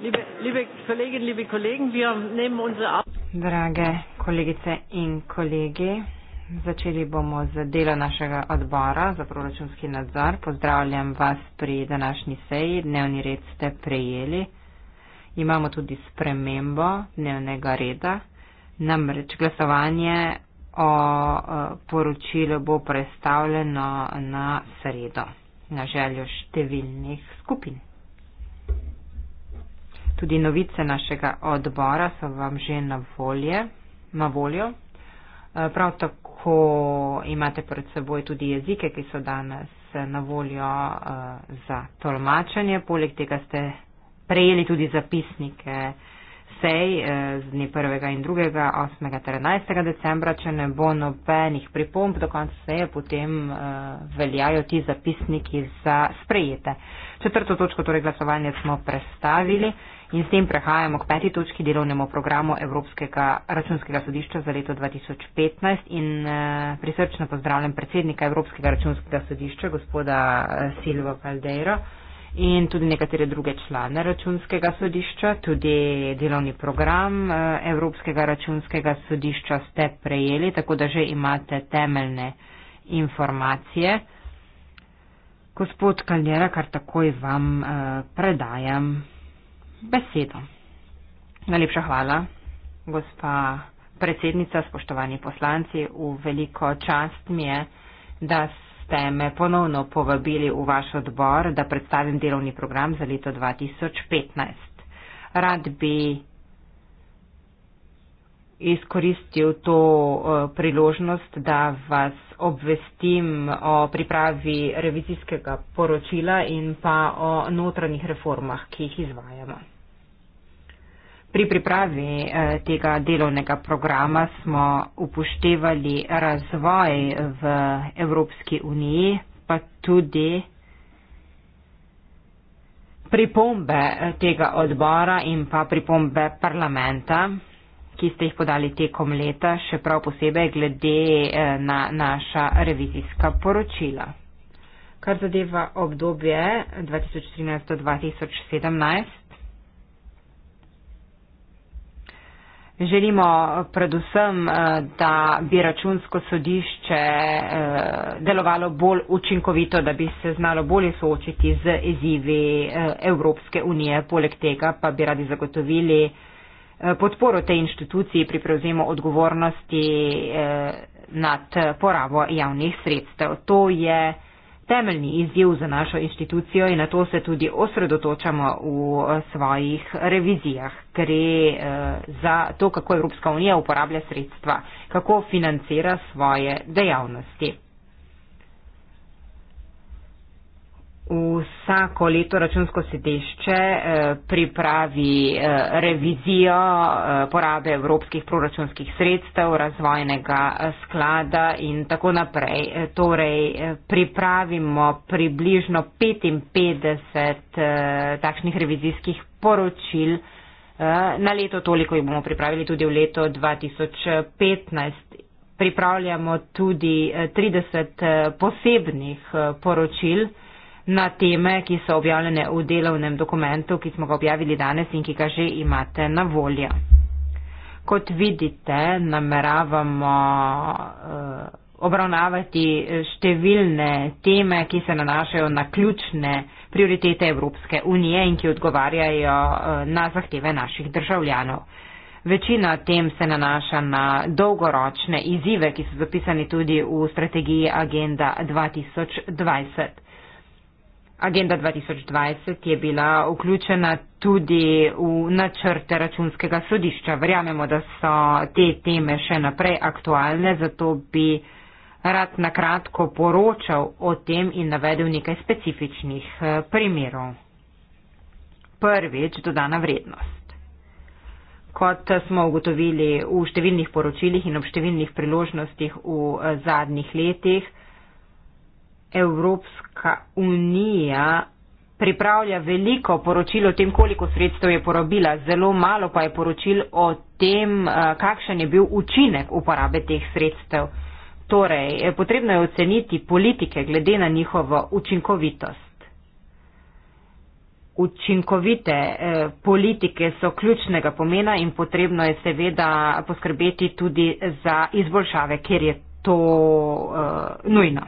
Liebe, liebe Kolleginnen, liebe Kollegen, wir nehmen unsere Arbeit. Drage kolegice in kolegi, začeli bomo z delo našega odbora za proračunski nadzor. Pozdravljam vas pri današnji seji. Dnevni red ste prejeli. Imamo tudi spremembo dnevnega reda. Namreč glasovanje o e, poročilu bo predstavljeno na sredo, na željo številnih skupin. Tudi novice našega odbora so vam že na, volje, na voljo. Eh, prav tako imate pred seboj tudi jezike, ki so danes eh, na voljo eh, za tolmačenje. Poleg tega ste prejeli tudi zapisnike sej z dne 1. in 2. 8. ter 11. decembra. Če ne bo nobenih pripomb do konca seje, potem veljajo ti zapisniki za sprejete. Četrto točko, torej glasovanje, smo prestavili. Ja. In s tem prehajamo k peti točki delovnemu programu Evropskega računskega sodišča za leto 2015 in eh, prisrčno pozdravljam predsednika Evropskega računskega sodišča, gospoda eh, Silvo Caldeiro in tudi nekatere druge člane računskega sodišča. Tudi delovni program eh, Evropskega računskega sodišča ste prejeli, tako da že imate temeljne informacije. Gospod Kaljera, kar takoj vam eh, predajam besedo. Najlepša hvala, gospa predsednica, spoštovani poslanci. V veliko čast mi je, da ste me ponovno povabili v vaš odbor, da predstavim delovni program za leto 2015. Rad bi iskoristil to eh, priložnost, da vas obvestim o pripravi revizijskega poročila in pa o notranjih reformah, ki jih izvajamo. Pri pripravi eh, tega delovnega programa smo upoštevali razvoj v Evropski uniji, pa tudi pripombe eh, tega odbora in pa pripombe parlamenta ki ste jih podali tekom leta, še prav posebej glede eh, na naša revizijska poročila. Kar zadeva obdobje 2013-2017, želimo predvsem, eh, da bi računsko sodišče eh, delovalo bolj učinkovito, da bi se znalo bolje soočiti z izzivi Evropske unije. Poleg tega pa bi radi zagotovili, Eh, podporo tej inštituciji pri prevzemu odgovornosti eh, nad porabo javnih sredstev. To je temeljni izziv za našo inštitucijo in na to se tudi osredotočamo v eh, svojih revizijah. Gre za to, kako Evropska unija uporablja sredstva, kako financira svoje dejavnosti. vsako leto računsko sedešče eh, pripravi eh, revizijo eh, porabe evropskih proračunskih sredstev, razvojnega sklada in tako naprej. Torej, pripravimo približno 55 takšnih revizijskih poročil na leto, toliko jih bomo pripravili tudi v leto 2015. Pripravljamo tudi 30 posebnih poročil, na teme, ki so objavljene v delovnem dokumentu, ki smo ga objavili danes in ki ga že imate na voljo. Kot vidite, nameravamo eh, obravnavati številne teme, ki se nanašajo na ključne prioritete Evropske unije in ki odgovarjajo eh, na zahteve naših državljanov. Večina tem se nanaša na dolgoročne izzive, ki so zapisani tudi v strategiji Agenda 2020. Agenda 2020 je bila vključena tudi v načrte računskega sodišča. Verjamemo, da so te teme še naprej aktualne, zato bi rad nakratko poročal o tem in navedel nekaj specifičnih eh, primerov. Prvič, dodana vrednost. Kot smo ugotovili v številnih poročilih in ob številnih priložnostih v eh, zadnjih letih, Evropska unija pripravlja veliko poročil o tem, koliko sredstev je porabila, zelo malo pa je poročil o tem, eh, kakšen je bil učinek uporabe teh sredstev. Torej, eh, potrebno je oceniti politike glede na njihovo učinkovitost. Učinkovite eh, politike so ključnega pomena in potrebno je seveda poskrbeti tudi za izboljšave, ker je to uh, nujno.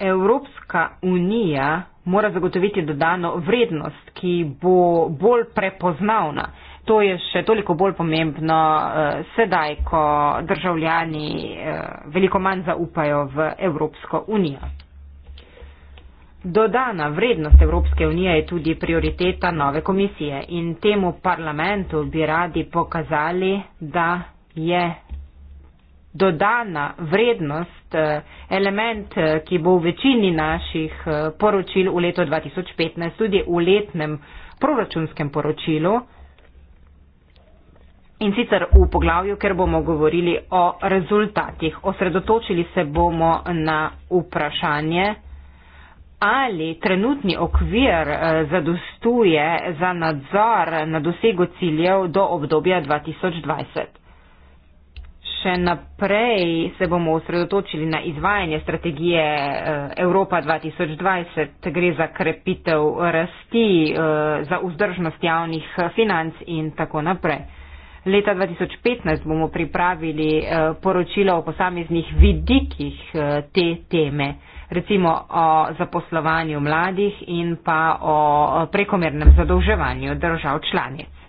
Evropska unija mora zagotoviti dodano vrednost, ki bo bolj prepoznavna. To je še toliko bolj pomembno eh, sedaj, ko državljani eh, veliko manj zaupajo v Evropsko unijo. Dodana vrednost Evropske unije je tudi prioriteta nove komisije in temu parlamentu bi radi pokazali, da je dodana vrednost, eh, element, eh, ki bo v večini naših eh, poročil v letu 2015, tudi v letnem proračunskem poročilu. In sicer v poglavju, ker bomo govorili o rezultatih. Osredotočili se bomo na vprašanje, ali trenutni okvir zadostuje za nadzor na dosego ciljev do obdobja 2020 še naprej se bomo osredotočili na izvajanje strategije eh, Evropa 2020. Gre za krepitev rasti, eh, za vzdržnost javnih eh, financ in tako naprej. Leta 2015 bomo pripravili poročila o posameznih vidikih te teme, recimo o zaposlovanju mladih in pa o prekomernem zadolževanju držav članic.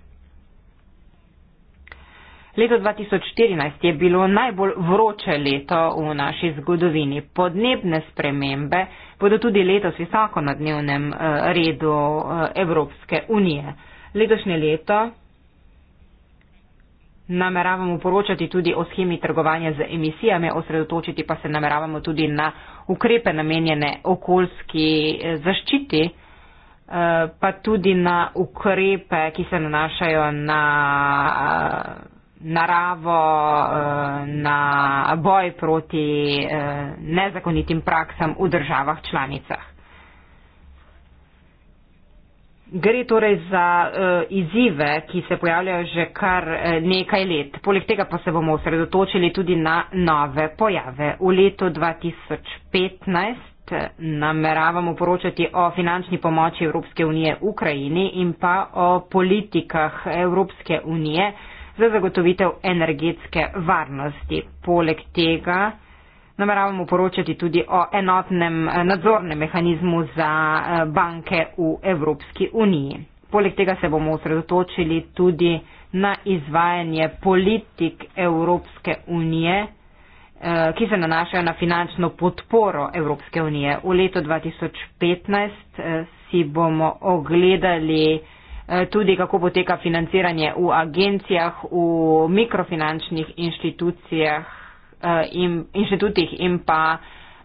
Leto 2014 je bilo najbolj vroče leto v naši zgodovini. Podnebne spremembe bodo tudi letos visoko na dnevnem eh, redu eh, Evropske unije. Letošnje leto nameravamo poročati tudi o schemi trgovanja z emisijami, osredotočiti pa se nameravamo tudi na ukrepe namenjene okoljski eh, zaščiti pa tudi na ukrepe, ki se nanašajo na naravo eh, na boj proti eh, nezakonitim praksam v državah članicah. Gre torej za uh, izzive, ki se pojavljajo že kar nekaj let. Poleg tega pa se bomo osredotočili tudi na nove pojave. V letu 2015 nameravamo poročati o finančni pomoči Evropske unije Ukrajini in pa o politikah Evropske unije uh, za zagotovitev energetske varnosti. Poleg tega nameravamo poročati tudi o enotnem eh, nadzornem mehanizmu za eh, banke v Evropski uniji. Poleg tega se bomo osredotočili tudi na izvajanje politik Evropske unije, eh, ki se nanašajo na finančno podporo Evropske unije. V letu 2015 si bomo ogledali Eh, tudi kako poteka financiranje v agencijah, v mikrofinančnih inštitucijah eh, in inštitutih in pa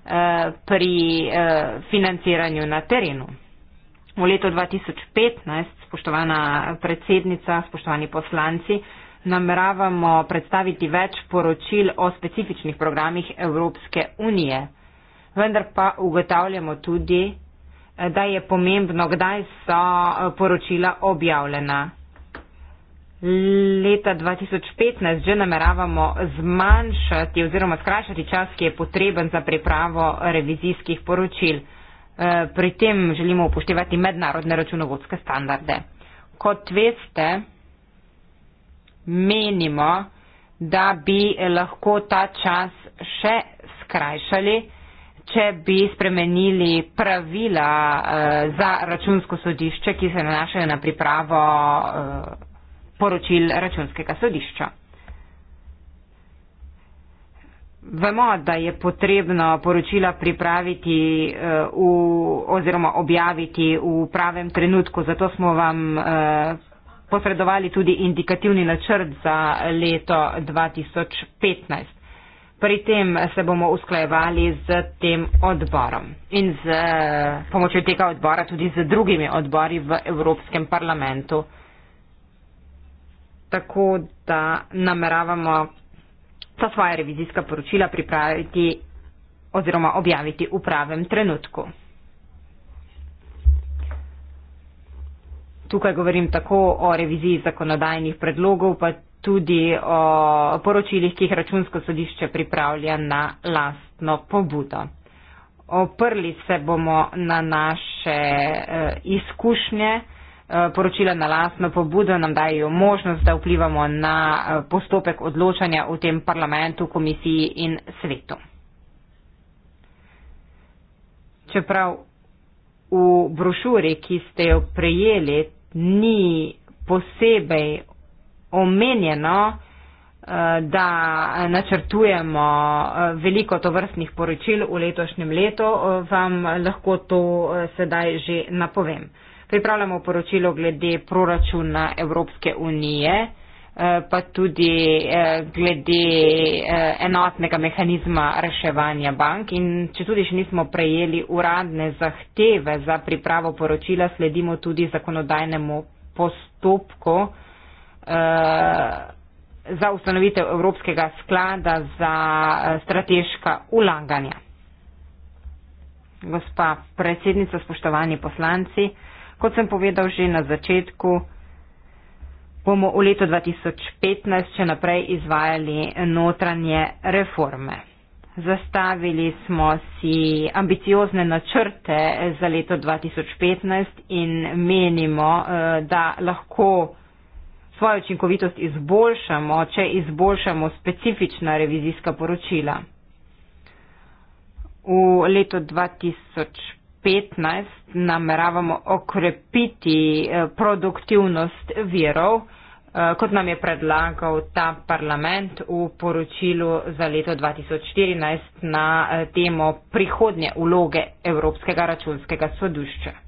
eh, pri financiranju na terenu. V letu 2015, spoštovana predsednica, spoštovani poslanci, nameravamo predstaviti več poročil o specifičnih programih Evropske unije. Vendar pa ugotavljamo tudi, da je pomembno, kdaj so eh, poročila objavljena. Leta 2015 že nameravamo zmanjšati oziroma skrajšati čas, ki je potreben za pripravo revizijskih poročil. Eh, pri tem želimo upoštevati mednarodne računovodske standarde. Kot veste, menimo, da bi eh, lahko ta čas še skrajšali če bi spremenili pravila uh, za računsko sodišče, ki se nanašajo na pripravo uh, poročil računskega sodišča. Vemo, da je potrebno poročila pripraviti uh, v, oziroma objaviti v pravem trenutku, zato smo vam uh, posredovali tudi indikativni načrt za leto 2015. Pri tem se bomo usklajevali z tem odborom in z pomočjo tega odbora tudi z drugimi odbori v Evropskem parlamentu. Tako da nameravamo ta svoja revizijska poročila pripraviti oziroma objaviti v pravem trenutku. Tukaj govorim tako o reviziji zakonodajnih predlogov, pa tudi o poročilih, ki jih računsko sodišče pripravlja na lastno pobudo. Oprli se bomo na naše e, izkušnje. E, poročila na lastno pobudo nam dajo možnost, da vplivamo na e, postopek odločanja v tem parlamentu, komisiji in svetu. Čeprav v brošuri, ki ste jo prejeli, ni posebej omenjeno, eh, da načrtujemo eh, veliko tovrstnih poročil v letošnjem letu, eh, vam lahko to sedaj že napovem. Pripravljamo poročilo glede proračuna Evropske unije, pa tudi glede enotnega mehanizma reševanja bank in če tudi še nismo prejeli uradne zahteve za pripravo poročila, sledimo tudi zakonodajnemu postopku, Eh, za ustanovitev Evropskega sklada za eh, strateška ulaganja. Gospa predsednica, spoštovani poslanci, kot sem povedal že na začetku, bomo v letu 2015 še naprej izvajali notranje reforme. Zastavili smo si ambiciozne načrte za leto 2015 in menimo, eh, da lahko svojo učinkovitost izboljšamo, če izboljšamo specifična revizijska poročila. V letu 2015 nameravamo okrepiti eh, produktivnost virov, eh, kot nam je predlagal ta parlament v poročilu za leto 2014 na eh, temo prihodnje uloge Evropskega računskega sodišča.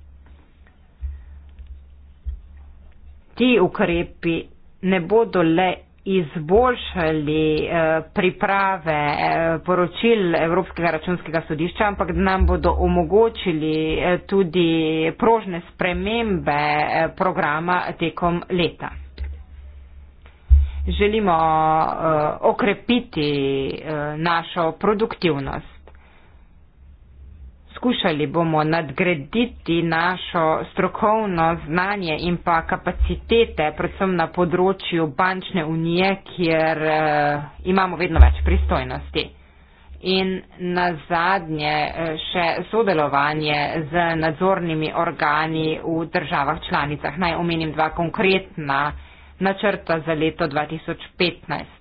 ti ukrepi ne bodo le izboljšali eh, priprave eh, poročil Evropskega računskega sodišča, ampak nam bodo omogočili eh, tudi prožne spremembe programa tekom leta. Želimo okrepiti našo produktivnost skušali bomo nadgraditi našo strokovno znanje in pa kapacitete, predvsem na področju bančne unije, kjer eh, imamo vedno več pristojnosti. In na zadnje eh, še sodelovanje z nadzornimi organi v državah članicah. Naj omenim dva konkretna načrta za leto 2015.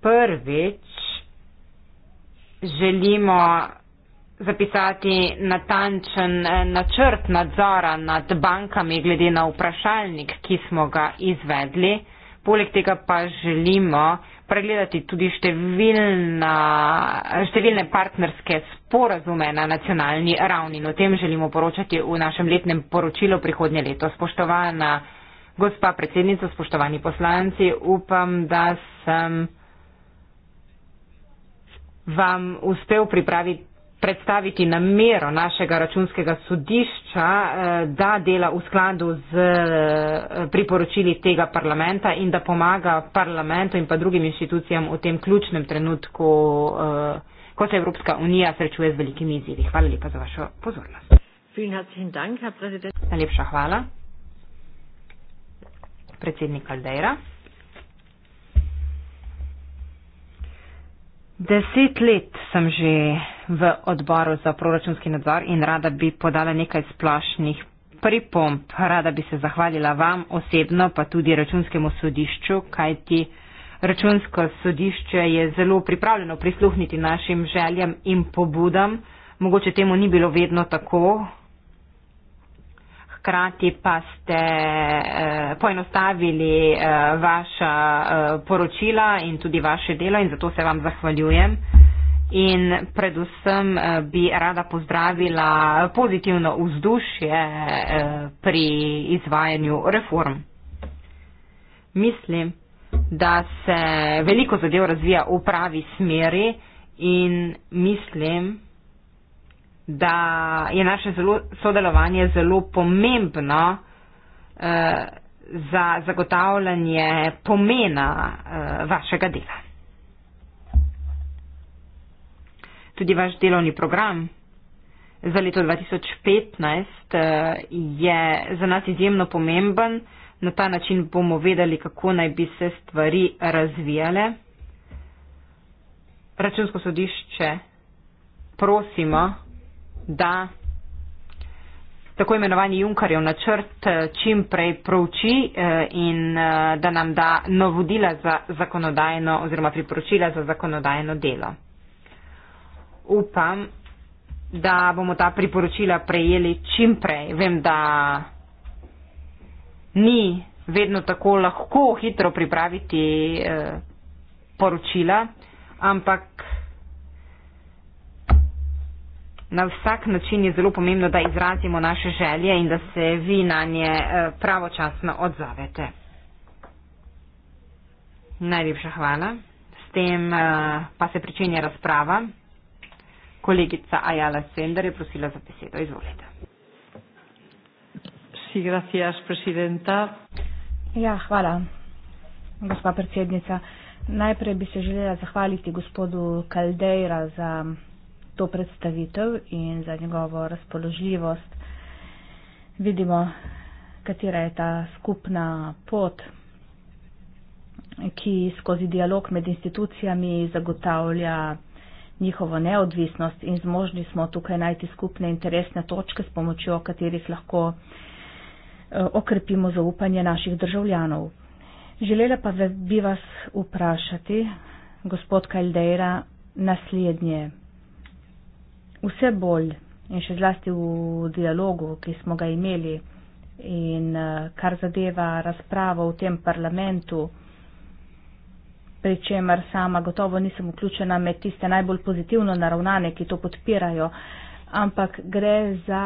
Prvič želimo zapisati natančen eh, načrt nadzora nad bankami glede na vprašalnik, ki smo ga izvedli. Poleg tega pa želimo pregledati tudi številna, številne partnerske sporazume na nacionalni ravni. O tem želimo poročati v našem letnem poročilu prihodnje leto. Spoštovana gospa predsednica, spoštovani poslanci, upam, da sem vam uspel pripraviti predstaviti namero našega računskega sodišča, eh, da dela v skladu z eh, priporočili tega parlamenta in da pomaga parlamentu in pa drugim inštitucijam v tem ključnem trenutku, eh, ko se Evropska unija srečuje z velikimi izzivi. Hvala lepa za vašo pozornost. Najlepša hvala. Predsednik Aldeira. Deset let sem že v odboru za proračunski nadzor in rada bi podala nekaj splošnih pripomp. Rada bi se zahvalila vam osebno, pa tudi računskemu sodišču, kajti računsko sodišče je zelo pripravljeno prisluhniti našim željam in pobudam. Mogoče temu ni bilo vedno tako, hkrati pa ste eh, poenostavili eh, vaša eh, poročila in tudi vaše delo in zato se vam zahvaljujem. In predvsem eh, bi rada pozdravila pozitivno vzdušje eh, pri izvajanju reform. Mislim, da se veliko zadev razvija v pravi smeri in mislim, da je naše zelo, sodelovanje zelo pomembno eh, za zagotavljanje pomena eh, vašega dela. Tudi vaš delovni program za leto 2015 eh, je za nas izjemno pomemben. Na ta način bomo vedeli, kako naj bi se stvari razvijale. Računsko sodišče prosimo, da tako imenovani Junkarjev načrt eh, čim prej prouči eh, in eh, da nam da navodila za zakonodajno oziroma priporočila za zakonodajno delo. Upam, da bomo ta priporočila prejeli čim prej. Vem, da ni vedno tako lahko hitro pripraviti poročila, ampak na vsak način je zelo pomembno, da izrazimo naše želje in da se vi na nje eh, pravočasno odzavete. Najlepša hvala. S tem eh, pa se pričenja razprava. Kolegica Ajala Sender je prosila za besedo. Izvolite. Sí, gracias, presidenta. Ja, hvala, gospa predsednica. Najprej bi se želela zahvaliti gospodu Kaldeira za to predstavitev in za njegovo razpoložljivost. Vidimo, katera je ta skupna pot, ki skozi dialog med institucijami zagotavlja njihovo neodvisnost in zmožni smo tukaj najti skupne interesne točke, s pomočjo katerih lahko eh, okrepimo zaupanje naših državljanov. Želela pa bi vas vprašati, gospod Kaldeira, naslednje vse bolj in še zlasti v dialogu, ki smo ga imeli in eh, kar zadeva razpravo v tem parlamentu, pri čemer sama gotovo nisem vključena med tiste najbolj pozitivno naravnane, ki to podpirajo, ampak gre za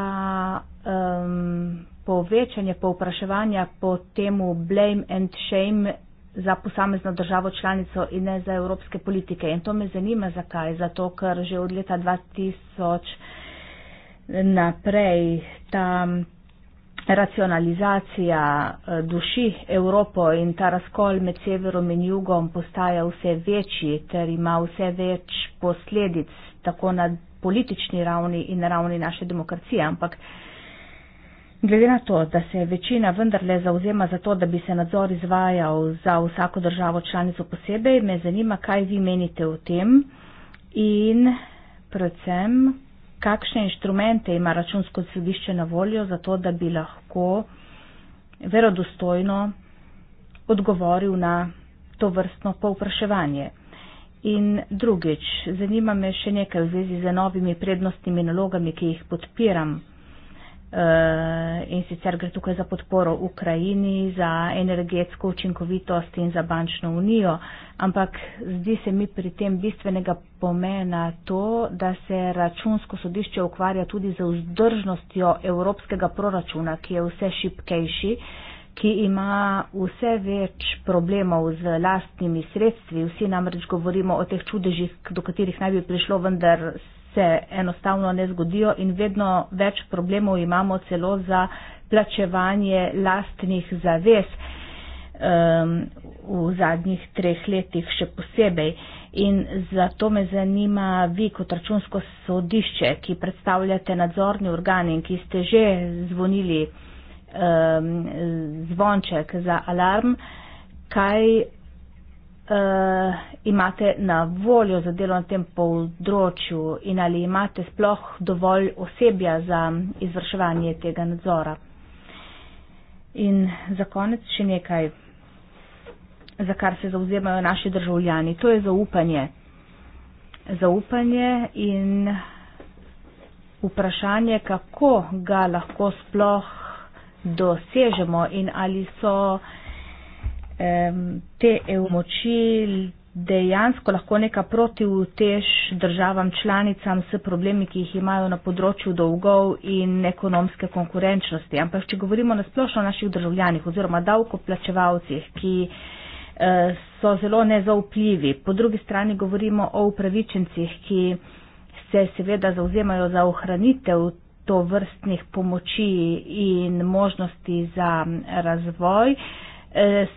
um, povečanje povpraševanja po temu blame and shame za posamezno državo članico in ne za evropske politike. In to me zanima, zakaj. Zato, ker že od leta 2000 naprej ta racionalizacija eh, duši Evropo in ta razkol med severom in jugom postaja vse večji, ter ima vse več posledic tako na politični ravni in na ravni naše demokracije. Ampak Glede na to, da se večina vendarle zauzema za to, da bi se nadzor izvajal za vsako državo članico posebej, me zanima, kaj vi menite o tem in predvsem, kakšne inštrumente ima računsko sodišče na voljo za to, da bi lahko verodostojno odgovoril na to vrstno povpraševanje. In drugič, zanima me še nekaj v zvezi z novimi prednostnimi nalogami, ki jih podpiram. Eh, in sicer gre tukaj za podporo Ukrajini, za energetsko učinkovitost in za bančno unijo, ampak zdi se mi pri tem bistvenega pomena to, da se računsko sodišče ukvarja tudi z vzdržnostjo evropskega proračuna, ki je vse šipkejši, ki ima vse več problemov z lastnimi sredstvi. Vsi namreč govorimo o teh čudežih, do katerih naj bi prišlo, vendar se enostavno ne zgodijo in vedno več problemov imamo celo za plačevanje lastnih zavez um, v zadnjih treh letih še posebej. In zato me zanima vi kot računsko sodišče, ki predstavljate nadzorni organ in ki ste že zvonili um, zvonček za alarm, kaj uh, imate na voljo za delo na tem področju in ali imate sploh dovolj osebja za izvrševanje tega nadzora. In za konec še nekaj, za kar se zauzemajo naši državljani. To je zaupanje. Zaupanje in vprašanje, kako ga lahko sploh dosežemo in ali so te moči dejansko lahko neka protivtež državam članicam s problemi, ki jih imajo na področju dolgov in ekonomske konkurenčnosti. Ampak, če govorimo nasplošno o naših državljanih oziroma davkoplačevalcih, ki eh, so zelo nezaupljivi, po drugi strani govorimo o upravičencih, ki se seveda zauzemajo za ohranitev to vrstnih pomoči in možnosti za razvoj.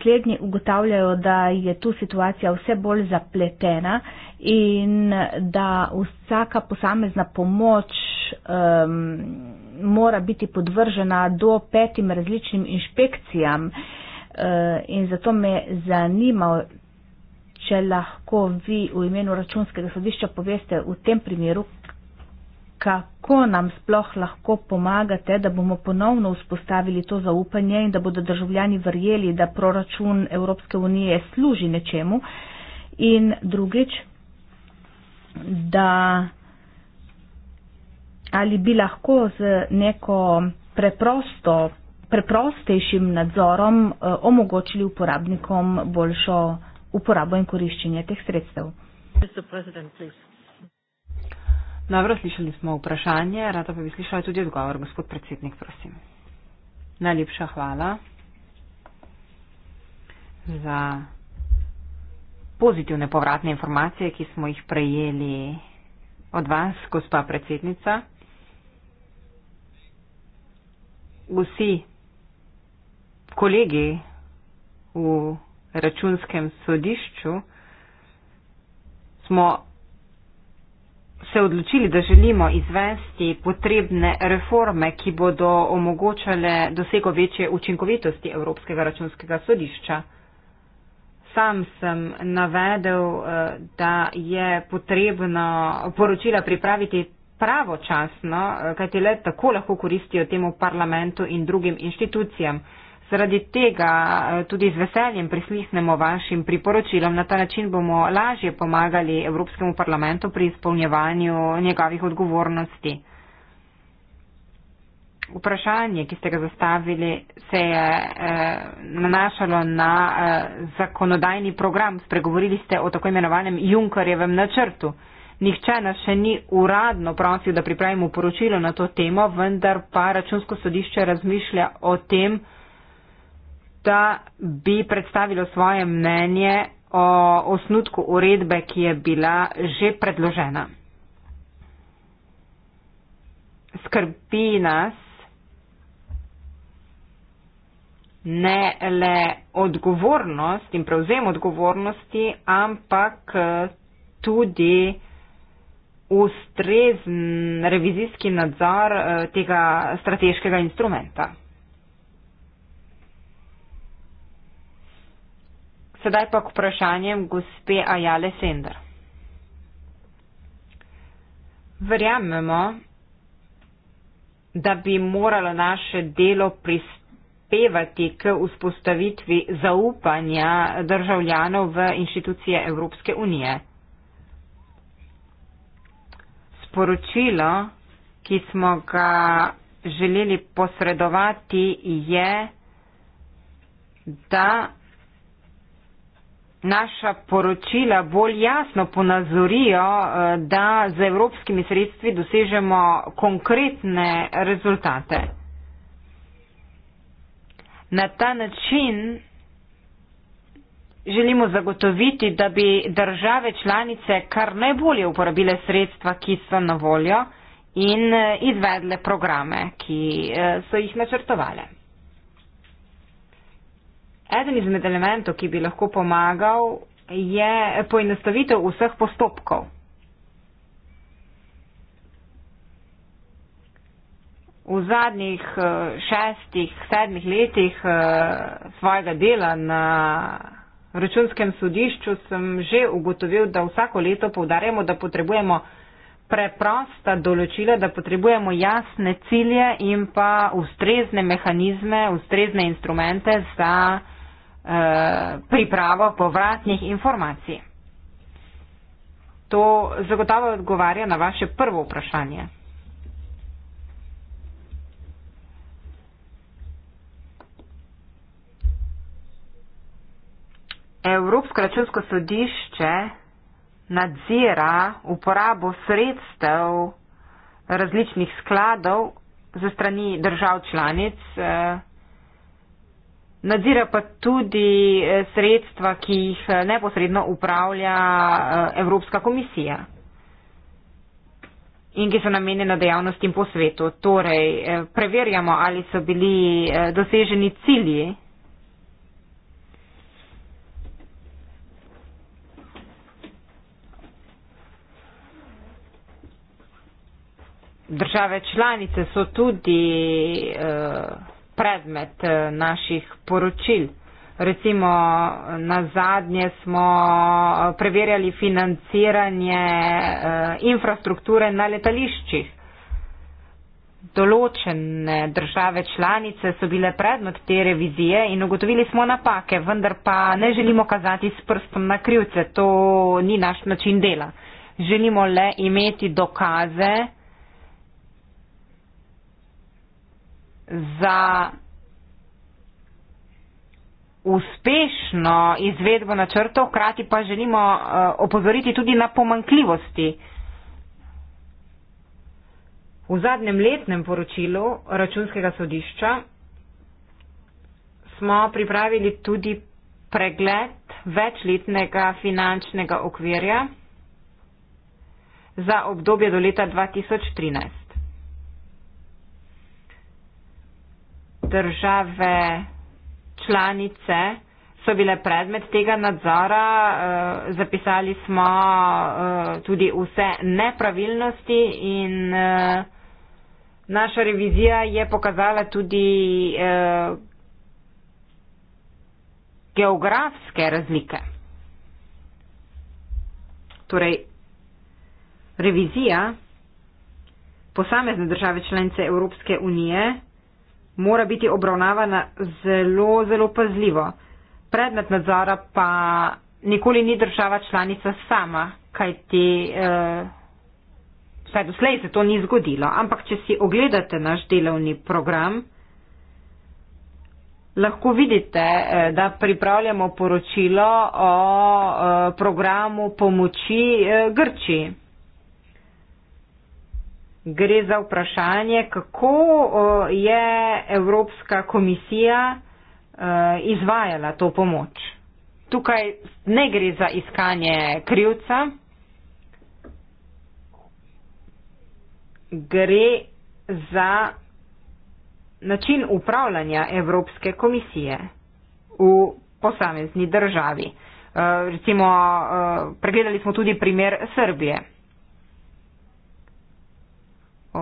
Slednji ugotavljajo, da je tu situacija vse bolj zapletena in da vsaka posamezna pomoč um, mora biti podvržena do petim različnim inšpekcijam. Uh, in zato me zanima, če lahko vi v imenu računskega sodišča poveste v tem primeru, kako nam sploh lahko pomagate, da bomo ponovno vzpostavili to zaupanje in da bodo državljani verjeli, da proračun Evropske unije služi nečemu. In drugič, da ali bi lahko z neko preprosto, preprostejšim nadzorom eh, omogočili uporabnikom boljšo uporabo in koriščenje teh sredstev. Mr. President, please. Dobro, slišali smo vprašanje, rada pa bi slišala tudi odgovor, gospod predsednik, prosim. Najlepša hvala za pozitivne povratne informacije, ki smo jih prejeli od vas, gospa predsednica. Vsi kolegi v računskem sodišču smo se odločili, da želimo izvesti potrebne reforme, ki bodo omogočale dosego večje učinkovitosti Evropskega računskega sodišča. Sam sem navedel, eh, da je potrebno poročila pripraviti pravočasno, eh, kajti le tako lahko koristijo temu parlamentu in drugim inštitucijam. Zaradi tega eh, tudi z veseljem prisluhnemo vašim priporočilom. Na ta način bomo lažje pomagali Evropskemu parlamentu pri izpolnjevanju njegovih odgovornosti. Vprašanje, ki ste ga zastavili, se je eh, nanašalo na eh, zakonodajni program. Spregovorili ste o tako imenovanem Junkarjevem načrtu. Nihče nas še ni uradno prosil, da pripravimo poročilo na to temo, vendar pa računsko sodišče razmišlja o tem, da bi predstavilo svoje mnenje o osnutku uredbe, ki je bila že predložena. Skrbi nas ne le odgovornost in prevzem odgovornosti, ampak tudi ustrezen revizijski nadzor eh, tega strateškega instrumenta. Sedaj pa k vprašanjem gospe Ajale Sender. Verjamemo, da bi moralo naše delo prispevati k vzpostavitvi zaupanja državljanov v inštitucije Evropske unije. Sporočilo, ki smo ga želeli posredovati, je, da naša poročila bolj jasno ponazorijo, eh, da z evropskimi sredstvi dosežemo konkretne rezultate. Na ta način želimo zagotoviti, da bi države članice kar najbolje uporabile sredstva, ki so na voljo in eh, izvedle programe, ki eh, so jih načrtovali. Eden izmed elementov, ki bi lahko pomagal, je poenostavitev vseh postopkov. V zadnjih eh, šestih, sedmih letih eh, svojega dela na računskem sodišču sem že ugotovil, da vsako leto povdarjamo, da potrebujemo preprosta določila, da potrebujemo jasne cilje in pa ustrezne mehanizme, ustrezne instrumente za. Eh, pripravo povratnih informacij. To zagotovo odgovarja na vaše prvo vprašanje. Evropsko računsko sodišče nadzira uporabo sredstev različnih skladov za strani držav članic. Eh, Nadzira pa tudi eh, sredstva, ki jih eh, neposredno upravlja eh, Evropska komisija in ki so namenjena dejavnostim po svetu. Torej, preverjamo, ali so bili doseženi cilji. Države članice so tudi. Uh, predmet eh, naših poročil. Recimo, na zadnje smo eh, preverjali financiranje eh, infrastrukture na letališčih. Določene države članice so bile predmet te revizije in ugotovili smo napake, vendar pa ne želimo kazati s prstom na krivce. To ni naš način dela. Želimo le imeti dokaze, za uspešno izvedbo načrtov, hkrati pa želimo uh, opozoriti tudi na pomankljivosti. V zadnjem letnem poročilu računskega sodišča smo pripravili tudi pregled večletnega finančnega okvirja za obdobje do leta 2013. države članice so bile predmet tega nadzora. Eh, zapisali smo eh, tudi vse nepravilnosti in eh, naša revizija je pokazala tudi geografske razlike. Torej, revizija posamezne države članice Evropske unije mora biti obravnavana zelo, zelo pazljivo. Predmet nadzora pa nikoli ni država članica sama, kajti eh, vsaj doslej se to ni zgodilo. Ampak, če si ogledate naš delovni program, lahko vidite, eh, da pripravljamo poročilo o eh, programu pomoči eh, Grčiji gre za vprašanje, kako je Evropska komisija e, izvajala to pomoč. Tukaj ne gre za iskanje krivca, gre za način upravljanja Evropske komisije v posamezni državi. E, recimo, e, pregledali smo tudi primer Srbije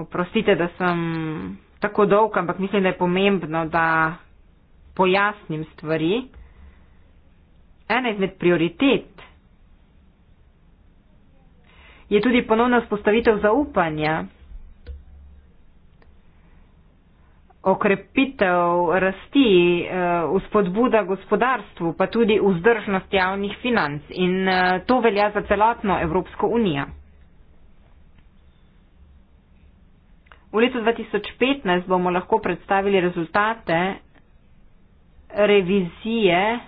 oprostite, da sem tako dolg, ampak mislim, da je pomembno, da pojasnim stvari. Ena izmed prioritet je tudi ponovna vzpostavitev zaupanja, okrepitev rasti, eh, vzpodbuda gospodarstvu, pa tudi vzdržnost javnih financ. In eh, to velja za celotno Evropsko unijo. V letu 2015 bomo lahko predstavili rezultate revizije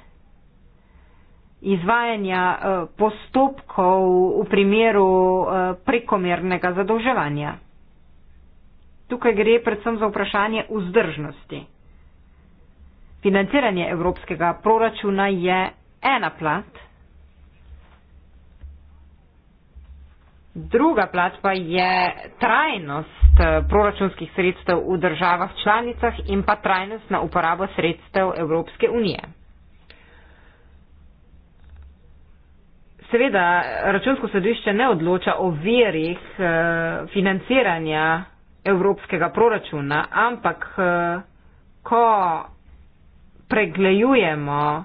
izvajanja eh, postopkov v primeru eh, prekomernega zadolževanja. Tukaj gre predvsem za vprašanje vzdržnosti. Financiranje evropskega proračuna je ena plat Druga plat pa je trajnost eh, proračunskih sredstev v državah članicah in pa trajnost na uporabo sredstev Evropske unije. Seveda, računsko sodišče ne odloča o verih eh, financiranja evropskega proračuna, ampak eh, ko preglejujemo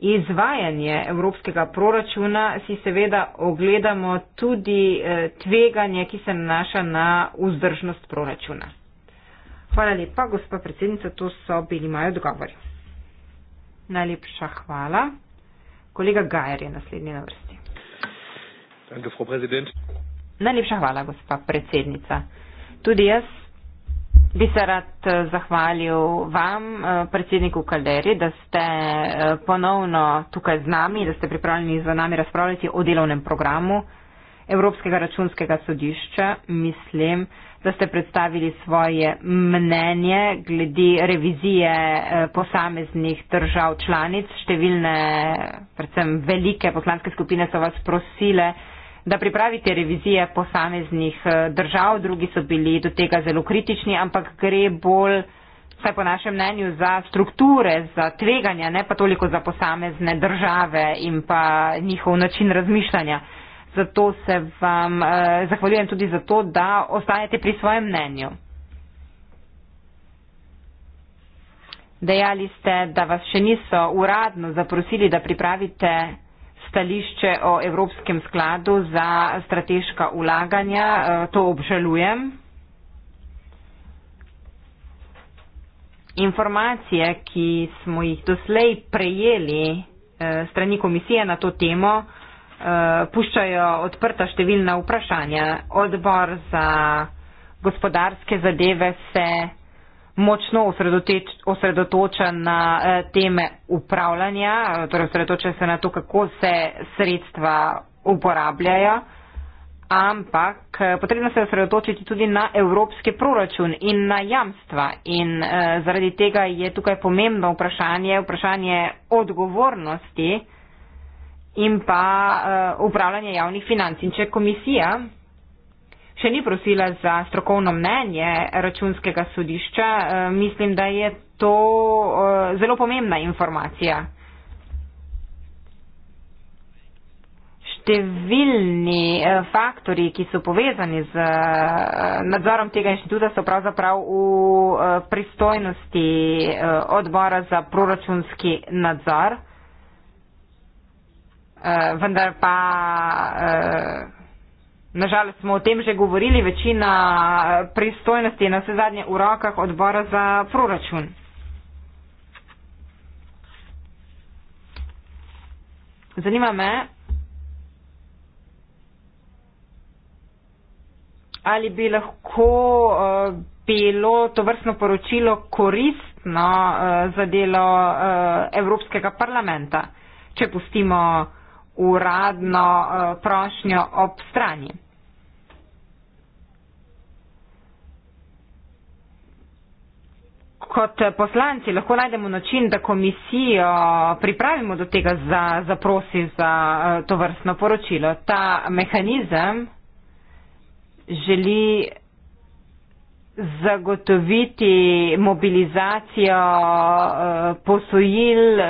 Izvajanje evropskega proračuna si seveda ogledamo tudi eh, tveganje, ki se nanaša na vzdržnost proračuna. Hvala lepa, gospod predsednica, to so bili moji odgovori. Najlepša hvala. Kolega Gajer je naslednji na vrsti. Danke, Najlepša hvala, gospod predsednica. Tudi jaz bi se rad eh, zahvalil vam, eh, predsedniku Kalderi, da ste eh, ponovno tukaj z nami, da ste pripravljeni z nami razpravljati o delovnem programu Evropskega računskega sodišča. Mislim, da ste predstavili svoje mnenje glede revizije posameznih držav članic. Številne, predvsem velike poslanske skupine so vas prosile, da pripravite revizije posameznih eh, držav, drugi so bili do tega zelo kritični, ampak gre bolj, saj po našem mnenju, za strukture, za tveganja, ne pa toliko za posamezne države in pa njihov način razmišljanja. Zato se vam eh, zahvaljujem tudi za to, da ostajate pri svojem mnenju. Dejali ste, da vas še niso uradno zaprosili, da pripravite stališče o Evropskem skladu za strateška ulaganja. Eh, to obžalujem. Informacije, ki smo jih doslej prejeli eh, strani komisije na to temo, eh, puščajo odprta številna vprašanja. Odbor za gospodarske zadeve se močno osredotoča na eh, teme upravljanja, eh, torej osredotoča se na to, kako se sredstva uporabljajo, ampak eh, potrebno se je osredotočiti tudi na evropski proračun in na jamstva. In zaradi tega je tukaj pomembno vprašanje, vprašanje odgovornosti in pa upravljanje javnih financ. In če komisija še ni prosila za strokovno mnenje računskega sodišča. Eh, mislim, da je to eh, zelo pomembna informacija. Številni eh, faktori, ki so povezani z nadzorom tega inštituta, so pravzaprav v pristojnosti odbora za proračunski nadzor. Vendar pa Nažalost smo o tem že govorili, večina eh, pristojnosti je na vse zadnje v rokah odbora za proračun. Zanima me, ali bi lahko uh, bilo to vrstno poročilo koristno uh, za delo uh, Evropskega parlamenta, če pustimo uradno uh, prošnjo ob strani. kot poslanci lahko najdemo način, da komisijo pripravimo do tega za zaprosi za eh, to vrstno poročilo? Ta mehanizem želi zagotoviti mobilizacijo eh, posojil eh,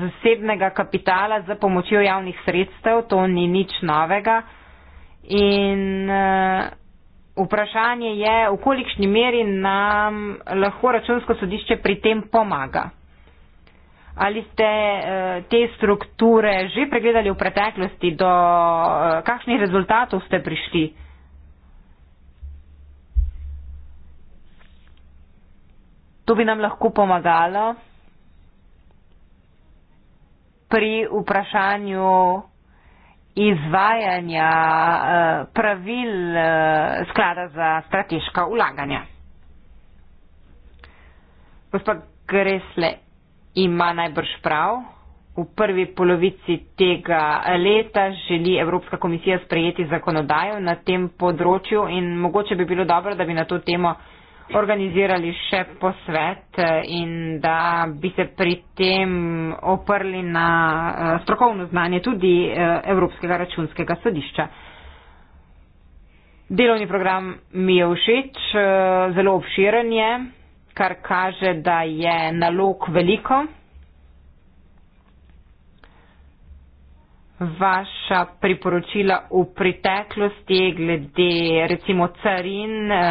zasebnega kapitala za pomočjo javnih sredstev, to ni nič novega. In uh, Vprašanje je, v kolikšni meri nam lahko računsko sodišče pri tem pomaga. Ali ste eh, te strukture že pregledali v preteklosti, do eh, kakšnih rezultatov ste prišli? To bi nam lahko pomagalo pri vprašanju izvajanja eh, pravil eh, sklada za strateška ulaganja. Gospod Gresle ima najbrž prav. V prvi polovici tega leta želi Evropska komisija sprejeti zakonodajo na tem področju in mogoče bi bilo dobro, da bi na to temo organizirali še posvet eh, in da bi se pri tem oprli na eh, strokovno znanje tudi eh, Evropskega računskega sodišča. Delovni program mi je všeč, zelo obširen je, kar kaže, da je nalog veliko. vaša priporočila v preteklosti glede recimo carin eh,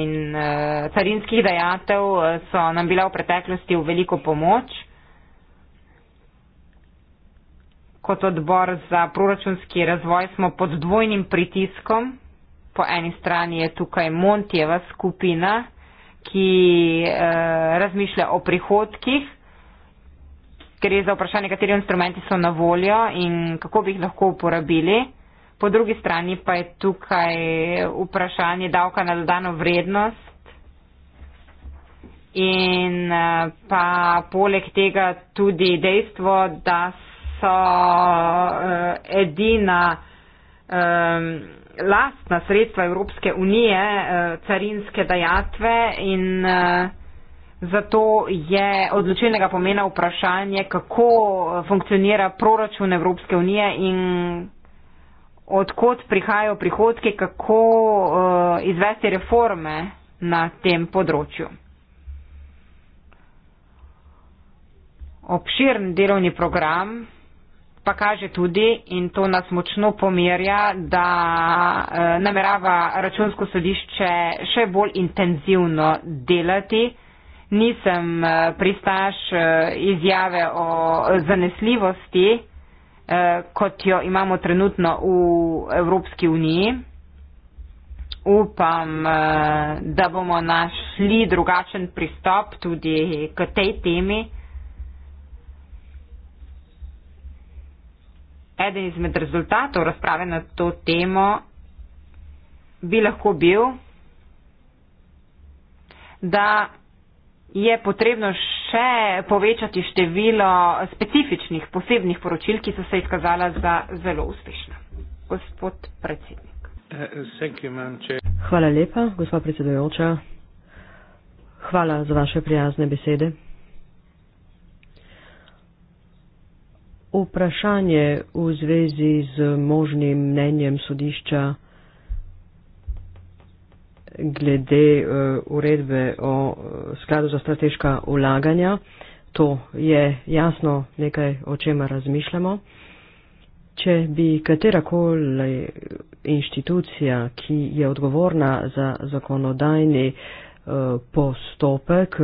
in eh, carinskih dajatev eh, so nam bila v preteklosti v veliko pomoč. Kot odbor za proračunski razvoj smo pod dvojnim pritiskom. Po eni strani je tukaj Montjeva skupina, ki eh, razmišlja o prihodkih gre za vprašanje, kateri instrumenti so na voljo in kako bi jih lahko uporabili. Po drugi strani pa je tukaj vprašanje davka na dodano vrednost in eh, pa poleg tega tudi dejstvo, da so eh, edina ehm, lastna sredstva Evropske unije eh, carinske dajatve in. Zato je odločilnega pomena vprašanje, kako funkcionira proračun Evropske unije in odkot prihajajo prihodke, kako uh, izvesti reforme na tem področju. Obširn delovni program pa kaže tudi, in to nas močno pomirja, da uh, namerava računsko sodišče še bolj intenzivno delati nisem eh, pristaš eh, izjave o zanesljivosti, eh, kot jo imamo trenutno v Evropski uniji. Upam, da bomo našli drugačen pristop tudi k tej temi. Eden izmed rezultatov razprave na to temo bi lahko bil, da je potrebno še povečati število specifičnih posebnih poročil, ki so se izkazala za zelo uspešna. Gospod predsednik. Eh, Hvala lepa, gospod predsedujoča. Hvala za vaše prijazne besede. Vprašanje v zvezi z možnim mnenjem sodišča glede eh, uredbe o eh, skladu za strateška ulaganja. To je jasno nekaj, o čemer razmišljamo. Če bi katerakoli inštitucija, ki je odgovorna za zakonodajni eh, postopek,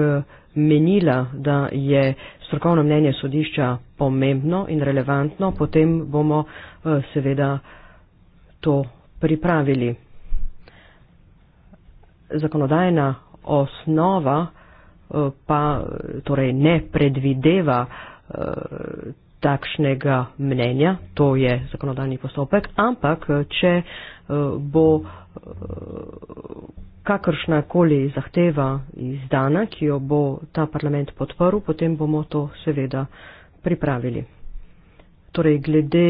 menila, da je strokovno mnenje sodišča pomembno in relevantno, potem bomo seveda to pripravili zakonodajna osnova eh, pa torej ne predvideva eh, takšnega mnenja, to je zakonodajni postopek, ampak eh, če bo kakršna koli zahteva izdana, ki jo bo ta parlament podporil, potem bomo to seveda pripravili. Torej, glede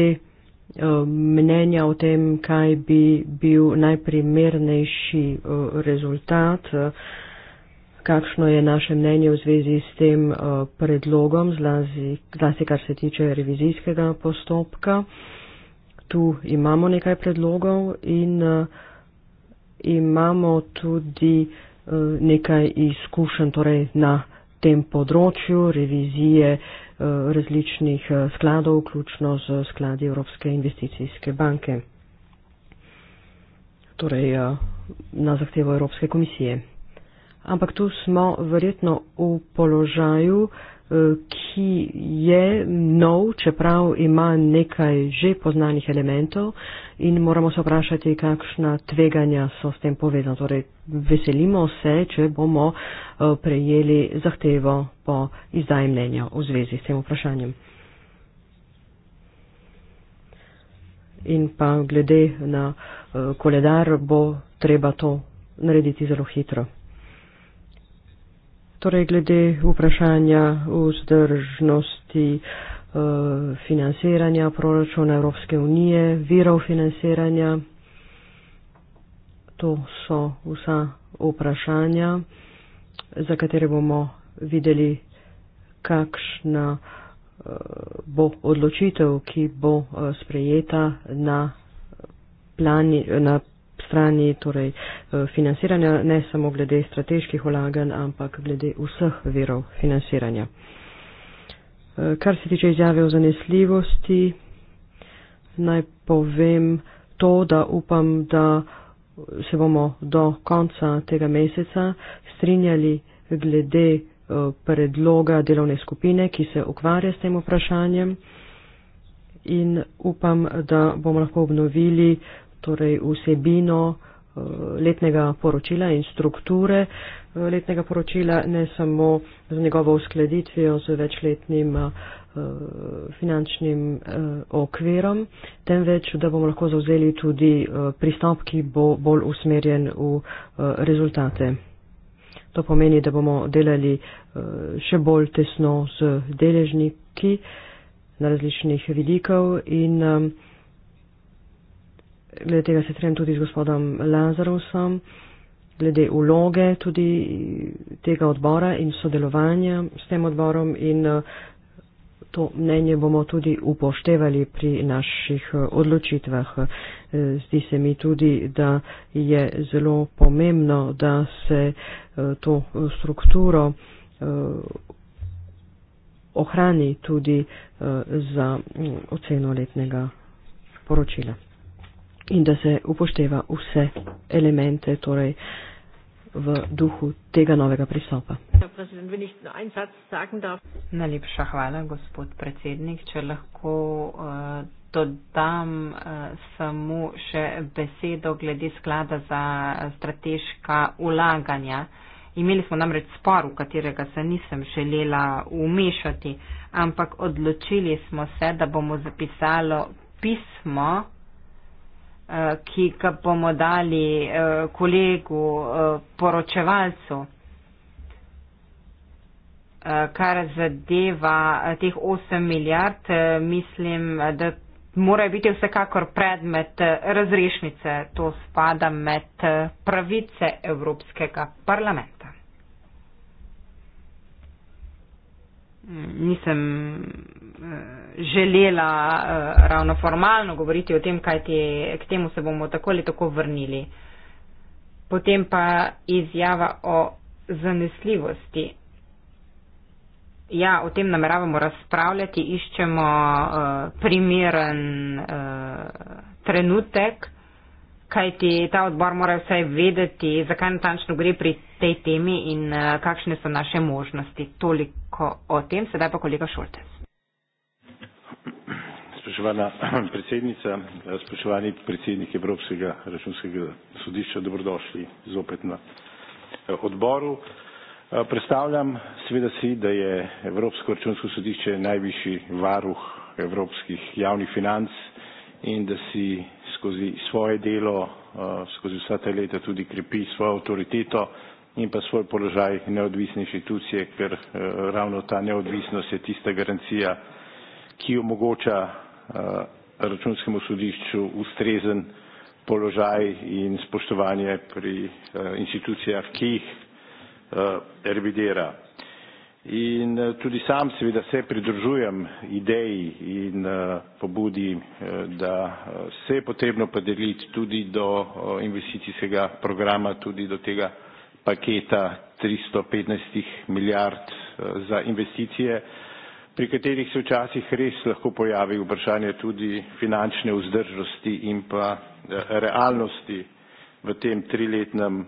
Eh, mnenja o tem, kaj bi bil najprimernejši eh, rezultat, eh, kakšno je naše mnenje v zvezi s tem predlogom, zlasti, zlasti kar se tiče revizijskega postopka. Tu imamo nekaj predlogov in imamo tudi nekaj izkušenj torej na tem področju revizije eh, različnih eh, skladov, vključno z skladi Evropske investicijske banke, torej eh, na zahtevo Evropske komisije. Ampak tu smo verjetno v položaju, Eh, ki je nov, čeprav ima nekaj že poznanih elementov in moramo se vprašati, kakšna tveganja so s tem povezana. Torej, veselimo se, če bomo eh, prejeli zahtevo po izdaji mnenja v zvezi s tem vprašanjem. In pa glede na eh, koledar bo treba to narediti zelo hitro. Torej, glede vprašanja vzdržnosti uh, financiranja proračuna Evropske unije, virov financiranja, to so vsa vprašanja, za katere bomo videli, kakšna uh, bo odločitev, ki bo uh, sprejeta na, plani, na strani torej, eh, financiranja, ne samo glede strateških vlaganj, ampak glede vseh verov financiranja. Eh, kar se tiče izjave o zanesljivosti, naj povem to, da upam, da se bomo do konca tega meseca strinjali glede eh, predloga delovne skupine, ki se ukvarja s tem vprašanjem in upam, da bomo lahko obnovili uh, torej vsebino eh, letnega poročila in strukture eh, letnega poročila, ne samo z njegovo uskladitvijo z večletnim eh, finančnim okvirom, temveč, da bomo lahko zauzeli tudi pristop, ki bo bolj usmerjen v rezultate. To pomeni, da bomo delali še bolj tesno z deležniki na različnih vidikov in um, glede tega se trenjam tudi z gospodom Lazarusom, glede vloge tudi tega odbora in sodelovanja s tem odborom in eh, to mnenje bomo tudi upoštevali pri naših eh, odločitvah. Eh, zdi se mi tudi, da je zelo pomembno, da se to strukturo ohrani tudi za mm, oceno letnega poročila in da se upošteva vse elemente torej, v duhu tega novega pristopa. Najlepša hvala, gospod predsednik. Če lahko uh, dodam uh, samo še besedo glede sklada za strateška ulaganja. Imeli smo namreč spor, v katerega se nisem želela umešati, ampak odločili smo se, da bomo zapisalo pismo Eh, ki ga bomo dali eh, kolegu eh, poročevalcu, kar zadeva teh 8 milijard, mislim, da mora biti vsekakor predmet razrešnice. To spada med pravice Evropskega parlamenta. nisem uh, želela uh, ravno formalno govoriti o tem, kaj ti k temu se bomo tako ali tako vrnili. Potem pa izjava o zanesljivosti. Ja, o tem nameravamo razpravljati, iščemo uh, primeren uh, trenutek kajti ta odbor mora vsaj vedeti, zakaj natančno gre pri tej temi in eh, kakšne so naše možnosti. Toliko o tem, sedaj pa kolega Šoltes. Spoštovana predsednica, eh, spoštovani predsednik Evropskega računskega sodišča, dobrodošli zopet na eh, odboru. Predstavljam seveda si, da je Evropsko računsko sodišče najvišji varuh evropskih javnih financ in da si skozi svoje delo, eh, skozi vsa ta leta tudi krepi svojo avtoriteto in pa svoj položaj neodvisne inštitucije, ker eh, ravno ta neodvisnost je tista garancija, ki omogoča eh, računskemu sodišču ustrezen položaj in spoštovanje pri institucijah, ki jih revidira. In eh, tudi sam seveda se pridružujem ideji in eh, pobudi, eh, da se je potrebno podeliti tudi do investicijskega programa, tudi do tega paketa 315 milijard za investicije, pri katerih se včasih res lahko pojavi vprašanje tudi finančne vzdržnosti in pa realnosti v tem triletnem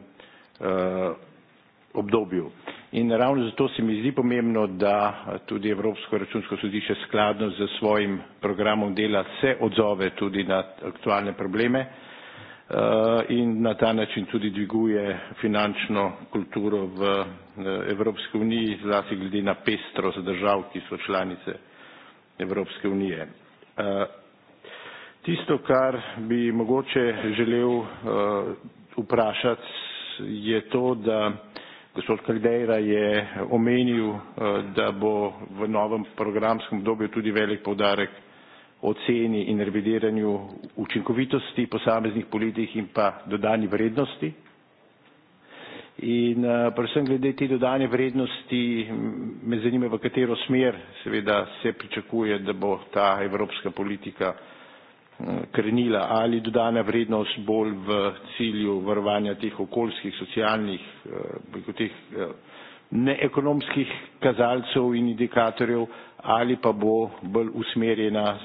obdobju. In ravno zato se mi zdi pomembno, da eh, tudi Evropsko računsko sodišče skladno z svojim programom dela se odzove tudi na aktualne probleme eh, in na ta način tudi dviguje finančno kulturo v eh, Evropski uniji, zlasti glede na pestrost držav, ki so članice Evropske unije. Tisto, kar bi mogoče želel vprašati, je to, da Gospod Kaldera je eh, omenil, eh, da bo v novem programskem obdobju tudi velik povdarek oceni in revidiranju učinkovitosti posameznih politik in pa dodani vrednosti. In eh, predvsem glede te dodane vrednosti me zanima, v katero smer seveda se pričakuje, da bo ta evropska politika krenila ali dodana vrednost bolj v cilju varovanja teh okoljskih, socialnih, eh, teh eh, neekonomskih kazalcev in indikatorjev ali pa bo bolj usmerjena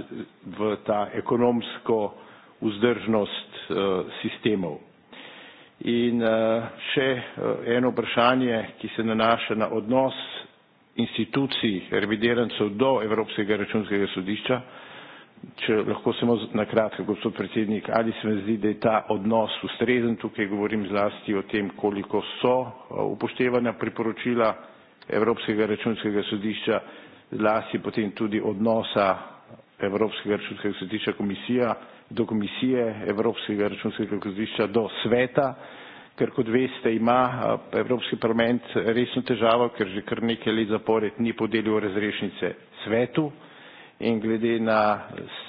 v ta ekonomsko vzdržnost eh, sistemov. In še eno vprašanje, ki se nanaša na odnos institucij revidirancev do Evropskega računskega sodišča, če lahko samo na kratko, gospod predsednik, ali se mi zdi, da je ta odnos ustrezen, tukaj govorim zlasti o tem, koliko so eh, upoštevana priporočila Evropskega računskega sodišča, zlasti potem tudi odnosa Evropskega računskega sodišča komisija do komisije Evropskega računskega sodišča do sveta, ker kot veste ima eh, Evropski parlament resno težavo, ker že kar nekaj let zapored ni podelil razrešnice svetu, in glede na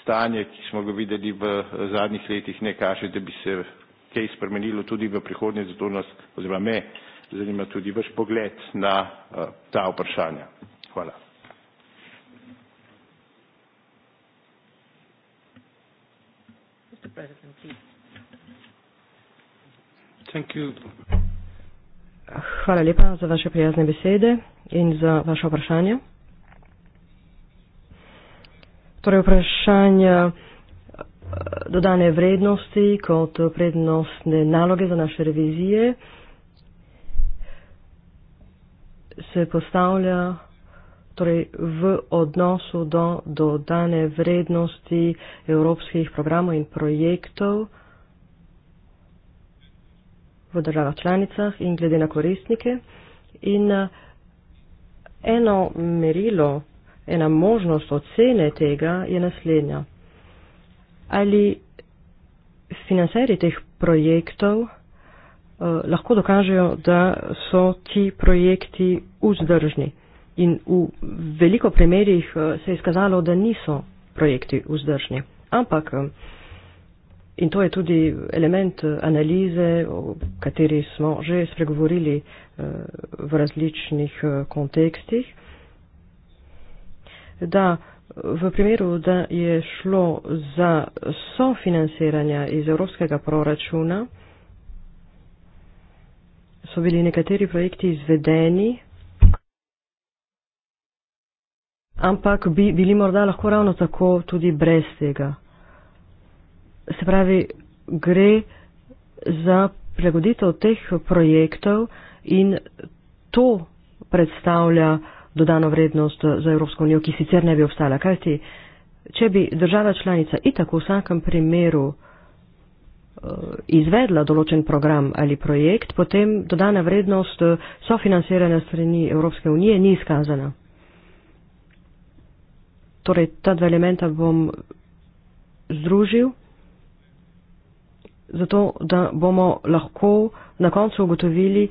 stanje, ki smo ga videli v zadnjih letih, ne kaže, da bi se kaj spremenilo tudi v prihodnje, zato nas oziroma me zanima tudi vaš pogled na eh, ta vprašanja. Hvala. Hvala lepa za vaše prijazne besede in za vaše vprašanje. Torej vprašanja eh, dodane vrednosti kot prednostne naloge za naše revizije se postavlja torej, v odnosu do dodane vrednosti evropskih programov in projektov v državah članicah in glede na koristnike. In eh, eno merilo ena možnost ocene tega je naslednja. Ali financeri teh projektov uh, lahko dokažejo, da so ti projekti vzdržni? In v veliko primerjih eh, se je izkazalo, da niso projekti vzdržni. Ampak, eh, in to je tudi element analize, o kateri smo že spregovorili v različnih kontekstih, da v primeru, da je šlo za sofinanciranja iz evropskega proračuna, so bili nekateri projekti izvedeni, ampak bi bili morda lahko ravno tako tudi brez tega. Se pravi, gre za prilagoditev teh projektov in to predstavlja uh, dodano vrednost eh, za Evropsko unijo, ki sicer ne bi obstala. Kajti, če bi država članica itak v vsakem primeru eh, izvedla določen program ali projekt, potem dodana vrednost eh, sofinansirana strani Evropske unije ni izkazana. Torej, ta dva elementa bom združil, zato da bomo lahko na koncu ugotovili,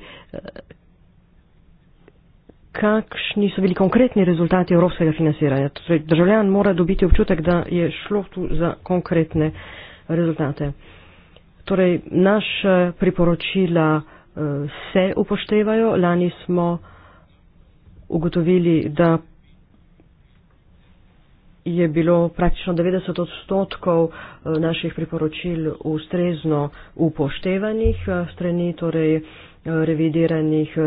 kakšni so bili konkretni rezultati evropskega financiranja. Torej, državljan mora dobiti občutek, da je šlo tu za konkretne rezultate. Torej, naš priporočila eh, se upoštevajo. Lani smo ugotovili, da je bilo praktično 90 odstotkov eh, naših priporočil ustrezno upoštevanih eh, strani torej, revidiranih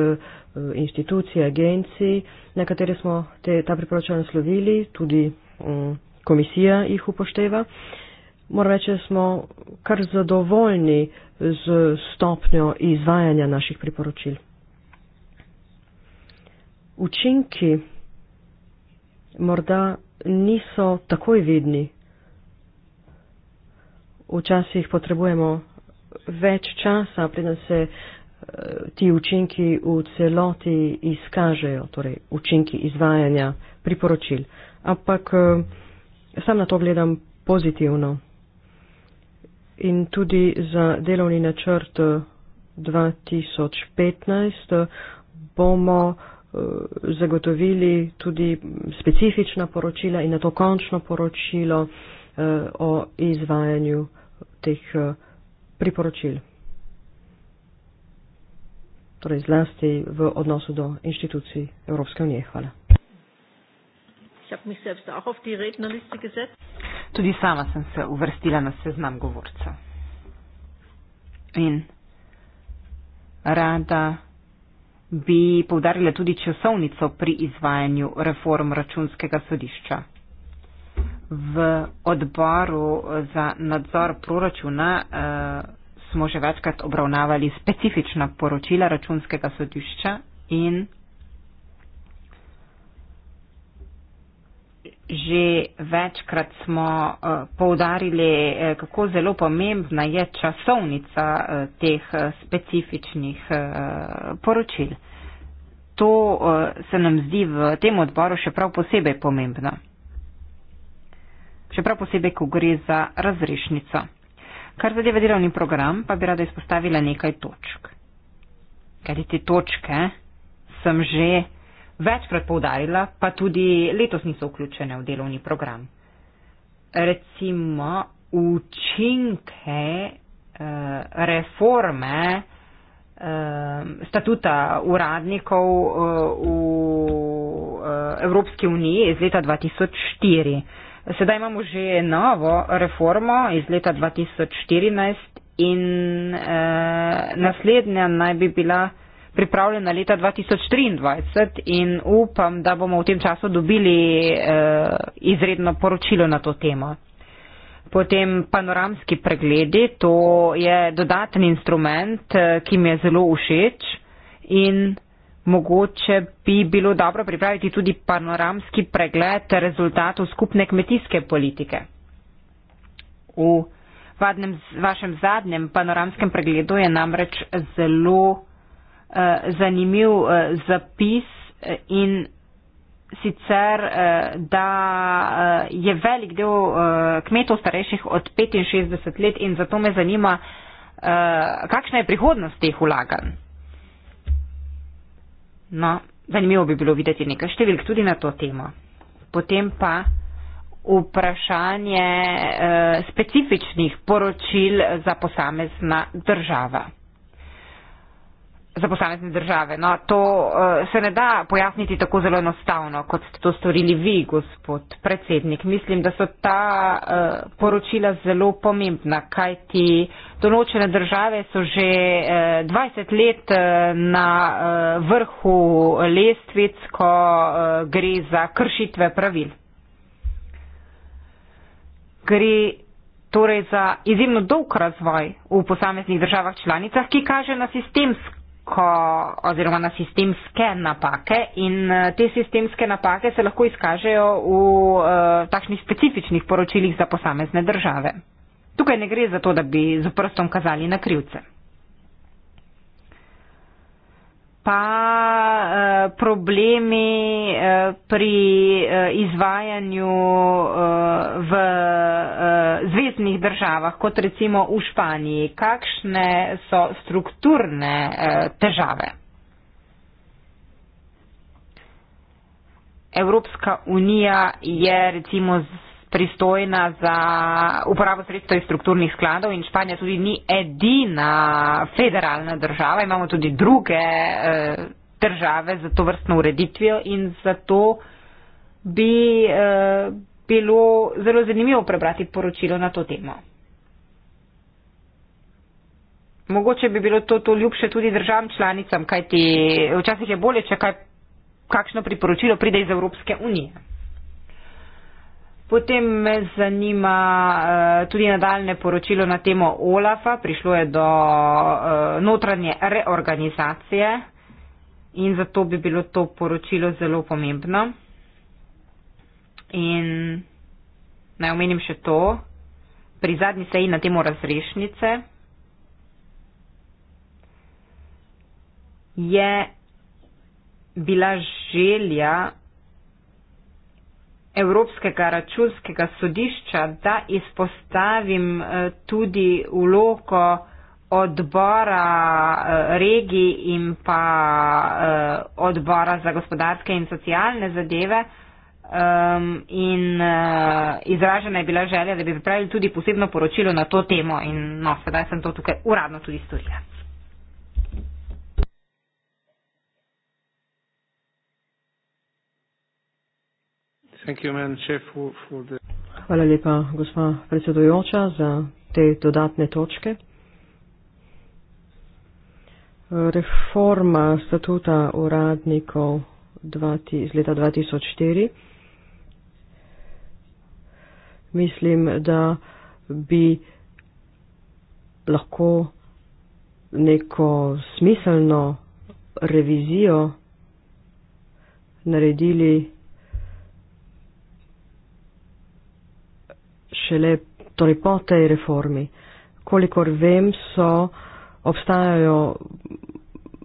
Eh, inštitucij, agencij, na katere smo te, ta priporočila naslovili, tudi um, komisija jih upošteva. Moram reči, da smo kar zadovoljni z stopnjo izvajanja naših priporočil. Učinki morda niso takoj vidni. Včasih potrebujemo več časa, preden se uh, Eh, ti učinki v celoti izkažejo, torej učinki izvajanja priporočil. Ampak eh, sam na to gledam pozitivno. In tudi za delovni načrt 2015 eh, bomo zagotovili tudi specifična poročila in na to končno poročilo o izvajanju teh priporočil torej zlasti v odnosu do inštitucij Evropske unije. Hvala. Tudi sama sem se uvrstila na seznam govorca. In rada bi povdarila tudi časovnico pri izvajanju reform računskega sodišča. V odboru za nadzor proračuna eh, smo že večkrat obravnavali specifična poročila računskega sodišča in že večkrat smo eh, poudarili, eh, kako zelo pomembna je časovnica eh, teh specifičnih poročil. To se nam zdi v tem odboru še prav posebej pomembno. Še prav posebej, ko gre za razrešnico. Kar zadeva delovni program, pa bi rada izpostavila nekaj točk. Ker te točke sem že večkrat poudarila, pa tudi letos niso vključene v delovni program. Recimo učinke eh, reforme eh, statuta uradnikov eh, v Evropski uniji iz leta 2004. Sedaj imamo že novo reformo iz leta 2014 in e, naslednja naj bi bila pripravljena leta 2023 in upam, da bomo v tem času dobili e, izredno poročilo na to temo. Potem panoramski pregledi, to je dodaten instrument, eh, ki mi je zelo všeč in Mogoče bi bilo dobro pripraviti tudi panoramski pregled rezultatov skupne kmetijske politike. V vadnem, vašem zadnjem panoramskem pregledu je namreč zelo eh, zanimiv eh, zapis eh, in sicer, eh, da eh, je velik del eh, kmetov starejših od 65 let in zato me zanima, eh, kakšna je prihodnost teh vlaganj. No, zanimivo bi bilo videti nekaj številk tudi na to temo. Potem pa vprašanje eh, specifičnih poročil za posamezna država za posamezne države. No, to uh, se ne da pojasniti tako zelo enostavno, kot ste to storili vi, gospod predsednik. Mislim, da so ta uh, poročila zelo pomembna, kajti določene države so že uh, eh, 20 let uh, na uh, vrhu lestvic, ko uh, gre za kršitve pravil. Gre torej za izjemno dolg razvoj v posameznih državah članicah, ki kaže na sistemsko ko, oziroma na sistemske napake in eh, te sistemske napake se lahko izkažejo v uh, takšnih specifičnih poročilih za posamezne države. Tukaj ne gre za to, da bi z prstom kazali na krivce pa eh, problemi eh, pri eh, izvajanju v zvezdnih državah, kot recimo v Španiji. Kakšne so strukturne težave? Evropska unija je recimo pristojna za uporabo sredstev iz strukturnih skladov in Španija tudi ni edina federalna država, imamo tudi druge eh, države za to vrstno ureditvijo in zato bi eh, bilo zelo zanimivo prebrati poročilo na to temo. Mogoče bi bilo to, to ljubše tudi državam članicam, kajti včasih je bolje, če kaj, kakšno priporočilo pride iz Evropske unije. Potem me zanima uh, tudi nadaljne poročilo na temo OLAFA. Prišlo je do uh, notranje reorganizacije in zato bi bilo to poročilo zelo pomembno. In naj omenim še to. Pri zadnji seji na temo razrešnice je bila želja Evropskega računskega sodišča, da izpostavim eh, tudi vloko odbora eh, regij in pa eh, odbora za gospodarske in socialne zadeve. Ehm, in izražena je bila želja, da bi pripravili tudi posebno poročilo na to temo in no, sedaj sem to tukaj uradno tudi storila. Hvala lepa, gospa predsedujoča, za te dodatne točke. Reforma statuta uradnikov iz leta 2004. Mislim, da bi lahko neko smiselno revizijo naredili šele torej po tej reformi. Kolikor vem, so obstajajo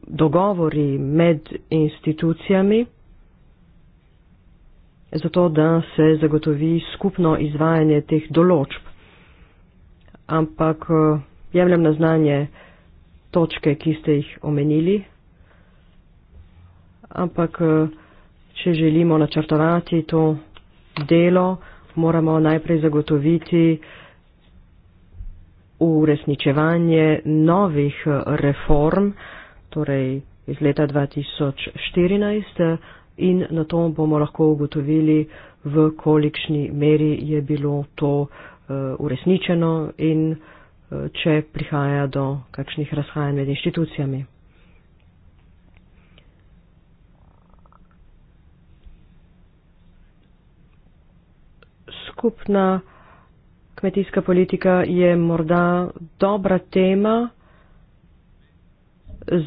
dogovori med institucijami, zato da se zagotovi skupno izvajanje teh določb. Ampak eh, jemljem na znanje točke, ki ste jih omenili. Ampak, eh, če želimo načrtovati to delo, moramo najprej zagotoviti uresničevanje novih eh, reform, torej iz leta 2014 in na to bomo lahko ugotovili, v kolikšni meri je bilo to eh, uresničeno in eh, če prihaja do kakšnih razhajanj med inštitucijami. skupna kmetijska politika je morda dobra tema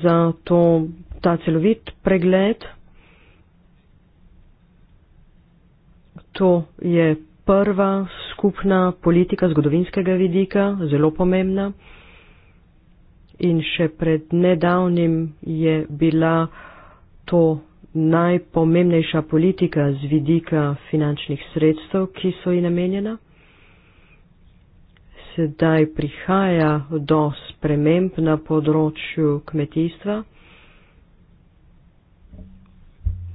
za to, ta celovit pregled. To je prva skupna politika zgodovinskega vidika, zelo pomembna. In še pred nedavnim je bila to najpomembnejša politika z vidika finančnih sredstev, ki so ji namenjena. Sedaj prihaja do sprememb na področju kmetijstva.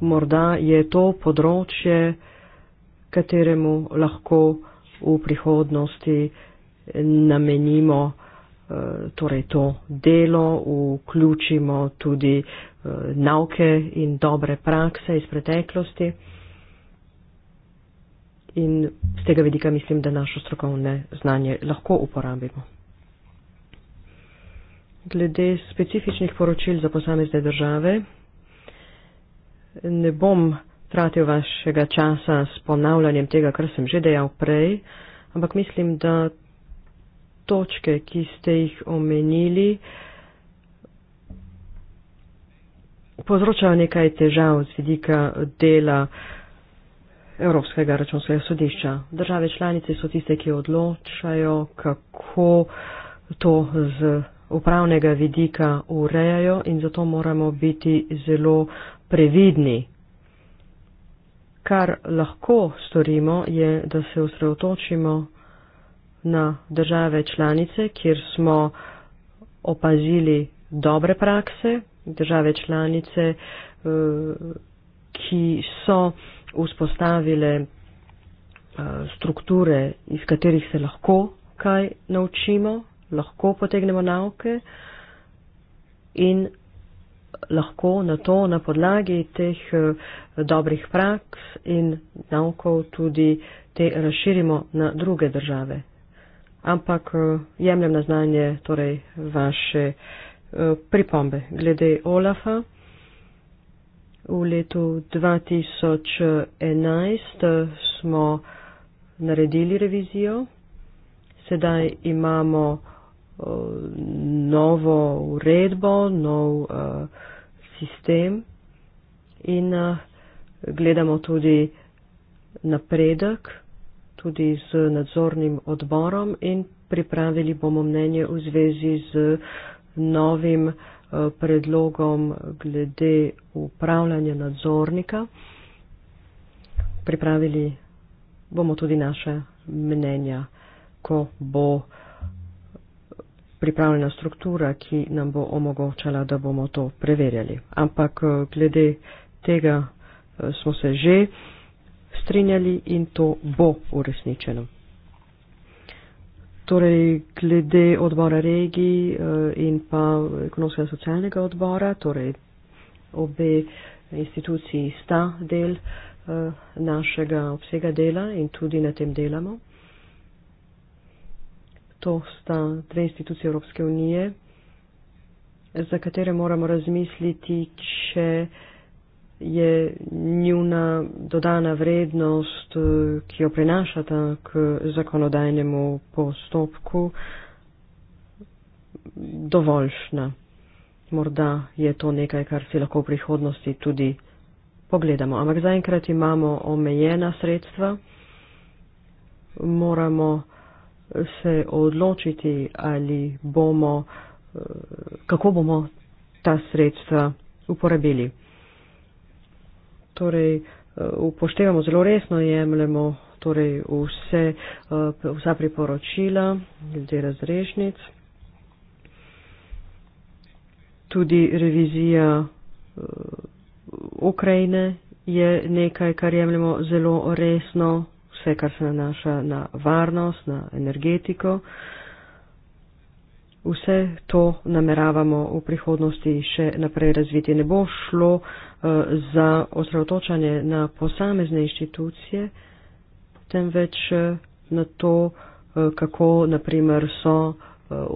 Morda je to področje, kateremu lahko v prihodnosti namenimo eh, torej to delo, vključimo tudi Eh, nauke in dobre prakse iz preteklosti. In z tega vidika mislim, da naše strokovne znanje lahko uporabimo. Glede specifičnih poročil za posamezne države, ne bom tratil vašega časa s ponavljanjem tega, kar sem že dejal prej, ampak mislim, da točke, ki ste jih omenili, uh, povzročajo nekaj težav z vidika dela Evropskega računskega sodišča. Države članice so tiste, ki odločajo, kako to z upravnega vidika urejajo in zato moramo biti zelo previdni. Kar lahko storimo, je, da se osredotočimo na države članice, kjer smo opazili dobre prakse, države članice, eh, ki so vzpostavile eh, strukture, iz katerih se lahko kaj naučimo, lahko potegnemo nauke in lahko na to, na podlagi teh eh, dobrih praks in naukov tudi te razširimo na druge države. Ampak jemljem na znanje torej vaše uh, pripombe glede Olafa. V letu 2011 smo naredili revizijo, sedaj imamo eh, novo uredbo, nov eh, sistem in eh, gledamo tudi napredek, tudi z nadzornim odborom in pripravili bomo mnenje v zvezi z novim eh, predlogom glede upravljanja nadzornika. Pripravili bomo tudi naše mnenja, ko bo pripravljena struktura, ki nam bo omogočala, da bomo to preverjali. Ampak eh, glede tega eh, smo se že strinjali in to bo uresničeno. Torej, glede odbora regij eh, in pa ekonomskega socialnega odbora, torej obe instituciji sta del eh, našega obsega dela in tudi na tem delamo. To sta dve institucije Evropske unije, za katere moramo razmisliti, če je njuna dodana vrednost, eh, ki jo prinašata k zakonodajnemu postopku, dovoljšna. Morda je to nekaj, kar si lahko v prihodnosti tudi pogledamo. Ampak zaenkrat imamo omejena sredstva, moramo se odločiti, ali bomo, eh, kako bomo ta sredstva uporabili torej eh, upoštevamo, zelo resno jemljemo torej vse, eh, vsa priporočila glede razrešnic. Tudi revizija eh, Ukrajine je nekaj, kar jemljemo zelo resno, vse, kar se nanaša na varnost, na energetiko. Uh, vse to nameravamo v prihodnosti še naprej razviti. Ne bo šlo eh, za osredotočanje na posamezne inštitucije, temveč eh, na to, eh, kako naprimer so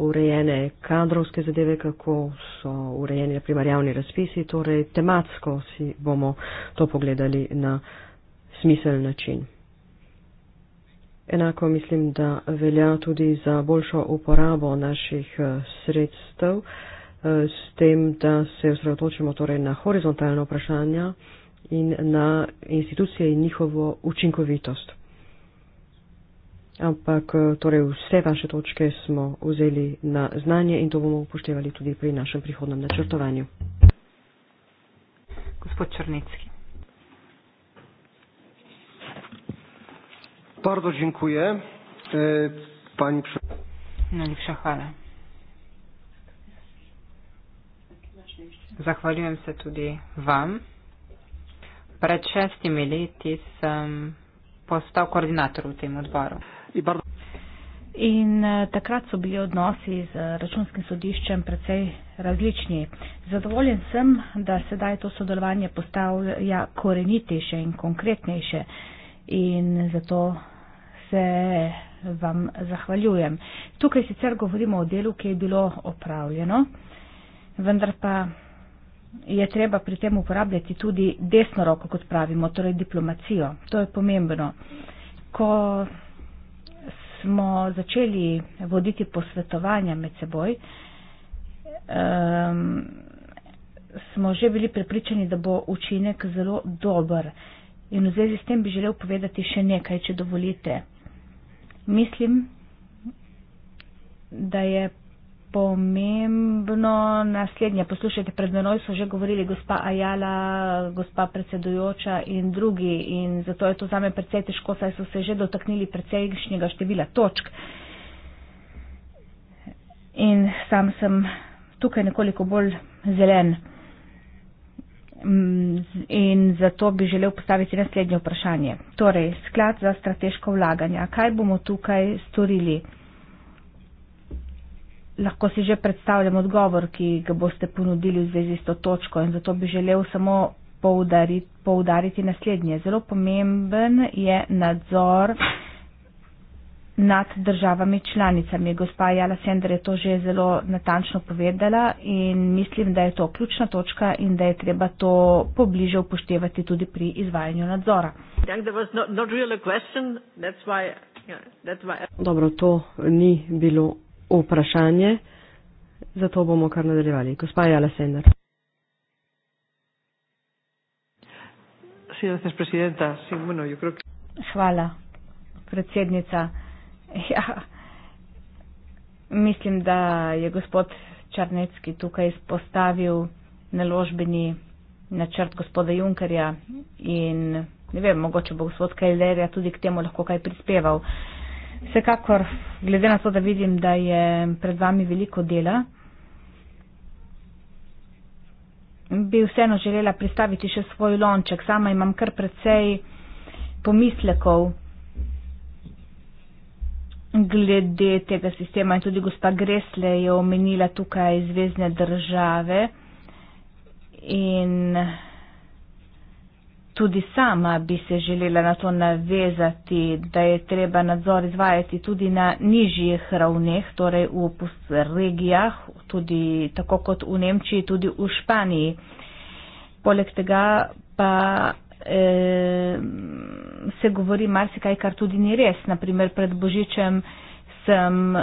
urejene kadrovske zadeve, kako so urejeni naprimer javni razpisi, torej tematsko si bomo to pogledali na smiselni način. Enako mislim, da velja tudi za boljšo uporabo naših eh, sredstev, eh, s tem, da se osredotočimo torej na horizontalne vprašanja in na institucije in njihovo učinkovitost. Ampak eh, torej vse vaše točke smo vzeli na znanje in to bomo upoštevali tudi pri našem prihodnem načrtovanju. Gospod Črnecki. Bardzo dziękuję. E, pani przewodnicząca. Zahvaljujem se tudi vam. Pred šestimi leti sem postal koordinator v tem odboru. In takrat so bili odnosi z računskim sodiščem precej različni. Zadovoljen sem, da sedaj to sodelovanje postavlja korenitejše in konkretnejše in zato se vam zahvaljujem. Tukaj sicer govorimo o delu, ki je bilo opravljeno, vendar pa je treba pri tem uporabljati tudi desno roko, kot pravimo, torej diplomacijo. To je pomembno. Ko smo začeli voditi posvetovanja med seboj, um, smo že bili prepričani, da bo učinek zelo dober. In v zvezi s tem bi želel povedati še nekaj, če dovolite. Mislim, da je pomembno naslednje. Poslušajte, pred menoj so že govorili gospa Ajala, gospa predsedujoča in drugi in zato je to zame precej težko, saj so se že dotaknili precejšnjega števila točk. In sam sem tukaj nekoliko bolj zelen. Mm, in zato bi želel postaviti naslednje vprašanje. Torej, sklad za strateško vlaganje. Kaj bomo tukaj storili? Lahko si že predstavljam odgovor, ki ga boste ponudili v zvezi s to točko in zato bi želel samo poudariti, poudariti naslednje. Zelo pomemben je nadzor nad državami članicami. Gospa Jala Sender je to že zelo natančno povedala in mislim, da je to ključna točka in da je treba to pobliže upoštevati tudi pri izvajanju nadzora. Dobro, to ni bilo vprašanje, zato bomo kar nadaljevali. Gospa Jala Sender. Hvala, predsednica. Ja, mislim, da je gospod Črnecki tukaj izpostavil naložbeni načrt gospoda Junkerja in ne vem, mogoče bo gospod Kajlerja tudi k temu lahko kaj prispeval. Vsekakor, glede na to, da vidim, da je pred vami veliko dela, bi vseeno želela pristaviti še svoj lonček. Sama imam kar precej pomislekov glede tega sistema in tudi gospa Gresle je omenila tukaj zvezdne države in tudi sama bi se želela na to navezati, da je treba nadzor izvajati tudi na nižjih ravneh, torej v regijah, tudi tako kot v Nemčiji, tudi v Španiji. Poleg tega pa. Eh, se govori marsikaj, kar tudi ni res. Naprimer, pred Božičem sem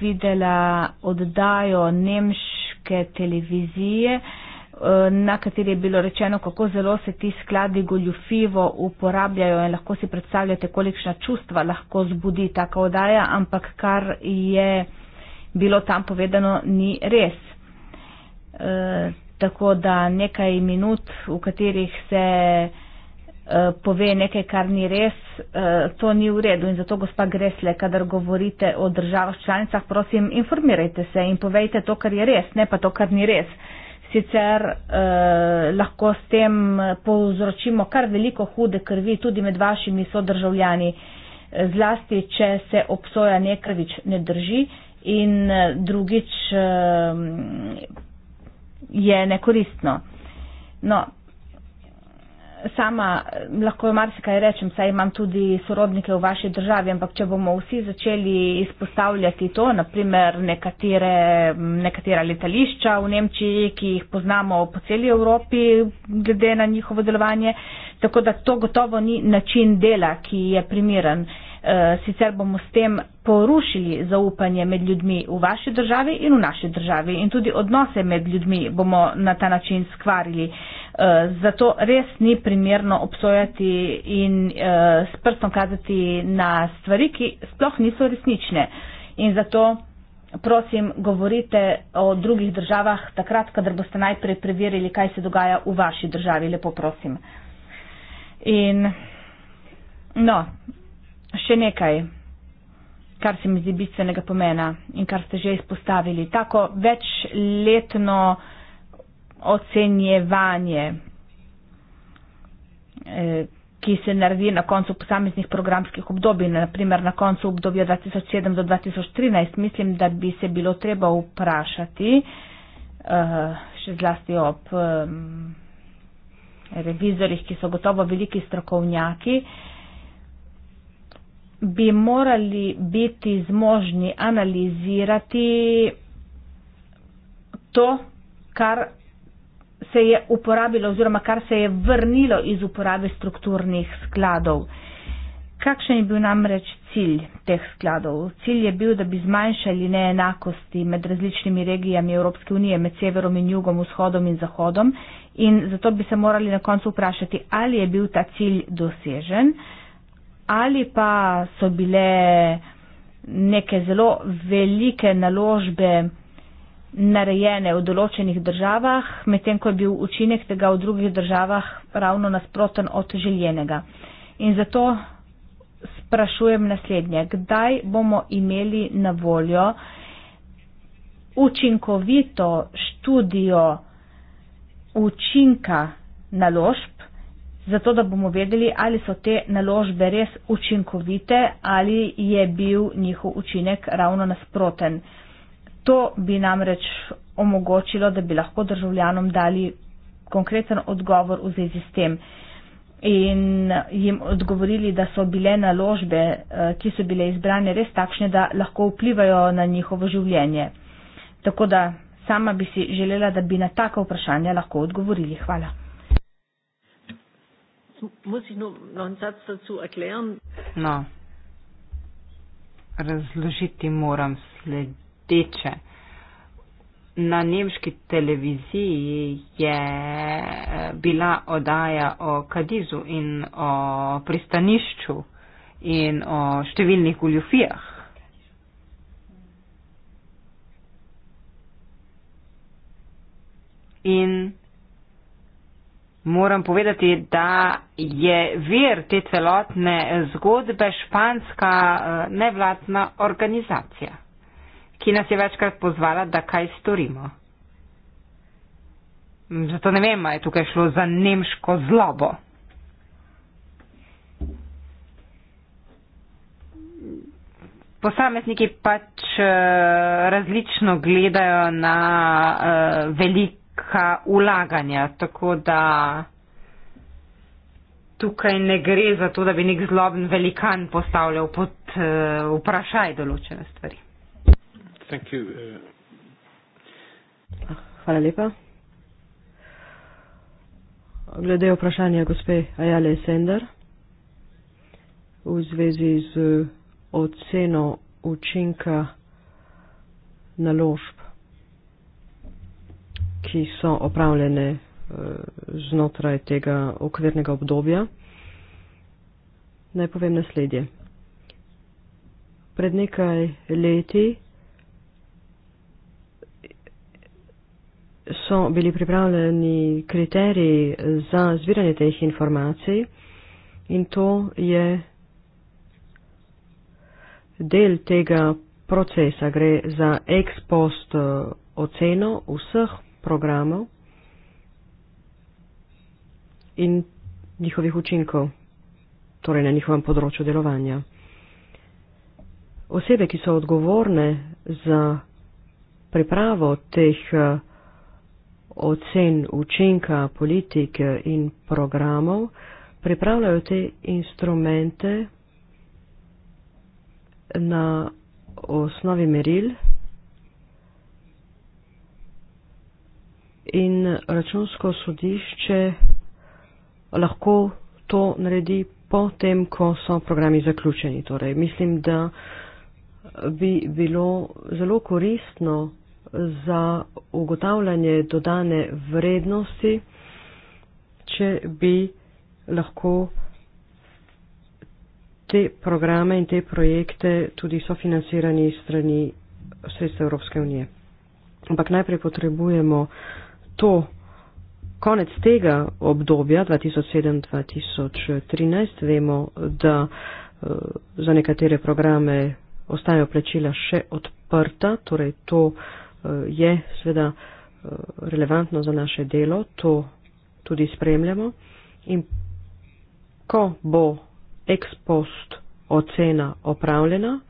videla oddajo nemške televizije, eh, na kateri je bilo rečeno, kako zelo se ti skladi goljufivo uporabljajo in lahko si predstavljate, kolikšna čustva lahko zbudi taka oddaja, ampak kar je bilo tam povedano, ni res. E, tako da nekaj minut, v katerih se Eh, pove nekaj, kar ni res, eh, to ni v redu in zato, gospa Gresle, kadar govorite o državah članicah, prosim, informirajte se in povejte to, kar je res, ne pa to, kar ni res. Sicer eh, lahko s tem povzročimo kar veliko hude krvi tudi med vašimi sodržavljani, eh, zlasti, če se obsoja nekrvič ne drži in drugič eh, je nekoristno. No, sama eh, lahko marsikaj rečem, saj imam tudi sorodnike v vaši državi, ampak če bomo vsi začeli izpostavljati to, naprimer nekatere, nekatera letališča v Nemčiji, ki jih poznamo po celi Evropi, glede na njihovo delovanje, tako da to gotovo ni način dela, ki je primiren. Eh, sicer bomo s tem porušili zaupanje med ljudmi v vaši državi in v naši državi in tudi odnose med ljudmi bomo na ta način skvarili. Uh, zato res ni primerno obsojati in uh, s prstom kazati na stvari, ki sploh niso resnične. In zato prosim, govorite o drugih državah takrat, kadar boste najprej preverili, kaj se dogaja v vaši državi. Lepo prosim. In no, še nekaj, kar se mi zdi bistvenega pomena in kar ste že izpostavili. Tako večletno. Uh, ocenjevanje, eh, ki se naredi na koncu posameznih programskih obdobij, naprimer na koncu obdobja 2007 do 2013, mislim, da bi se bilo treba vprašati, eh, še zlasti ob eh, revizorjih, ki so gotovo veliki strokovnjaki, bi morali biti zmožni analizirati to, kar se je uporabilo oziroma kar se je vrnilo iz uporabe strukturnih skladov. Kakšen je bil namreč cilj teh skladov? Cilj je bil, da bi zmanjšali neenakosti med različnimi regijami Evropske unije, med severom in jugom, vzhodom in zahodom in zato bi se morali na koncu vprašati, ali je bil ta cilj dosežen ali pa so bile neke zelo velike naložbe narejene v določenih državah, medtem ko je bil učinek tega v drugih državah ravno nasproten od željenega. In zato sprašujem naslednje, kdaj bomo imeli na voljo učinkovito študijo učinka naložb, zato da bomo vedeli, ali so te naložbe res učinkovite ali je bil njihov učinek ravno nasproten. To bi namreč omogočilo, da bi lahko državljanom dali konkreten odgovor v zvezi s tem in jim odgovorili, da so bile naložbe, eh, ki so bile izbrane, res takšne, da lahko vplivajo na njihovo življenje. Tako da sama bi si želela, da bi na taka vprašanja lahko odgovorili. Hvala. No. Razložiti moram sled rdeče. Na nemški televiziji je eh, bila oddaja o Kadizu in o pristanišču in o številnih goljufijah. In moram povedati, da je vir te celotne zgodbe španska eh, nevladna organizacija ki nas je večkrat pozvala, da kaj storimo. Zato ne vem, ali je tukaj šlo za nemško zlobo. Posamezniki pač uh, različno gledajo na uh, velika ulaganja, tako da tukaj ne gre za to, da bi nek zloben velikan postavljal pod uh, vprašaj določene stvari. Thank you. Uh, Hvala lepa. Glede vprašanja gospe Ajale Sender v zvezi z oceno učinka naložb, ki so opravljene eh, znotraj tega okvirnega obdobja. Naj povem naslednje. Pred nekaj leti so bili pripravljeni kriteriji za zbiranje teh informacij in to je del tega procesa. Gre za ex post eh, oceno vseh programov in njihovih učinkov, torej na njihovem področju delovanja. Osebe, ki so odgovorne za pripravo teh eh, ocen učinka politike in programov, pripravljajo te instrumente na osnovi meril in računsko sodišče lahko to naredi potem, ko so programi zaključeni. Torej, mislim, da bi bilo zelo koristno za ugotavljanje dodane vrednosti, če bi lahko te programe in te projekte tudi sofinancirani strani sredstva Evropske unije. Ampak najprej potrebujemo to konec tega obdobja 2007-2013. Vemo, da eh, za nekatere programe ostajajo plačila še odprta, torej to uh, Eh, je sveda eh, relevantno za naše delo, to tudi spremljamo. In ko bo ex post ocena opravljena,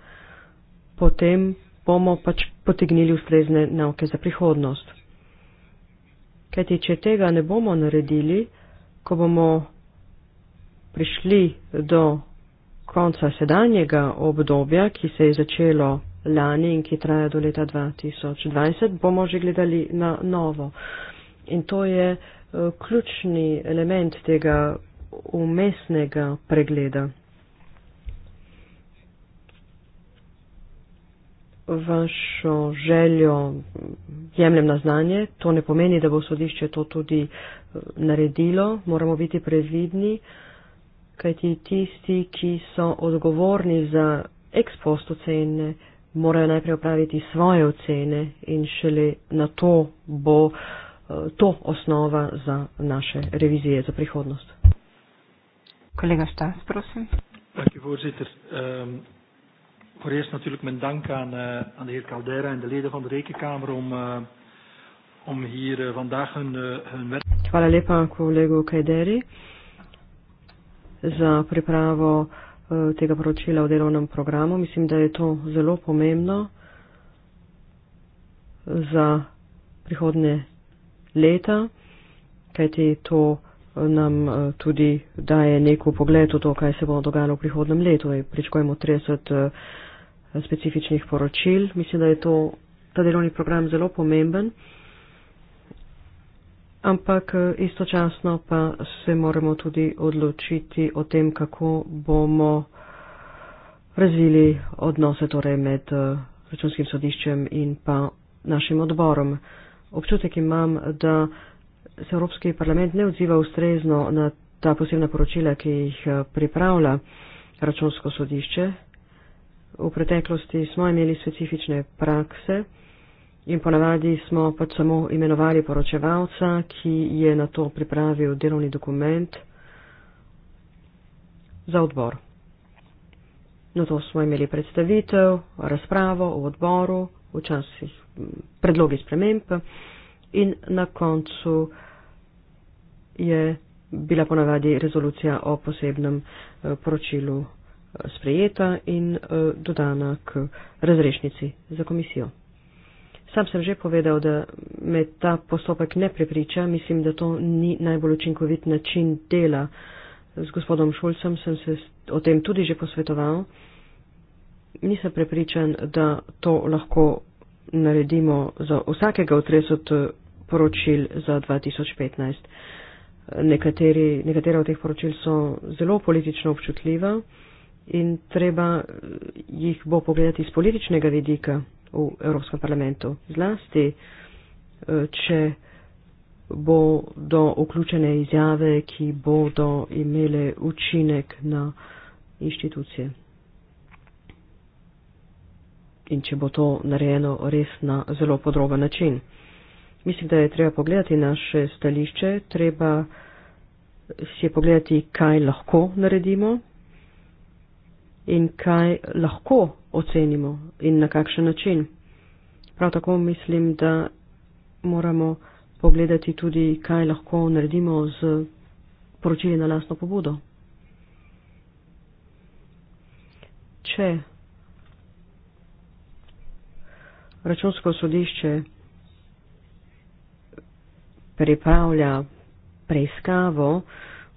potem bomo pač potegnili ustrezne nauke za prihodnost. Kajti, če tega ne bomo naredili, ko bomo prišli do konca sedanjega obdobja, ki se je začelo lani in ki traja do leta 2020, bomo že gledali na novo. In to je eh, ključni element tega umestnega pregleda. Vašo željo jemljem na znanje, to ne pomeni, da bo sodišče to tudi eh, naredilo, moramo biti previdni, kajti tisti, ki so odgovorni za ekspost ocene, morajo najprej opraviti svoje ocene in šele na to bo eh, to osnova za naše revizije za prihodnost. Kolega Štas, prosim. Dank u voorzitter. Um, voor eerst natuurlijk mijn dank aan, uh, aan de heer Caldera en de leden van de Rekenkamer om, uh, om hier uh, vandaag hun, uh, hun werk. Hvala lepa kolegu Kajderi za pripravo uh, Eh, tega poročila o delovnem programu. Mislim, da je to zelo pomembno za prihodne leta, kajti to nam eh, tudi daje neko pogled v to, kaj se bo dogajalo v prihodnem letu. Pričakujemo 30 eh, specifičnih poročil. Mislim, da je to, ta delovni program zelo pomemben ampak eh, istočasno pa se moramo tudi odločiti o tem, kako bomo razvili odnose torej med eh, računskim sodiščem in pa našim odborom. Občutek imam, da se Evropski parlament ne odziva ustrezno na ta posebna poročila, ki jih eh, pripravlja računsko sodišče. V preteklosti smo imeli specifične prakse. In ponavadi smo pač samo imenovali poročevalca, ki je na to pripravil delovni dokument za odbor. Na to smo imeli predstavitev, razpravo v odboru, včasih predlogi sprememb in na koncu je bila ponavadi rezolucija o posebnem eh, poročilu eh, sprejeta in eh, dodana k razrešnici za komisijo. Sam sem že povedal, da me ta postopek ne prepriča, mislim, da to ni najbolj učinkovit način dela. Z gospodom Šulcem sem se o tem tudi že posvetoval. Nisem prepričan, da to lahko naredimo za vsakega otresot eh, poročil za 2015. Nekateri, nekatera od teh poročil so zelo politično občutljiva in treba jih bo pogledati iz političnega vidika v Evropskem parlamentu. Zlasti, eh, če bodo vključene izjave, ki bodo imele učinek na inštitucije. In če bo to narejeno res na zelo podroben način. Mislim, da je treba pogledati naše stališče, treba si je pogledati, kaj lahko naredimo, in kaj lahko ocenimo in na kakšen način. Prav tako mislim, da moramo pogledati tudi, kaj lahko naredimo z poročili na lastno pobudo. Če računsko sodišče pripravlja preiskavo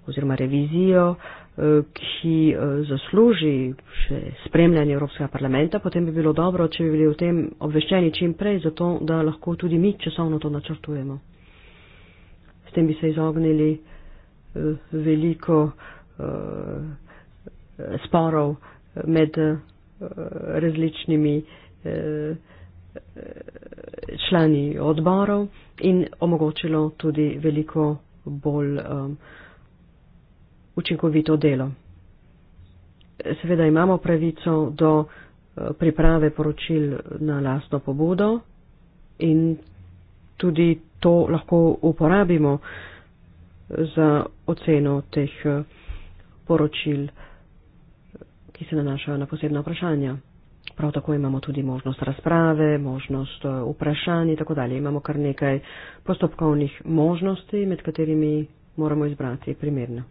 oziroma revizijo, ki eh, zasluži še spremljanje Evropskega parlamenta, potem bi bilo dobro, če bi bili o tem obveščeni čim prej, zato da lahko tudi mi časovno to načrtujemo. S tem bi se izognili eh, veliko eh, sporov med različnimi člani odborov in omogočilo tudi veliko bolj um, učinkovito delo. Seveda imamo pravico do eh, priprave poročil na lastno pobudo in tudi to lahko uporabimo za oceno teh eh, poročil, ki se nanašajo na posebna vprašanja. Prav tako imamo tudi možnost razprave, možnost eh, vprašanj in tako dalje. Imamo kar nekaj postopkovnih možnosti, med katerimi moramo izbrati primerno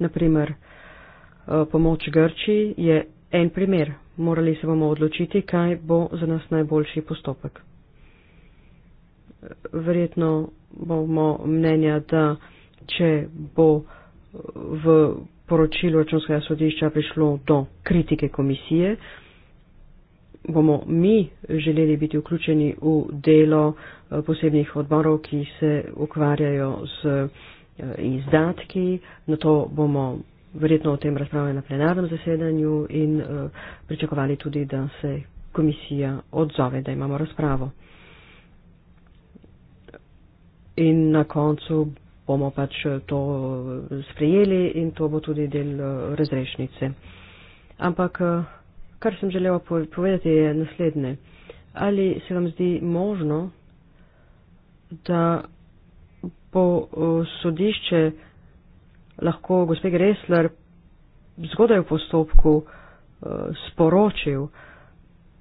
naprimer eh, pomoč Grčiji, je en primer. Morali se bomo odločiti, kaj bo za nas najboljši postopek. Verjetno bomo mnenja, da če bo eh, v poročilu računskega sodišča prišlo do kritike komisije, bomo mi želeli biti vključeni v delo eh, posebnih odborov, ki se ukvarjajo z izdatki, na to bomo verjetno o tem razpravljali na plenarnem zasedanju in eh, pričakovali tudi, da se komisija odzove, da imamo razpravo. In na koncu bomo pač to sprejeli in to bo tudi del eh, razrešnice. Ampak, eh, kar sem želela povedati, je naslednje. Ali se vam zdi možno, da bo eh, sodišče lahko gospe Gresler zgodaj v postopku eh, sporočil,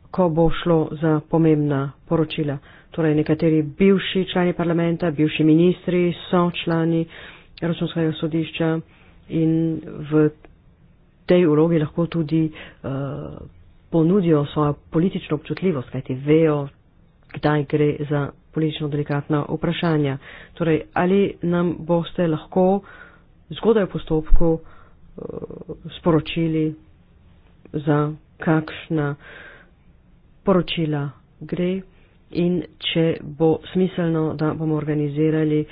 ko bo šlo za pomembna poročila. Torej, nekateri bivši člani parlamenta, bivši ministri so člani Računskega sodišča in v tej vlogi lahko tudi uh, ponudijo svojo politično občutljivost, kajti vejo, kdaj gre za politično delikatna vprašanja. Torej, ali nam boste lahko zgodaj v postopku eh, sporočili, za kakšna poročila gre in če bo smiselno, da bomo organizirali eh,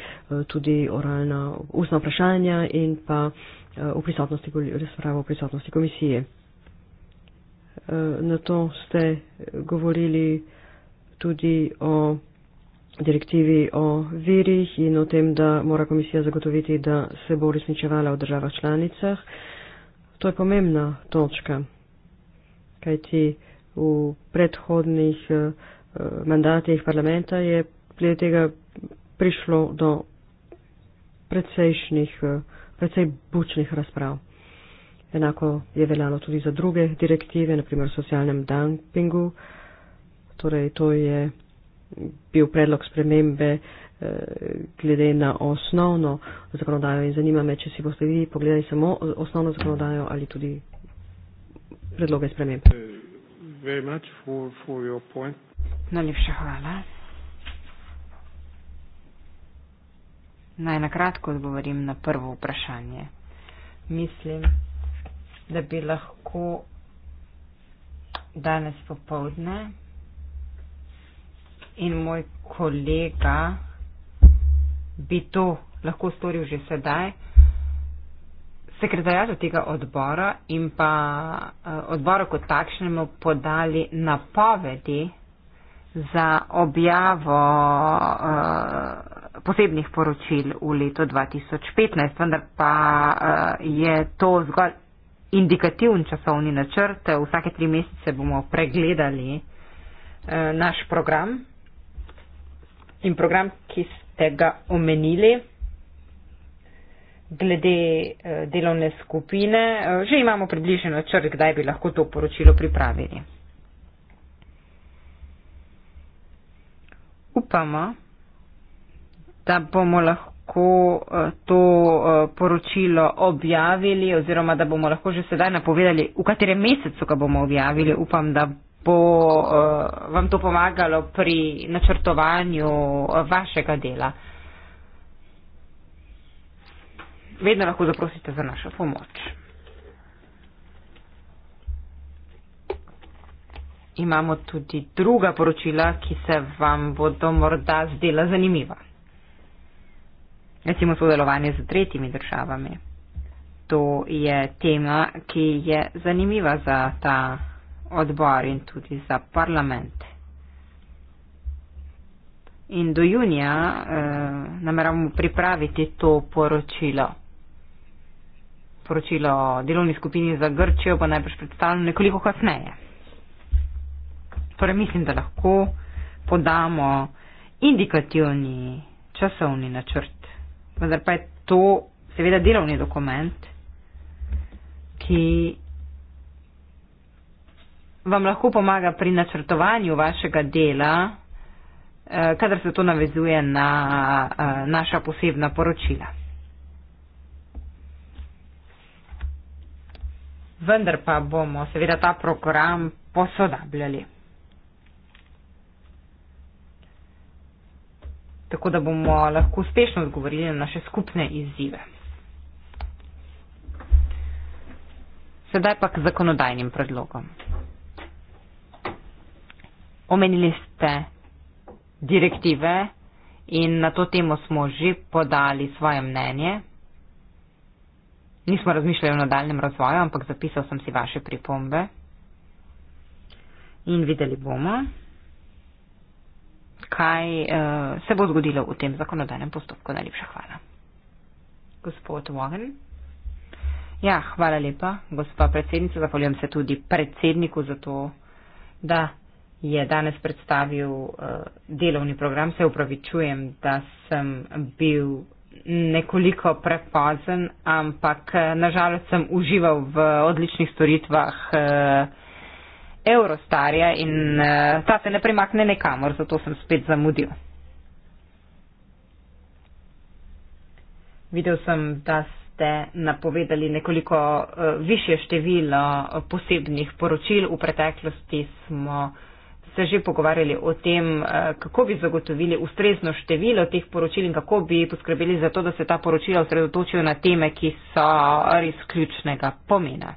tudi oralna ustna vprašanja in pa eh, v prisotnosti, razpravo v prisotnosti komisije. Na to ste govorili tudi o direktivi o virih in o tem, da mora komisija zagotoviti, da se bo uresničevala v državah članicah. To je pomembna točka, kajti v predhodnih eh, mandatih parlamenta je glede tega prišlo do precejšnjih, eh, precej bučnih razprav. Enako je veljalo tudi za druge direktive, naprimer o socialnem dumpingu. Torej, to je bil predlog spremembe eh, glede na osnovno zakonodajo in zanima me, če si boste vi pogledali samo eh, osnovno zakonodajo ali tudi predloge sprememb. Uh, Najlepša hvala. Naj nakratko odgovorim na prvo vprašanje. Mislim, da bi lahko danes popovdne in moj kolega bi to lahko storil že sedaj. Sekretarjatu tega odbora in pa eh, odboru kot takšnemu podali napovedi za objavo eh, posebnih poročil v letu 2015, vendar pa eh, je to zgolj indikativni časovni načrt. Vsake tri mesece bomo pregledali naš program in program, ki ste ga omenili, glede eh, delovne skupine, eh, že imamo približen načrt, kdaj bi lahko to poročilo pripravili. Upamo, da bomo lahko eh, to poročilo objavili oziroma da bomo lahko že sedaj napovedali, v katerem mesecu ga bomo objavili. Upam, da bo uh, vam to pomagalo pri načrtovanju eh, vašega dela. Vedno lahko zaprosite za našo pomoč. Imamo tudi druga poročila, ki se vam bodo morda zdela zanimiva. Recimo sodelovanje z tretjimi državami. To je tema, ki je zanimiva za ta odbor in tudi za parlament. In do junija eh, nameravamo pripraviti to poročilo. Poročilo delovni skupini za Grčijo bo najbrž predstavljeno nekoliko kasneje. Torej mislim, da lahko podamo indikativni časovni načrt. Vendar pa je to seveda delovni dokument, ki vam lahko pomaga pri načrtovanju vašega dela, eh, kadar se to navezuje na eh, naša posebna poročila. Vendar pa bomo seveda ta program posodabljali. Tako da bomo lahko uspešno odgovorili na naše skupne izzive. Sedaj pa k zakonodajnim predlogom omenili ste direktive in na to temo smo že podali svoje mnenje. Nismo razmišljali o nadaljem razvoju, ampak zapisal sem si vaše pripombe. In videli bomo, kaj uh, se bo zgodilo v tem zakonodajnem postopku. Najlepša hvala. Gospod Vogen. Ja, hvala lepa, gospa predsednica. Zahvaljujem se tudi predsedniku za to, da je danes predstavil uh, delovni program. Se upravičujem, da sem bil nekoliko prepozen, ampak eh, nažalost sem užival v odličnih storitvah uh, Eurostarja in uh, ta se ne premakne nekamor, zato sem spet zamudil. Videl sem, da ste napovedali nekoliko uh, više število posebnih poročil. V preteklosti smo uh, se že pogovarjali o tem, eh, kako bi zagotovili ustrezno število teh poročil in kako bi poskrbeli za to, da se ta poročila osredotočijo na teme, ki so res ključnega pomena.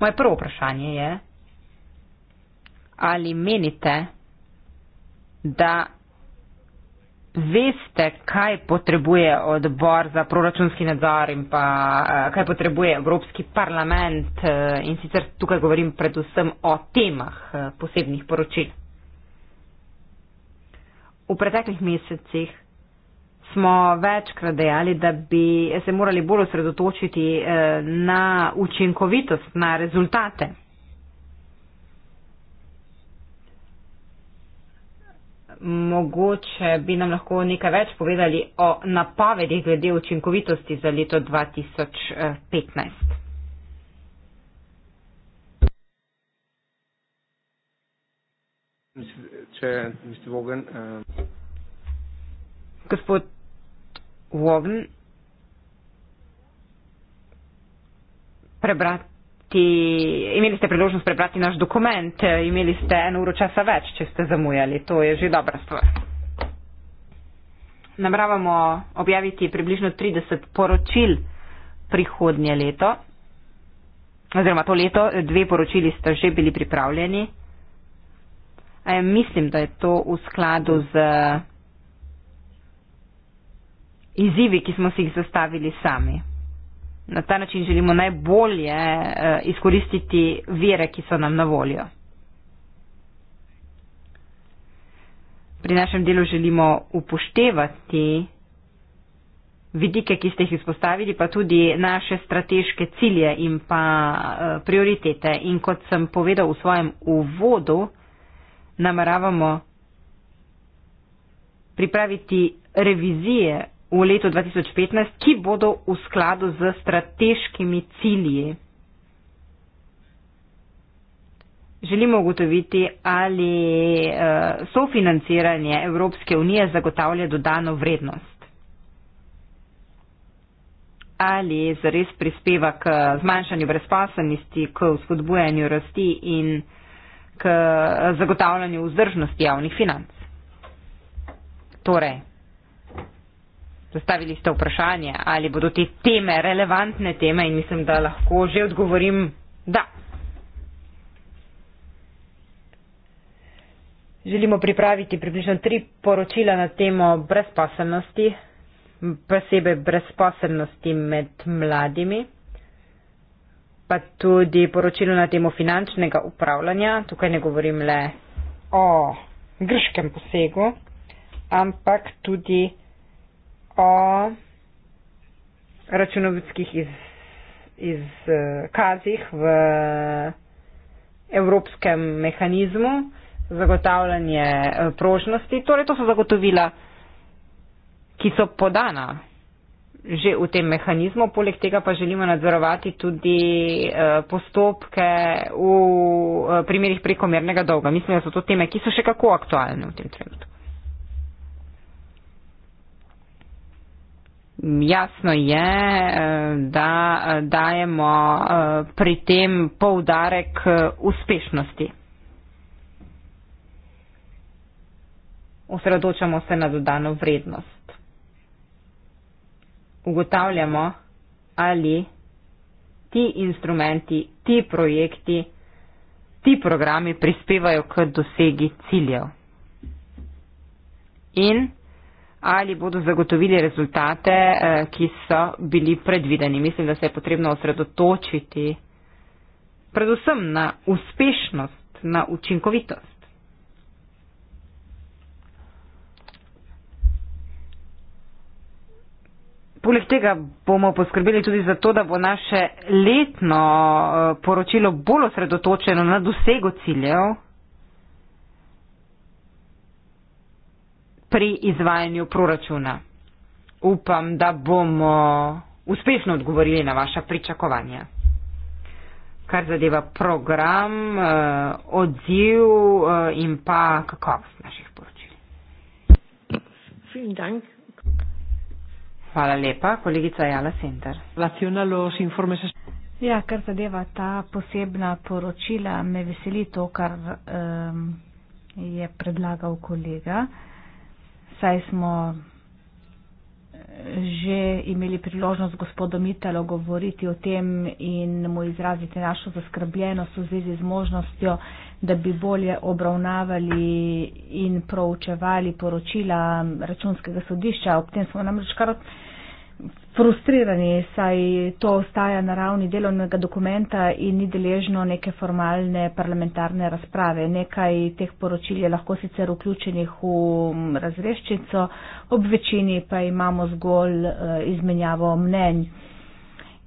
Moje prvo vprašanje je, ali menite, da veste, kaj potrebuje odbor za proračunski nadzor in pa eh, kaj potrebuje Evropski parlament eh, in sicer tukaj govorim predvsem o temah eh, posebnih poročil. V preteklih mesecih smo večkrat dejali, da bi se morali bolj osredotočiti na učinkovitost, na rezultate mogoče bi nam lahko nekaj več povedali o napovedih glede učinkovitosti za leto 2015. Če, mister Vogen. Uh... Um, Gospod Vogen. Prebrati prebrati, imeli ste priložnost prebrati naš dokument, eh, imeli ste eno uro časa več, če ste zamujali. To je že dobra stvar. Nameravamo objaviti približno 30 poročil prihodnje leto, oziroma to leto, eh, dve poročili ste že bili pripravljeni. E, mislim, da je to v skladu z eh, izzivi, ki smo si jih zastavili sami. Na ta način želimo najbolje eh, izkoristiti vire, ki so nam na voljo. Pri našem delu želimo upoštevati vidike, ki ste jih izpostavili, pa tudi naše strateške cilje in pa eh, prioritete. In kot sem povedal v svojem uvodu, nameravamo pripraviti revizije v letu 2015, ki bodo v skladu z strateškimi cilji. Želimo ugotoviti, ali uh, sofinanciranje Evropske unije zagotavlja dodano vrednost. Ali zares prispeva k zmanjšanju brezposobnosti, k vzpodbujanju rasti in k eh, zagotavljanju vzdržnosti javnih financ. Torej, zastavili ste vprašanje, ali bodo te teme relevantne teme in mislim, da lahko že odgovorim da. Želimo pripraviti približno tri poročila na temo brezposelnosti, posebej brezposelnosti med mladimi, pa tudi poročilo na temo finančnega upravljanja. Tukaj ne govorim le o grškem posegu, ampak tudi o o računovodskih izkazih iz, eh, v evropskem mehanizmu zagotavljanje eh, prožnosti. Torej, to so zagotovila, ki so podana že v tem mehanizmu, poleg tega pa želimo nadzorovati tudi eh, postopke v primerih prekomernega dolga. Mislim, da so to teme, ki so še kako aktualne v tem trenutku. jasno je, eh, da eh, dajemo eh, pri tem poudarek uspešnosti. Osredotočamo se na dodano vrednost. Ugotavljamo, ali ti instrumenti, ti projekti, ti programi prispevajo k dosegi ciljev. In ali bodo zagotovili rezultate, eh, ki so bili predvideni. Mislim, da se je potrebno osredotočiti predvsem na uspešnost, na učinkovitost. Poleg tega bomo poskrbeli tudi za to, da bo naše letno eh, poročilo bolj osredotočeno na dosego ciljev, pri izvajanju proračuna. Upam, da bomo uspešno odgovorili na vaša pričakovanja. Kar zadeva program, eh, odziv eh, in pa kakovost naših poročil. Hvala lepa, kolegica Jala Center. Ja, kar zadeva ta posebna poročila, me veseli to, kar um, je predlagal kolega saj smo eh, že imeli priložnost gospodom Italo govoriti o tem in mu izraziti našo zaskrbljenost v zvezi z možnostjo, da bi bolje obravnavali in proučevali poročila računskega sodišča. Ob tem smo namreč kar od frustrirani, saj to ostaja na ravni delovnega dokumenta in ni deležno neke formalne parlamentarne razprave. Nekaj teh poročil je lahko sicer vključenih v razreščico, ob večini pa imamo zgolj eh, izmenjavo mnenj.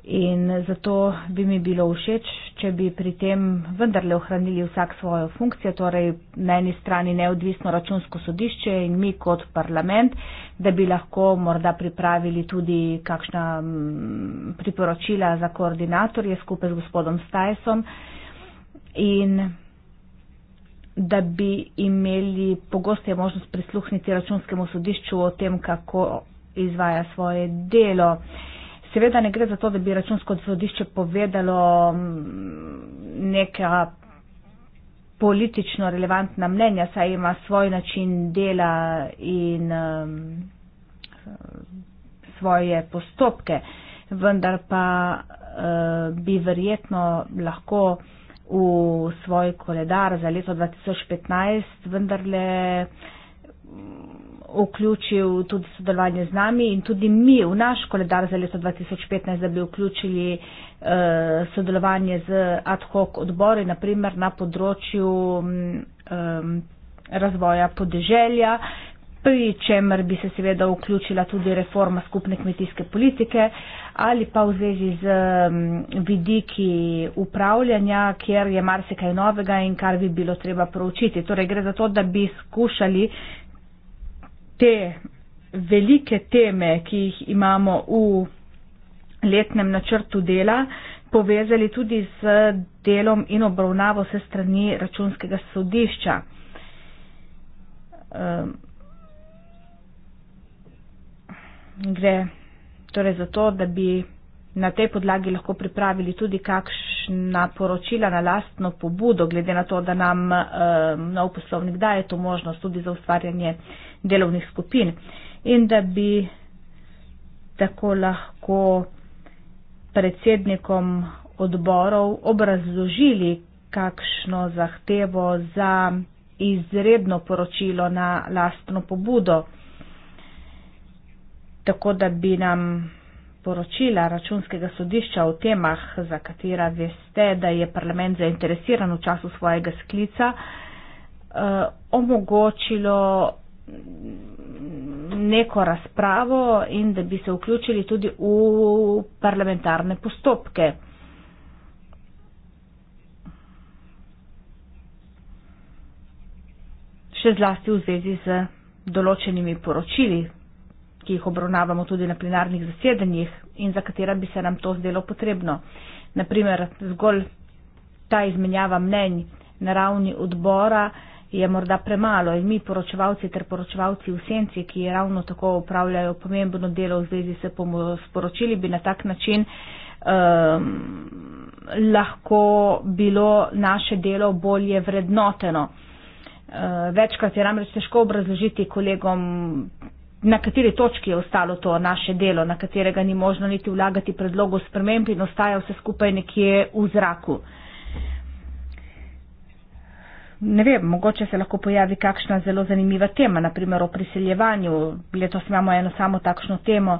In zato bi mi bilo všeč, če bi pri tem vendarle ohranili vsak svojo funkcijo, torej na eni strani neodvisno računsko sodišče in mi kot parlament, da bi lahko morda pripravili tudi kakšna mm, priporočila za koordinatorje skupaj z gospodom Stajsom in da bi imeli pogosto možnost prisluhniti računskemu sodišču o tem, kako izvaja svoje delo. Seveda ne gre za to, da bi računsko sodišče povedalo mm, neka politično relevantna mnenja, saj ima svoj način dela in um, svoje postopke, vendar pa uh, bi verjetno lahko v svoj koledar za leto 2015 vendarle. Um, vključil tudi sodelovanje z nami in tudi mi v naš koledar za leto 2015, da bi vključili uh, sodelovanje z ad hoc odbori, naprimer na področju um, razvoja podeželja, pri čemer bi se seveda vključila tudi reforma skupne kmetijske politike ali pa v zvezi z um, vidiki upravljanja, kjer je marsikaj novega in kar bi bilo treba proučiti. Torej gre za to, da bi skušali te velike teme, ki jih imamo v letnem načrtu dela, povezali tudi z delom in obravnavo se strani računskega sodišča. Ehm, gre torej za to, da bi na tej podlagi lahko pripravili tudi kakšna poročila na lastno pobudo, glede na to, da nam ehm, nov poslovnik daje to možnost tudi za ustvarjanje delovnih skupin in da bi tako lahko predsednikom odborov obrazložili, kakšno zahtevo za izredno poročilo na lastno pobudo, tako da bi nam poročila računskega sodišča o temah, za katera veste, da je parlament zainteresiran v času svojega sklica, eh, omogočilo neko razpravo in da bi se vključili tudi v parlamentarne postopke. Še zlasti v zvezi z določenimi poročili, ki jih obravnavamo tudi na plenarnih zasedanjih in za katera bi se nam to zdelo potrebno. Naprimer, zgolj ta izmenjava mnenj na ravni odbora, je morda premalo in mi poročevalci ter poročevalci v senci, ki ravno tako upravljajo pomembno delo v zvezi se bomo sporočili, bi na tak način um, lahko bilo naše delo bolje vrednoteno. Uh, večkrat je namreč težko obrazložiti kolegom, na kateri točki je ostalo to naše delo, na katerega ni možno niti vlagati predlogov sprememb in ostaja vse skupaj nekje v zraku. Uh, ne vem, mogoče se lahko pojavi kakšna zelo zanimiva tema, naprimer o priseljevanju. Letos imamo eno samo takšno temo,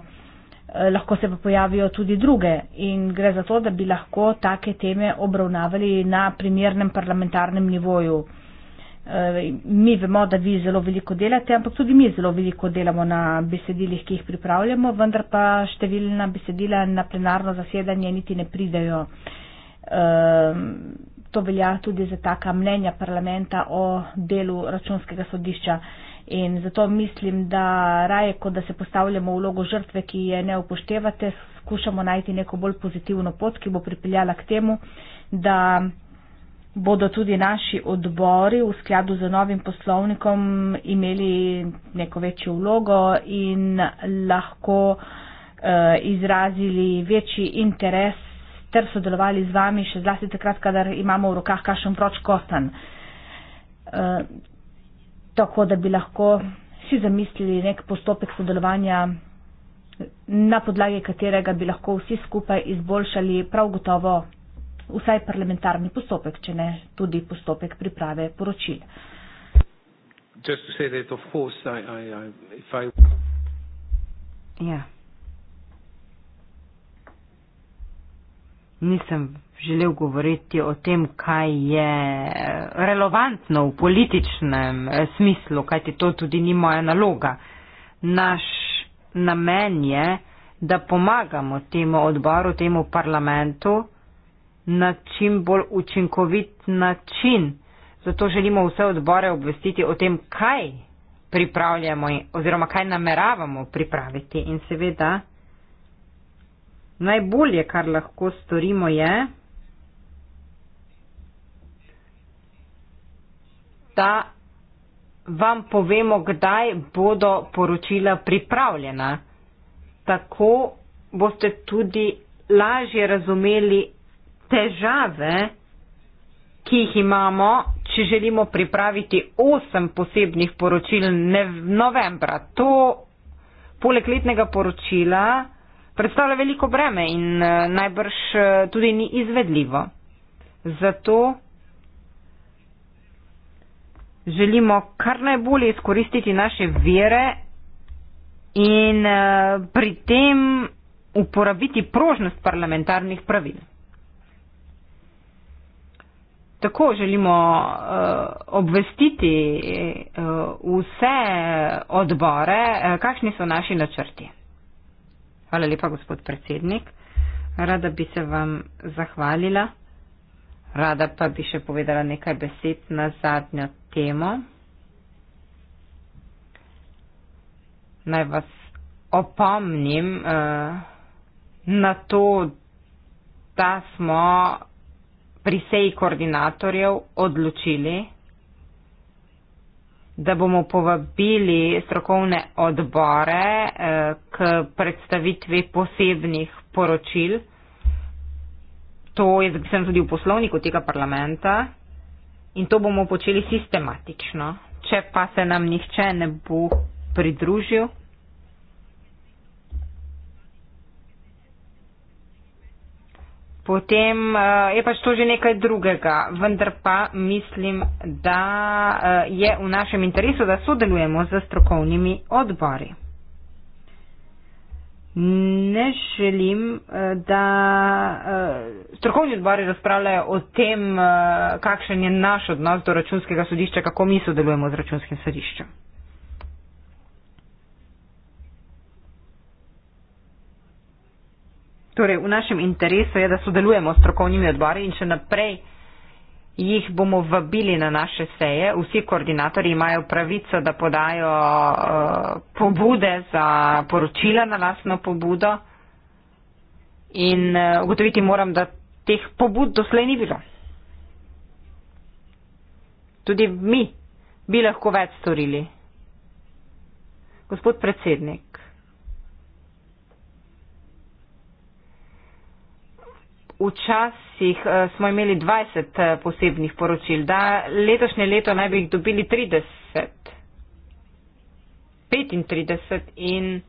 eh, lahko se pa pojavijo tudi druge in gre za to, da bi lahko take teme obravnavali na primernem parlamentarnem nivoju. Eh, mi vemo, da vi zelo veliko delate, ampak tudi mi zelo veliko delamo na besedilih, ki jih pripravljamo, vendar pa številna besedila na plenarno zasedanje niti ne pridejo. Eh, To velja tudi za taka mnenja parlamenta o delu računskega sodišča. In zato mislim, da raje, kot da se postavljamo v vlogo žrtve, ki je ne upoštevate, skušamo najti neko bolj pozitivno pot, ki bo pripeljala k temu, da bodo tudi naši odbori v skladu z novim poslovnikom imeli neko večjo vlogo in lahko uh, izrazili večji interes ter sodelovali z vami, še zlasti takrat, kadar imamo v rokah kašen vroč kostan. E, eh, tako da bi lahko si zamislili nek postopek sodelovanja, na podlagi katerega bi lahko vsi skupaj izboljšali prav gotovo vsaj parlamentarni postopek, če ne tudi postopek priprave poročil. Just to say that, of course, I, I, I, if I... Yeah. Ja. nisem želel govoriti o tem, kaj je relevantno v političnem eh, smislu, kajti to tudi ni moja naloga. Naš namen je, da pomagamo temu odboru, temu parlamentu na čim bolj učinkovit način. Zato želimo vse odbore obvestiti o tem, kaj pripravljamo oziroma kaj nameravamo pripraviti. In seveda, Najbolje, kar lahko storimo, je, da vam povemo, kdaj bodo poročila pripravljena. Tako boste tudi lažje razumeli težave, ki jih imamo, če želimo pripraviti osem posebnih poročil nev novembra. To poleg letnega poročila predstavlja veliko breme in eh, najbrž eh, tudi ni izvedljivo. Zato želimo kar najbolje izkoristiti naše vire in eh, pri tem uporabiti prožnost parlamentarnih pravil. Tako želimo uh, obvestiti uh, vse odbore, uh, kakšni so naši načrti. Hvala lepa, gospod predsednik. Rada bi se vam zahvalila. Rada pa bi še povedala nekaj besed na zadnjo temo. Naj vas opomnim uh, na to, da smo pri seji koordinatorjev odločili, da bomo povabili strokovne odbore eh, k predstavitvi posebnih poročil. To je zapisano tudi v poslovniku tega parlamenta in to bomo počeli sistematično. Če pa se nam nihče ne bo pridružil, Potem eh, je pač to že nekaj drugega, vendar pa mislim, da eh, je v našem interesu, da sodelujemo z strokovnimi odbori. Ne želim, eh, da strokovni odbori razpravljajo o tem, kakšen je naš odnos do računskega sodišča, kako mi sodelujemo z računskim sodiščem. Torej, v našem interesu je, da sodelujemo s strokovnimi odbori in še naprej jih bomo vabili na naše seje. Vsi koordinatori imajo pravico, da podajo uh, pobude za poročila na lastno pobudo in uh, ugotoviti moram, da teh pobud doslej ni bilo. Tudi mi bi lahko več storili. Gospod predsednik, Včasih eh, smo imeli 20 eh, posebnih poročil, da letošnje leto naj bi jih dobili 30, 35 in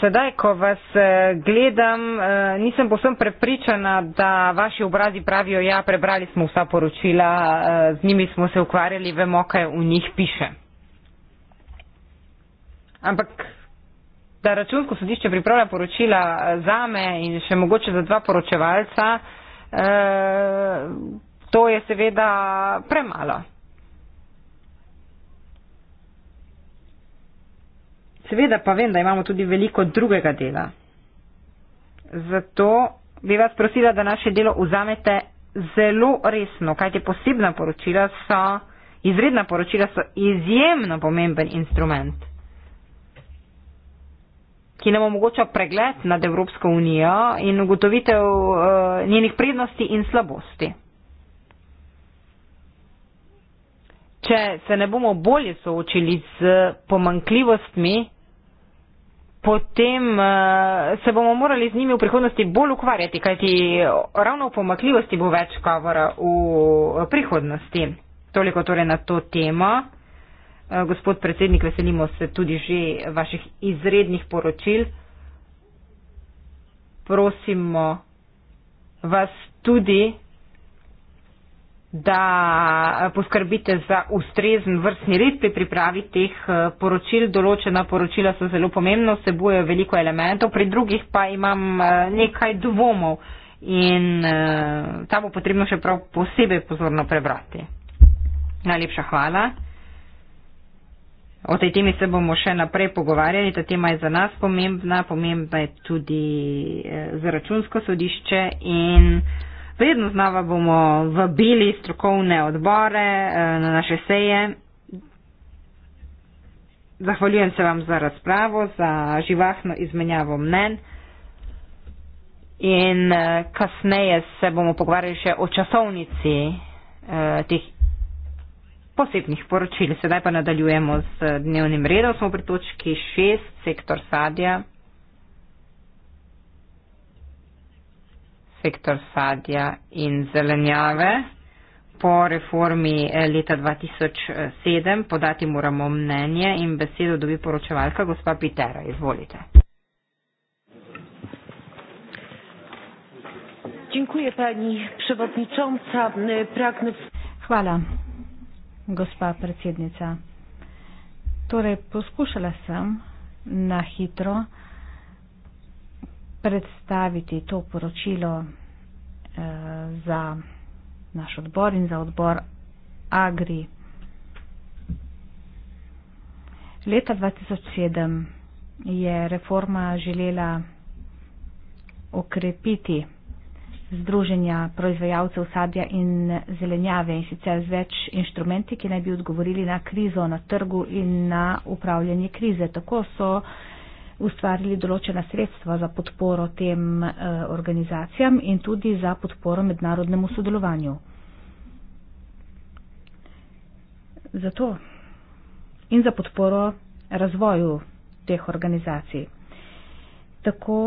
sedaj, ko vas eh, gledam, nisem posem prepričana, da vaši obrazi pravijo, ja, prebrali smo vsa poročila, z njimi smo se ukvarjali, vemo, kaj v njih piše. Ampak da računsko sodišče pripravlja poročila eh, za me in še mogoče za dva poročevalca, eh, to je seveda premalo. Seveda pa vem, da imamo tudi veliko drugega dela. Zato bi vas prosila, da naše delo vzamete zelo resno, kajte posebna poročila so, izredna poročila so izjemno pomemben instrument ki nam omogoča pregled nad Evropsko unijo in ugotovitev uh, njenih prednosti in slabosti. Če se ne bomo bolje soočili z pomankljivostmi, potem uh, se bomo morali z njimi v prihodnosti bolj ukvarjati, kajti eh, ravno v pomankljivosti bo več kavora v prihodnosti. Toliko torej na to temo. Eh, gospod predsednik, veselimo se tudi že vaših izrednih poročil. Prosimo vas tudi, da poskrbite za ustrezen vrstni red pri pripravi teh eh, poročil. Določena poročila so zelo pomembna, vsebujejo veliko elementov, pri drugih pa imam eh, nekaj dvomov in ta bo potrebno še prav posebej pozorno prebrati. Najlepša hvala. O tej temi se bomo še naprej pogovarjali, ta tema je za nas pomembna, pomembna je tudi eh, za računsko sodišče in vedno znova bomo vabili strokovne odbore eh, na naše seje. Zahvaljujem se vam za razpravo, za živahno izmenjavo mnen. In eh, kasneje se bomo pogovarjali še o časovnici eh, teh posebnih poročil. Sedaj pa nadaljujemo z dnevnim redom. Smo pri točki 6, sektor sadja. Sektor sadja in zelenjave. Po reformi eh, leta 2007 eh, podati moramo mnenje in besedo dobi poročevalka gospa Pitera. Izvolite. Hvala gospa predsednica. Torej, poskušala sem na hitro predstaviti to poročilo eh, za naš odbor in za odbor Agri. Leta 2007 je reforma želela okrepiti Združenja proizvajalcev sadja in zelenjave in sicer z več inštrumenti, ki naj bi odgovorili na krizo na trgu in na upravljanje krize. Tako so ustvarili določena sredstva za podporo tem eh, organizacijam in tudi za podporo mednarodnemu sodelovanju. Zato in za podporo razvoju teh organizacij. Tako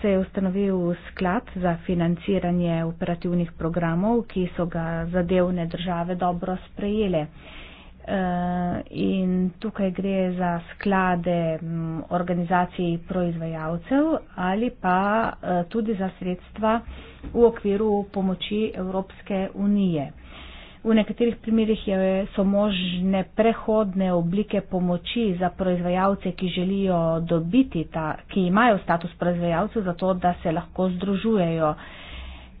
se je ustanovil sklad za financiranje operativnih programov, ki so ga zadevne države dobro sprejele. Eh, in tukaj gre za sklade mm, organizacij proizvajalcev ali pa eh, tudi za sredstva v okviru pomoči Evropske unije. V nekaterih primerjih je, so možne prehodne oblike pomoči za proizvajalce, ki želijo dobiti ta, ki imajo status proizvajalcev, zato da se lahko združujejo.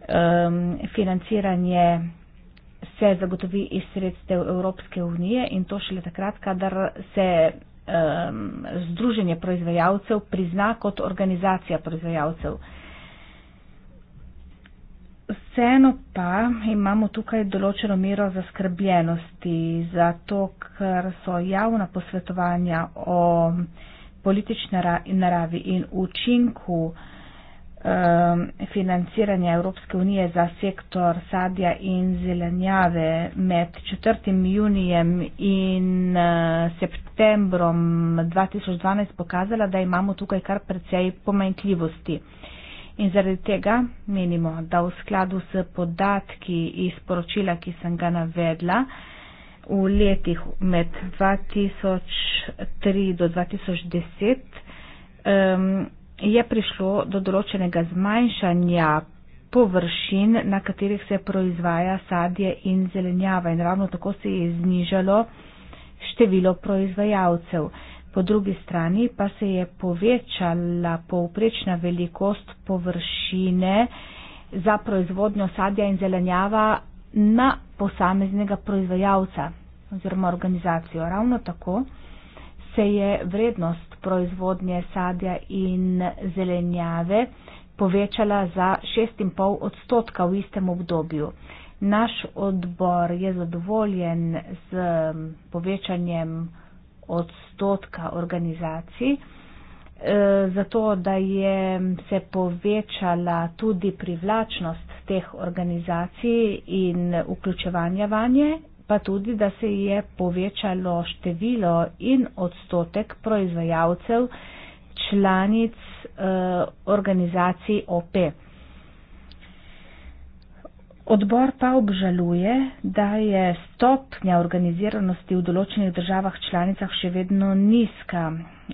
Um, financiranje se zagotovi iz sredstev Evropske unije in to šele takrat, kadar se um, združenje proizvajalcev prizna kot organizacija proizvajalcev. Vseeno pa imamo tukaj določeno mero zaskrbljenosti, zato ker so javna posvetovanja o politični naravi in učinku um, financiranja Evropske unije za sektor sadja in zelenjave med 4. junijem in uh, septembrom 2012 pokazala, da imamo tukaj kar precej pomanjkljivosti. In zaradi tega menimo, da v skladu s podatki iz poročila, ki sem ga navedla, v letih med 2003 do 2010 um, je prišlo do določenega zmanjšanja površin, na katerih se proizvaja sadje in zelenjava in ravno tako se je znižalo število proizvajalcev. Uh, Po drugi strani pa se je povečala povprečna velikost površine za proizvodnjo sadja in zelenjava na posameznega proizvajalca oziroma organizacijo. Ravno tako se je vrednost proizvodnje sadja in zelenjave povečala za 6,5 odstotka v istem obdobju. Naš odbor je zadovoljen z povečanjem odstotka organizacij, eh, zato da je se povečala tudi privlačnost teh organizacij in vključevanje vanje, pa tudi da se je povečalo število in odstotek proizvajalcev članic eh, organizacij OPEP. Odbor pa obžaluje, da je stopnja organiziranosti v določenih državah članicah še vedno nizka.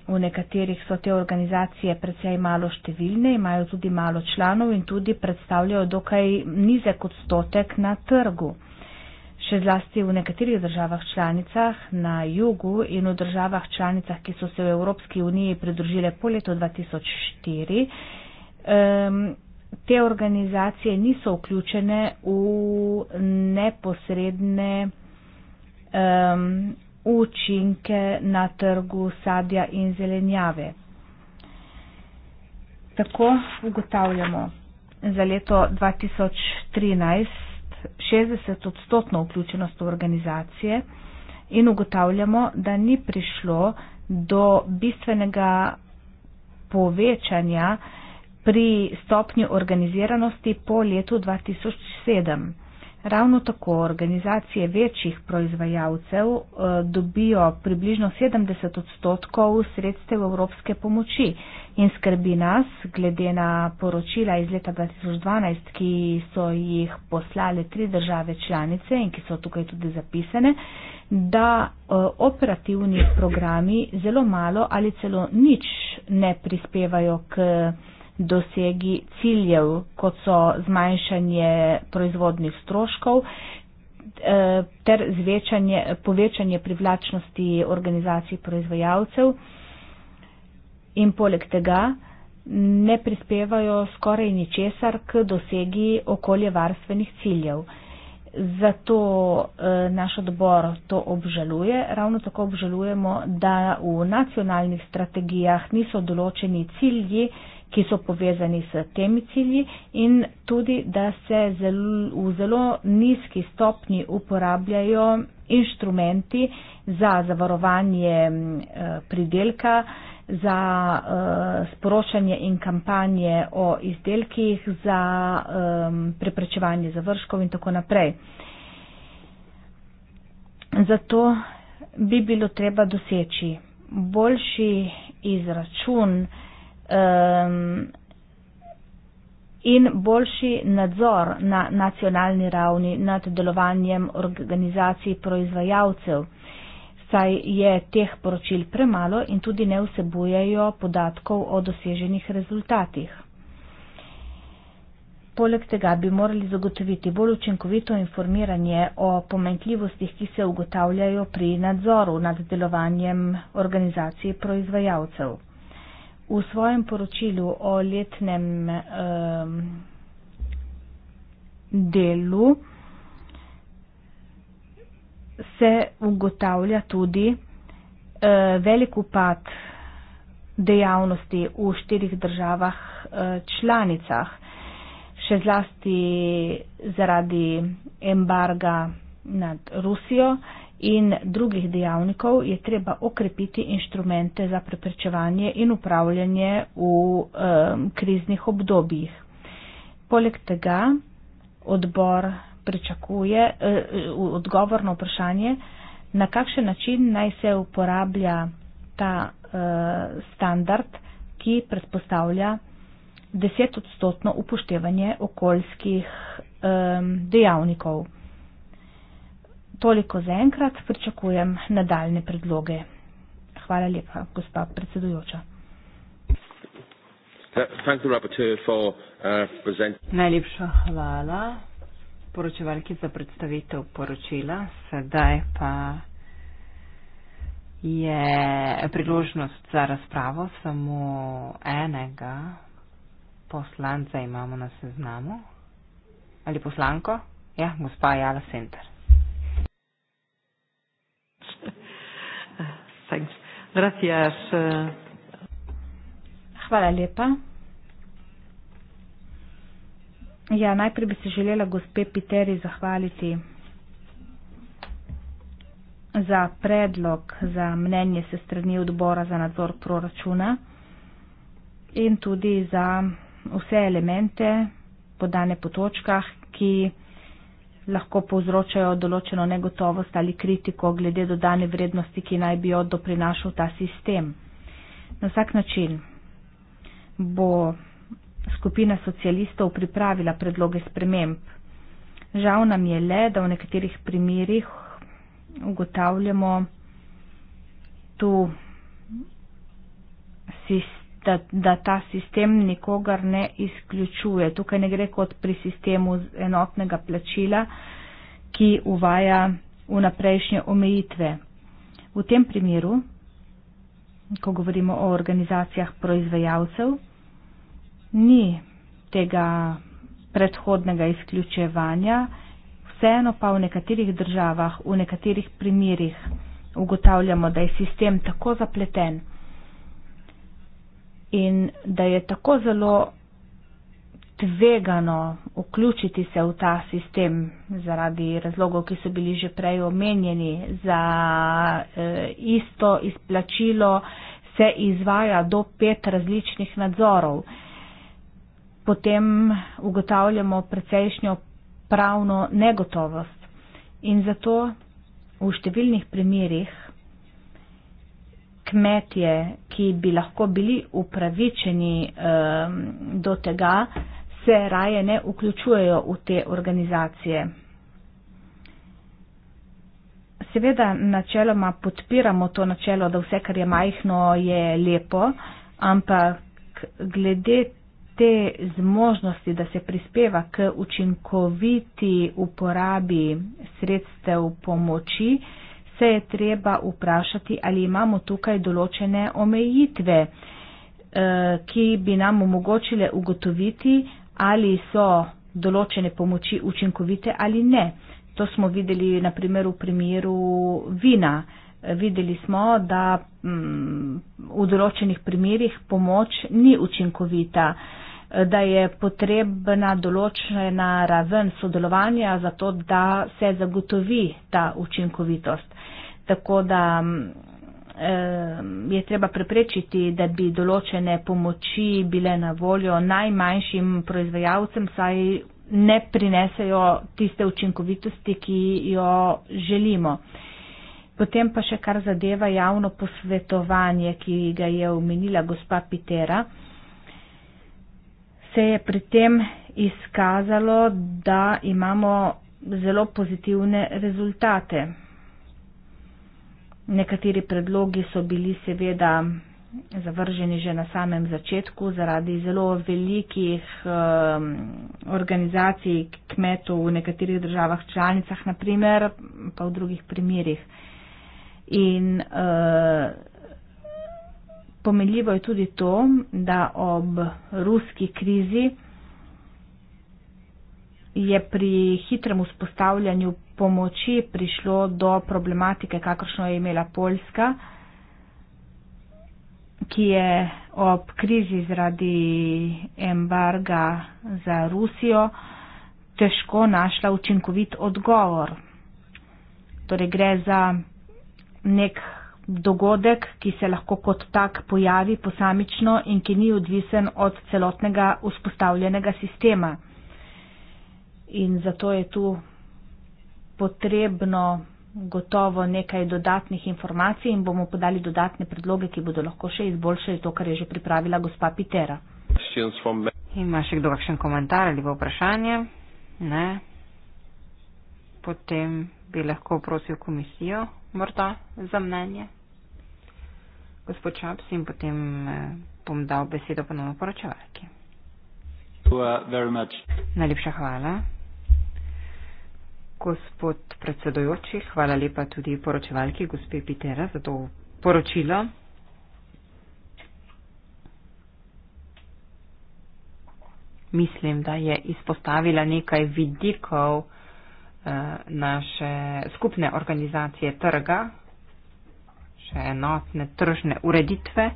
V nekaterih so te organizacije precej malo številne, imajo tudi malo članov in tudi predstavljajo dokaj nizek odstotek na trgu. Še zlasti v nekaterih državah članicah na jugu in v državah članicah, ki so se v Evropski uniji pridružile po letu 2004. Um, te organizacije niso vključene v neposredne um, učinke na trgu sadja in zelenjave. Tako ugotavljamo za leto 2013 60 odstotno vključenost v organizacije in ugotavljamo, da ni prišlo do bistvenega povečanja uh, pri stopnju organiziranosti po letu 2007. Ravno tako organizacije večjih proizvajalcev eh, dobijo približno 70 odstotkov sredstev evropske pomoči in skrbi nas, glede na poročila iz leta 2012, ki so jih poslale tri države članice in ki so tukaj tudi zapisane, da eh, operativni programi zelo malo ali celo nič ne prispevajo k dosegi ciljev, kot so zmanjšanje proizvodnih stroškov eh, ter zvečanje, povečanje privlačnosti organizacij proizvajalcev. In poleg tega ne prispevajo skoraj ničesar k dosegi okoljevarstvenih ciljev. Zato eh, naš odbor to obžaluje. Ravno tako obžalujemo, da v nacionalnih strategijah niso določeni cilji, ki so povezani s temi cilji in tudi, da se v zelo nizki stopni uporabljajo inštrumenti za zavarovanje eh, pridelka, za eh, sporočanje in kampanje o izdelkih, za preprečevanje završkov in tako naprej. Zato bi bilo treba doseči boljši izračun, um, in boljši nadzor na nacionalni ravni nad delovanjem organizacij proizvajalcev, saj je teh poročil premalo in tudi ne vsebujejo podatkov o doseženih rezultatih. Poleg tega bi morali zagotoviti bolj učinkovito informiranje o pomenljivostih, ki se ugotavljajo pri nadzoru nad delovanjem organizacij proizvajalcev v svojem poročilu o letnem um, delu se ugotavlja tudi uh, velik upad dejavnosti v štirih državah uh, članicah, še zlasti zaradi embarga nad Rusijo. Uh, in drugih dejavnikov je treba okrepiti inštrumente za preprečevanje in upravljanje v um, kriznih obdobjih. Poleg tega odbor pričakuje uh, e, e, odgovor na vprašanje, na kakšen način naj se uporablja ta uh, standard, ki predpostavlja desetodstotno upoštevanje okoljskih um, dejavnikov toliko zaenkrat, pričakujem nadaljne predloge. Hvala lepa, gospa predsedujoča. Uh, uh, Najlepša hvala poročevalki za predstavitev poročila. Sedaj pa je priložnost za razpravo samo enega poslanca imamo na seznamu. Ali poslanko? Ja, gospa Jala Center. Thanks. Gracias. Eh. Hvala lepa. Ja, najprej bi se želela gospe Piteri zahvaliti za predlog, za mnenje se strani odbora za nadzor proračuna in tudi za vse elemente podane po točkah, ki lahko povzročajo določeno negotovost ali kritiko glede dodane vrednosti, ki naj bi jo doprinašal ta sistem. Na vsak način bo skupina socialistov pripravila predloge sprememb. Žal nam je le, da v nekaterih primerjih ugotavljamo tu sistem, da, da ta sistem nikogar ne izključuje. Tukaj ne gre kot pri sistemu enotnega plačila, ki uvaja vnaprejšnje omejitve. V tem primeru, ko govorimo o organizacijah proizvajalcev, ni tega predhodnega izključevanja, vseeno pa v nekaterih državah, v nekaterih primerjih ugotavljamo, da je sistem tako zapleten, in da je tako zelo tvegano vključiti se v ta sistem zaradi razlogov, ki so bili že prej omenjeni. Za e, isto izplačilo se izvaja do pet različnih nadzorov. Potem ugotavljamo precejšnjo pravno negotovost in zato v številnih primerjih kmetje, ki bi lahko bili upravičeni um, do tega, se raje ne vključujejo v te organizacije. Seveda načeloma podpiramo to načelo, da vse, kar je majhno, je lepo, ampak glede te zmožnosti, da se prispeva k učinkoviti uporabi sredstev pomoči, uh, se je treba vprašati, ali imamo tukaj določene omejitve, eh, ki bi nam omogočile ugotoviti, ali so določene pomoči učinkovite ali ne. To smo videli na primer v primeru vina. Videli smo, da mm, v določenih primerjih pomoč ni učinkovita da je potrebna določena raven sodelovanja za to, da se zagotovi ta učinkovitost. Tako da je treba preprečiti, da bi določene pomoči bile na voljo najmanjšim proizvajalcem, saj ne prinesejo tiste učinkovitosti, ki jo želimo. Potem pa še kar zadeva javno posvetovanje, ki ga je omenila gospa Pitera se je pri tem izkazalo, da imamo zelo pozitivne rezultate. Nekateri predlogi so bili seveda zavrženi že na samem začetku zaradi zelo velikih um, organizacij kmetov v nekaterih državah članicah, naprimer, pa v drugih primerjih. In uh, Pomenljivo je tudi to, da ob ruski krizi je pri hitrem vzpostavljanju pomoči prišlo do problematike, kakršno je imela Poljska, ki je ob krizi zaradi embarga za Rusijo težko našla učinkovit odgovor. Torej gre za nek dogodek, ki se lahko kot tak pojavi posamično in ki ni odvisen od celotnega vzpostavljenega sistema. In zato je tu potrebno gotovo nekaj dodatnih informacij in bomo podali dodatne predloge, ki bodo lahko še izboljšali to, kar je že pripravila gospa Pitera. Ima še kdo kakšen komentar ali pa vprašanje? Ne. Potem bi lahko prosil komisijo, morda, za mnenje gospod Čaps in potem eh, bom dal besedo ponovno poročevalki. Najlepša hvala. Gospod predsedojoči, hvala lepa tudi poročevalki gospe Pitera za to poročilo. Mislim, da je izpostavila nekaj vidikov eh, naše skupne organizacije trga, naše enotne tržne ureditve,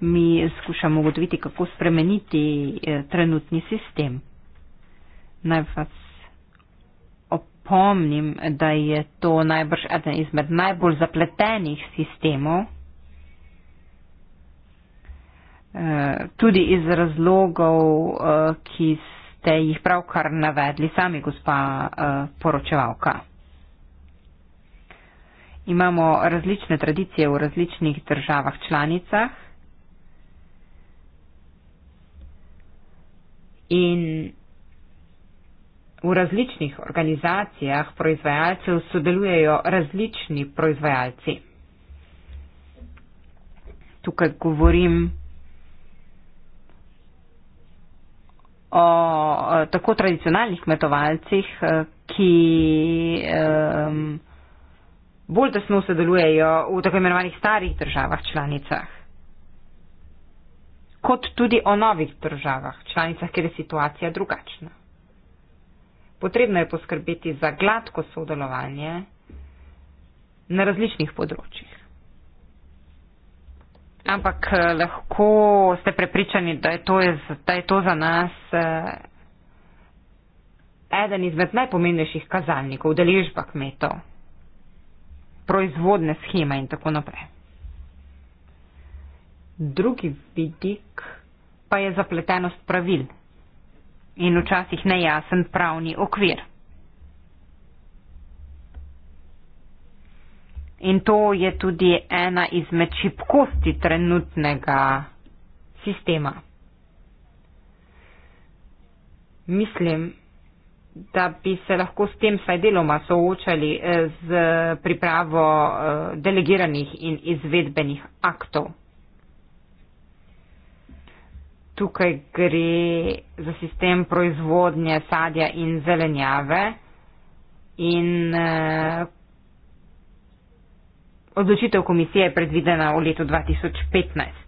mi skušamo ugotoviti, kako spremeniti eh, trenutni sistem. Naj vas opomnim, da je to najbrž eden izmed najbolj zapletenih sistemov, eh, tudi iz razlogov, eh, ki ste jih pravkar navedli sami, gospa poročevalka imamo različne tradicije v različnih državah članicah. In v različnih organizacijah proizvajalcev sodelujejo različni proizvajalci. Tukaj govorim o tako tradicionalnih kmetovalcih, eh, ki um, bolj tesno sodelujejo v tako imenovanih starih državah članicah, kot tudi o novih državah članicah, kjer je situacija drugačna. Potrebno je poskrbeti za gladko sodelovanje na različnih področjih. Ampak eh, lahko ste prepričani, da je to, da je to za nas eh, eden izmed najpomembnejših kazalnikov deležba kmetov proizvodne scheme in tako naprej. Drugi vidik pa je zapletenost pravil in včasih nejasen pravni okvir. In to je tudi ena izmed šipkosti trenutnega sistema. Mislim, da bi se lahko s tem vsaj deloma soočali eh, z pripravo eh, delegiranih in izvedbenih aktov. Tukaj gre za sistem proizvodnje sadja in zelenjave in eh, odločitev komisije je predvidena v letu 2015.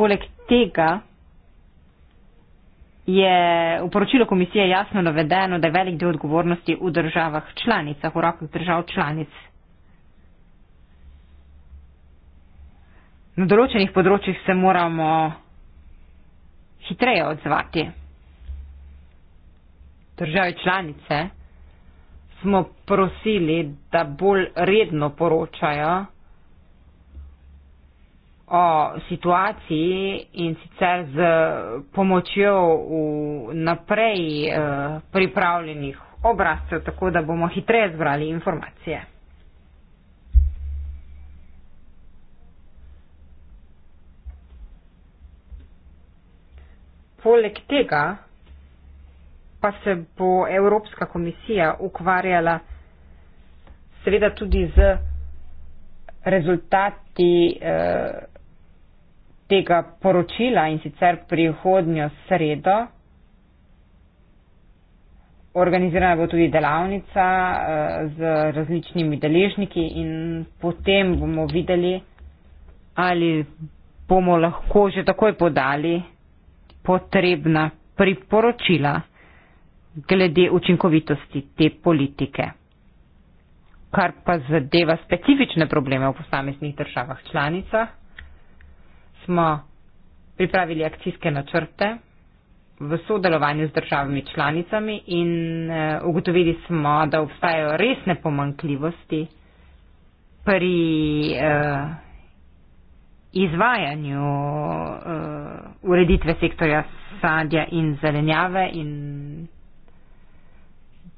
poleg tega je v poročilu komisije jasno navedeno, da je velik del odgovornosti v državah članicah, v rokah držav članic. Na določenih področjih se moramo hitreje odzvati. Države članice smo prosili, da bolj redno poročajo o situaciji in sicer z pomočjo naprej eh, pripravljenih obrazcev, tako da bomo hitreje zbrali informacije. Poleg tega pa se bo Evropska komisija ukvarjala seveda tudi z rezultati eh, tega poročila in sicer prihodnjo sredo. Organizirana bo tudi delavnica eh, z različnimi deležniki in potem bomo videli, ali bomo lahko že takoj podali potrebna priporočila glede učinkovitosti te politike. Kar pa zadeva specifične probleme v posameznih državah članicah, smo pripravili akcijske načrte v sodelovanju z državami članicami in eh, ugotovili smo, da obstajajo resne pomankljivosti pri eh, izvajanju eh, ureditve sektorja sadja in zelenjave in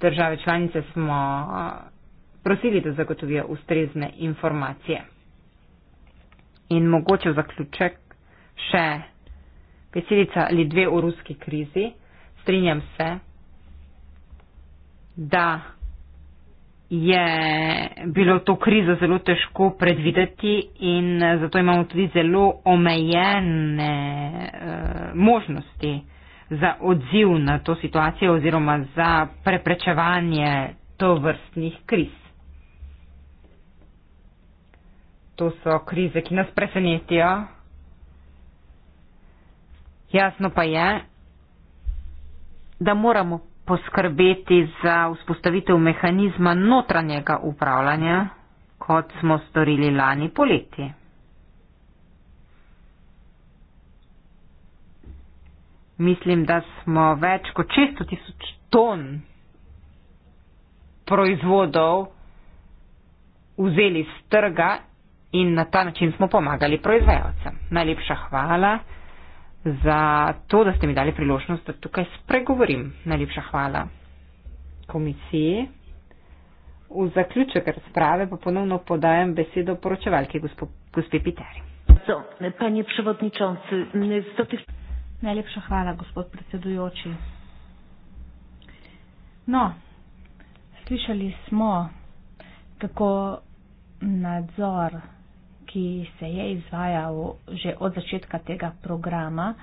države članice smo eh, prosili, da zagotovijo ustrezne informacije. In mogoče v zaključek še besedica ali dve o ruski krizi. Strinjam se, da je bilo to krizo zelo težko predvideti in zato imamo tudi zelo omejene uh, možnosti za odziv na to situacijo oziroma za preprečevanje to vrstnih kriz. to so krize, ki nas presenetijo. Jasno pa je, da moramo poskrbeti za vzpostavitev mehanizma notranjega upravljanja, kot smo storili lani poleti. Mislim, da smo več kot 600 tisoč ton proizvodov vzeli z trga in na ta način smo pomagali proizvajalcem. Najlepša hvala za to, da ste mi dali priložnost, da tukaj spregovorim. Najlepša hvala komisiji. V zaključek razprave pa ponovno podajam besedo poročevalki gospe Piteri. Najlepša hvala, gospod predsedujoči. No, slišali smo, kako nadzor ki se je izvajal že od začetka tega programa,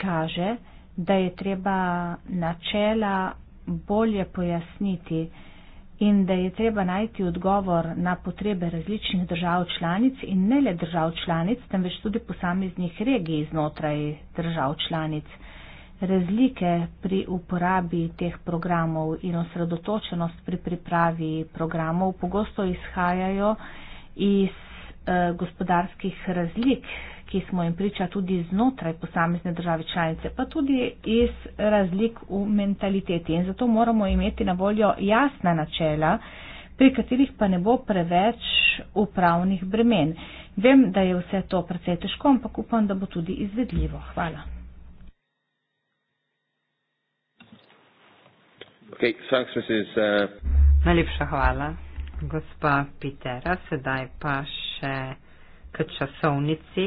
kaže, da je treba načela bolje pojasniti in da je treba najti odgovor na potrebe različnih držav članic in ne le držav članic, temveč tudi posameznih regij znotraj držav članic. Razlike pri uporabi teh programov in osredotočenost pri pripravi programov pogosto izhajajo iz Eh, gospodarskih razlik, ki smo jim priča tudi znotraj posamezne države članice, pa tudi iz razlik v mentaliteti. In zato moramo imeti na voljo jasna načela, pri katerih pa ne bo preveč upravnih bremen. Vem, da je vse to precej težko, ampak upam, da bo tudi izvedljivo. Hvala. Okay, uh... Najlepša hvala, gospa Pitera. Sedaj pa še še k časovnici.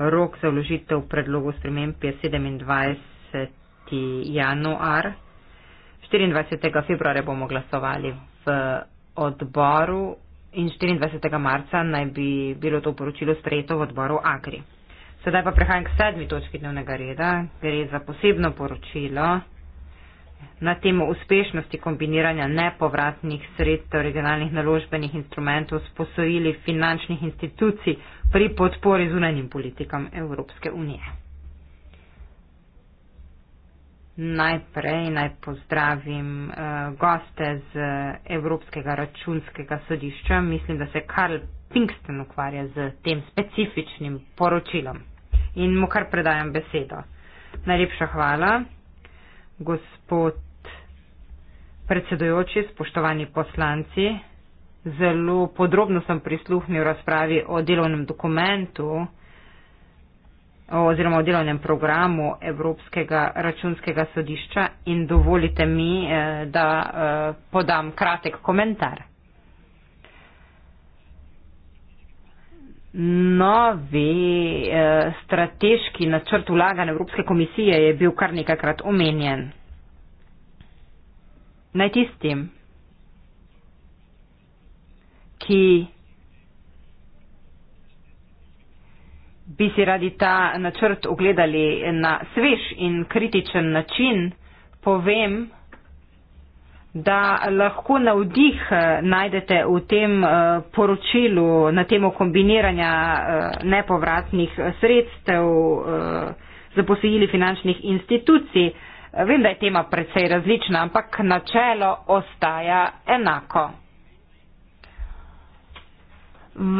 Rok za vložitev predlogov sprememb je 27. januar. 24. februarja bomo glasovali v odboru in 24. marca naj bi bilo to poročilo sprejeto v odboru Agri. Sedaj pa prehajam k sedmi točki dnevnega reda. Gre za posebno poročilo na temo uspešnosti kombiniranja nepovratnih sredstev regionalnih naložbenih instrumentov s posojili finančnih institucij pri podpori zunanjim politikam Evropske unije. Najprej naj pozdravim uh, goste z Evropskega računskega sodišča. Mislim, da se Karl Pinksten ukvarja z tem specifičnim poročilom. In mu kar predajam besedo. Najlepša hvala gospod predsedujoči, spoštovani poslanci. Zelo podrobno sem prisluhnil razpravi o delovnem dokumentu oziroma o delovnem programu Evropskega računskega sodišča in dovolite mi, eh, da eh, podam kratek komentar. Novi eh, strateški načrt vlaganja Evropske komisije je bil kar nekakrat omenjen. Naj tistim, ki bi si radi ta načrt ogledali na svež in kritičen način, povem, da lahko navdih eh, najdete v tem eh, poročilu na temo kombiniranja eh, nepovratnih sredstev za posojili finančnih institucij. Vem, da je tema precej različna, ampak načelo ostaja enako. V,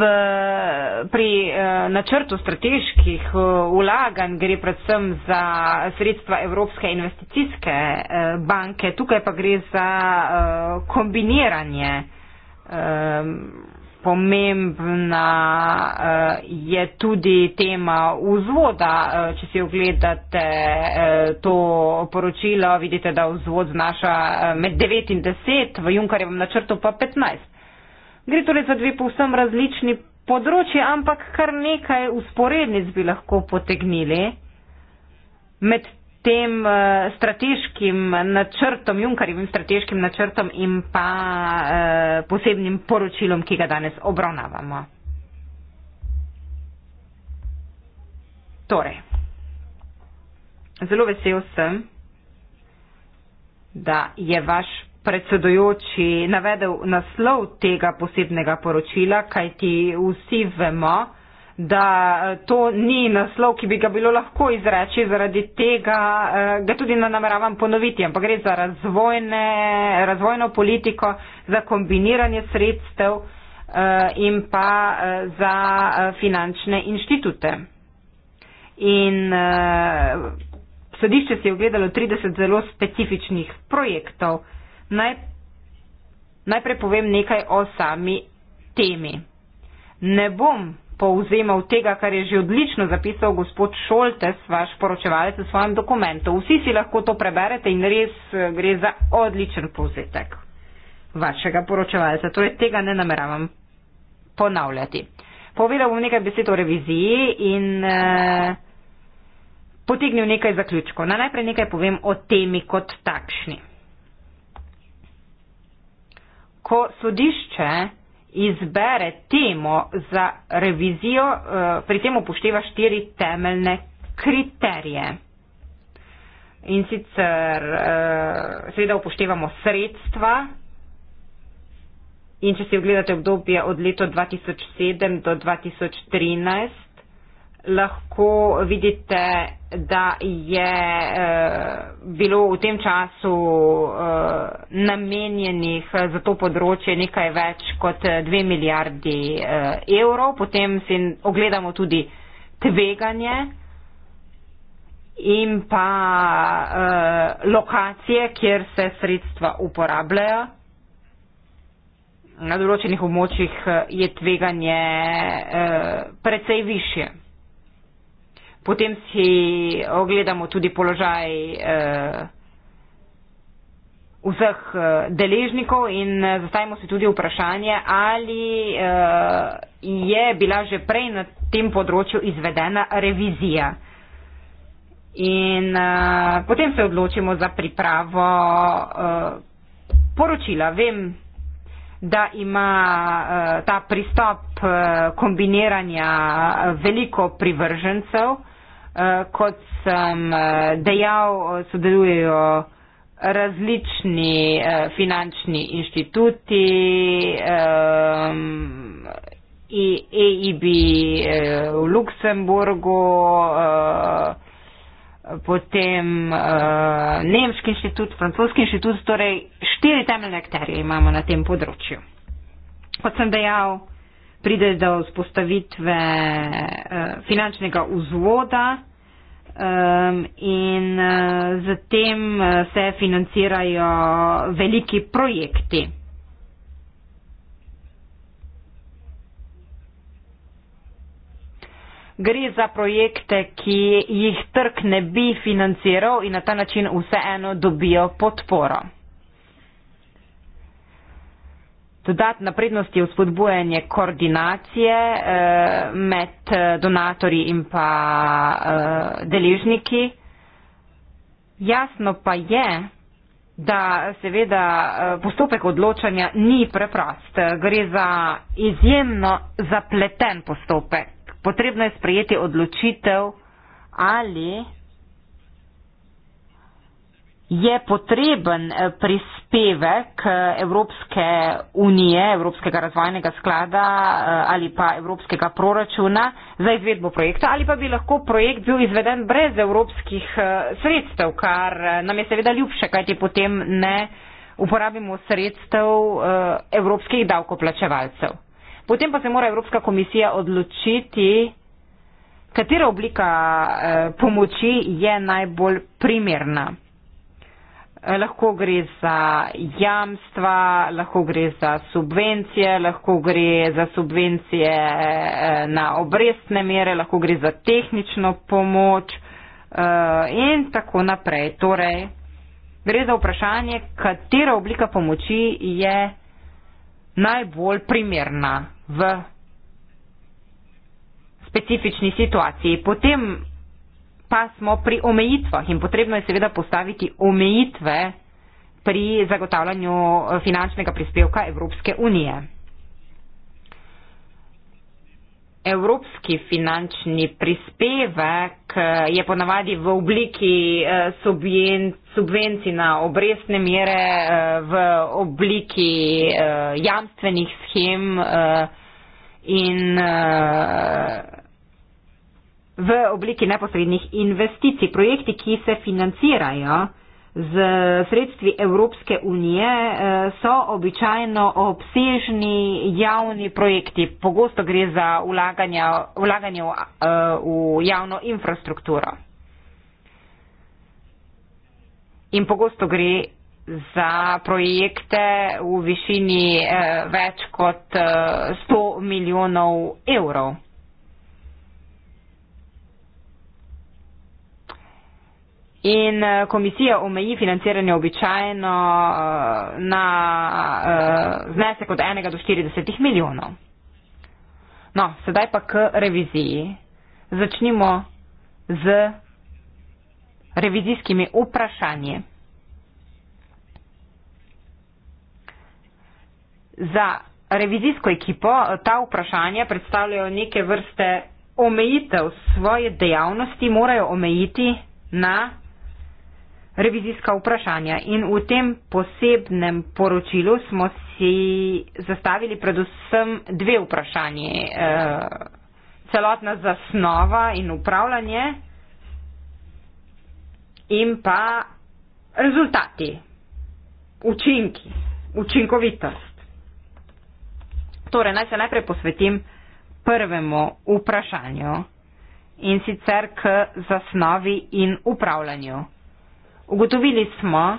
pri eh, načrtu strateških ulaganj eh, gre predvsem za sredstva Evropske investicijske eh, banke, tukaj pa gre za eh, kombiniranje. Eh, pomembna eh, je tudi tema vzvoda. Eh, če si ogledate eh, to poročilo, vidite, da vzvod znaša eh, med 9 in 10, v Junkarjevem načrtu pa 15. Gre torej za dve povsem različni področji, ampak kar nekaj usporednic bi lahko potegnili med tem eh, strateškim načrtom, Junkarjevim strateškim načrtom in pa eh, posebnim poročilom, ki ga danes obravnavamo. Torej, zelo vesel sem, da je vaš predsedojoči navedel naslov tega posebnega poročila, kaj ti vsi vemo, da eh, to ni naslov, ki bi ga bilo lahko izreči, zaradi tega eh, ga tudi nameravam ponoviti, ampak gre za razvojne, razvojno politiko, za kombiniranje sredstev eh, in pa za finančne inštitute. In sodišče si je ogledalo 30 zelo specifičnih projektov, Naj, najprej povem nekaj o sami temi. Ne bom povzemal tega, kar je že odlično zapisal gospod Šoltes, vaš poročevalec v svojem dokumentu. Vsi si lahko to preberete in res eh, gre za odličen povzetek vašega poročevalca. Torej tega ne nameravam ponavljati. Povedal bom nekaj besed o reviziji in eh, potegnil nekaj zaključkov. Na najprej nekaj povem o temi kot takšni ko sodišče izbere temo za revizijo, eh, pri tem upošteva štiri temeljne kriterije. In sicer eh, seveda upoštevamo sredstva in če si ogledate obdobje od leta 2007 do 2013, lahko vidite, da je eh, bilo v tem času eh, namenjenih za to področje nekaj več kot 2 eh, milijardi evrov. Potem si ogledamo tudi tveganje in pa lokacije, kjer se sredstva uporabljajo. Na določenih območjih je tveganje precej više. Potem si ogledamo tudi položaj eh, vseh eh, deležnikov in eh, zastavimo si tudi vprašanje, ali eh, je bila že prej na tem področju izvedena revizija. In eh, potem se odločimo za pripravo eh, poročila. Vem, da ima eh, ta pristop eh, kombiniranja eh, veliko privržencev. Eh, kot sem eh, dejal, eh, sodelujejo različni finančni inštituti, EIB e, e v Luksemburgu, potem Nemški inštitut, Francoski inštitut, torej štiri temeljne akterje imamo na tem področju. Kot sem dejal, pride do vzpostavitve uh, finančnega vzvoda um, in uh, eh, zatem eh, se financirajo veliki projekti. Gre za projekte, ki jih trg ne bi financiral in na ta način vseeno dobijo podporo. Dodatna prednost je vzpodbujanje koordinacije eh, med eh, donatorji in pa eh, deležniki. Jasno pa je, da seveda eh, postopek odločanja ni preprost. Gre za izjemno zapleten postopek. Potrebno je sprejeti odločitev ali je potreben eh, prispevek eh, Evropske unije, Evropskega razvojnega sklada eh, ali pa Evropskega proračuna za izvedbo projekta ali pa bi lahko projekt bil izveden brez evropskih sredstev, kar nam je seveda ljubše, kajti potem ne uporabimo sredstev evropskih davkoplačevalcev. Potem pa se mora Evropska komisija odločiti, katera oblika pomoči je najbolj primerna. Eh, lahko gre za jamstva, lahko gre za subvencije, lahko gre za subvencije eh, na obrestne mere, lahko gre za tehnično pomoč eh, in tako naprej. Torej, gre za vprašanje, katera oblika pomoči je najbolj primerna v specifični situaciji. Potem pa smo pri omejitvah in potrebno je seveda postaviti omejitve pri zagotavljanju eh, finančnega prispevka Evropske unije. Evropski finančni prispevek eh, je ponavadi v obliki eh, subvencij na obrestne mere, v obliki jamstvenih schem in v obliki neposrednih investicij. Projekti, ki se financirajo z sredstvi Evropske unije, eh, so običajno obsežni javni projekti. Pogosto gre za vlaganje eh, v javno infrastrukturo. In pogosto gre za projekte v višini eh, več kot eh, 100 milijonov evrov. In eh, komisija omeji financiranje običajno eh, na eh, znesek od 1 do 40 milijonov. No, sedaj pa k reviziji. Začnimo z revizijskimi vprašanji. Za revizijsko ekipo ta vprašanja predstavljajo neke vrste omejitev svoje dejavnosti, morajo omejiti na revizijska vprašanja in v tem posebnem poročilu smo si zastavili predvsem dve vprašanje. Eh, celotna zasnova in upravljanje in pa rezultati, učinki, učinkovitost. Torej, naj se najprej posvetim prvemu vprašanju in sicer k zasnovi in upravljanju. Ugotovili smo,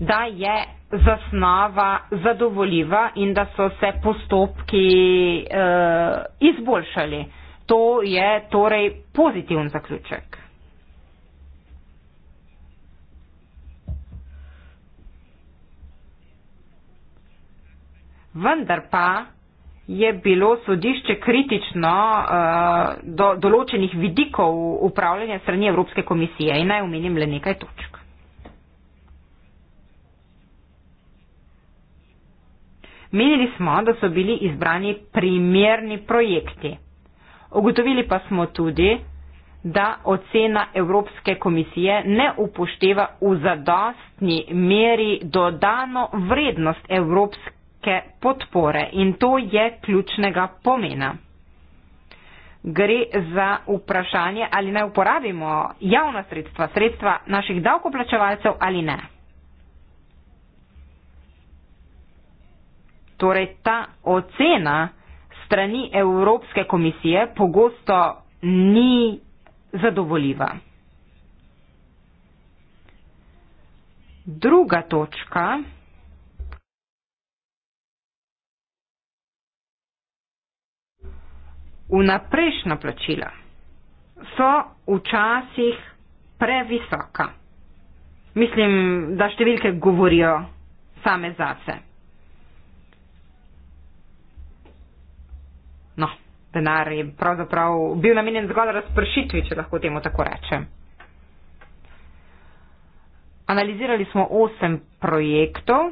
da je zasnava zadovoljiva in da so se postopki e, izboljšali. To je torej pozitiven zaključek. Vendar pa je bilo sodišče kritično uh, do določenih vidikov upravljanja strani Evropske komisije in naj omenim le nekaj točk. Menili smo, da so bili izbrani primerni projekti. Ugotovili pa smo tudi, da ocena Evropske komisije ne upošteva v zadostni meri dodano vrednost Evropske oblike podpore in to je ključnega pomena. Gre za vprašanje, ali naj uporabimo javna sredstva, sredstva naših davkoplačevalcev ali ne. Torej, ta ocena strani Evropske komisije pogosto ni zadovoljiva. Druga točka. vnaprejšnja plačila so včasih previsoka. Mislim, da številke govorijo same za se. No, denar je pravzaprav bil namenjen zgolj razpršitvi, če lahko temu tako rečem. Analizirali smo osem projektov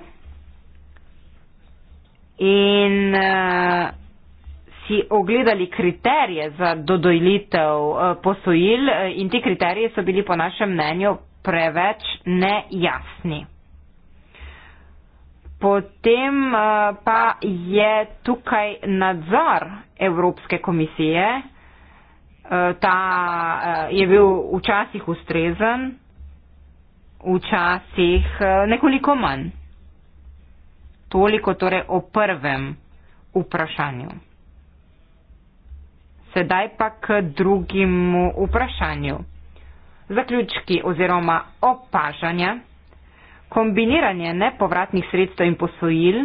in uh, si ogledali kriterije za dodojitev eh, posojil eh, in ti kriteriji so bili po našem mnenju preveč nejasni. Potem eh, pa je tukaj nadzor Evropske komisije, ta je bil včasih ustrezen, včasih nekoliko manj. Toliko torej o prvem vprašanju. Sedaj pa k drugemu vprašanju. Zaključki oziroma opažanja. Kombiniranje nepovratnih sredstev in posojil.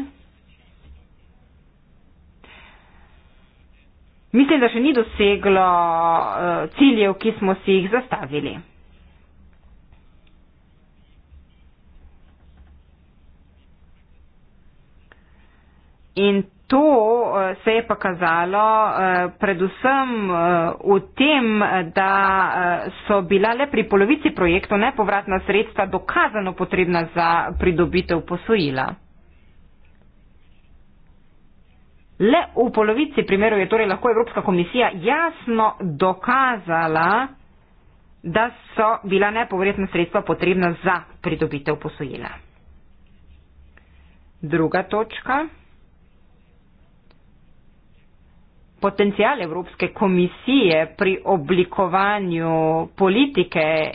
Mislim, da še ni doseglo eh, ciljev, ki smo si jih zastavili. In to eh, se je pokazalo eh, predvsem eh, v tem, da so bila le pri polovici projektov nepovratna sredstva dokazano potrebna za pridobitev posojila. Le v polovici primerov je torej lahko Evropska komisija jasno dokazala, da so bila nepovratna sredstva potrebna za pridobitev posojila. Druga točka. potencijal Evropske komisije pri oblikovanju politike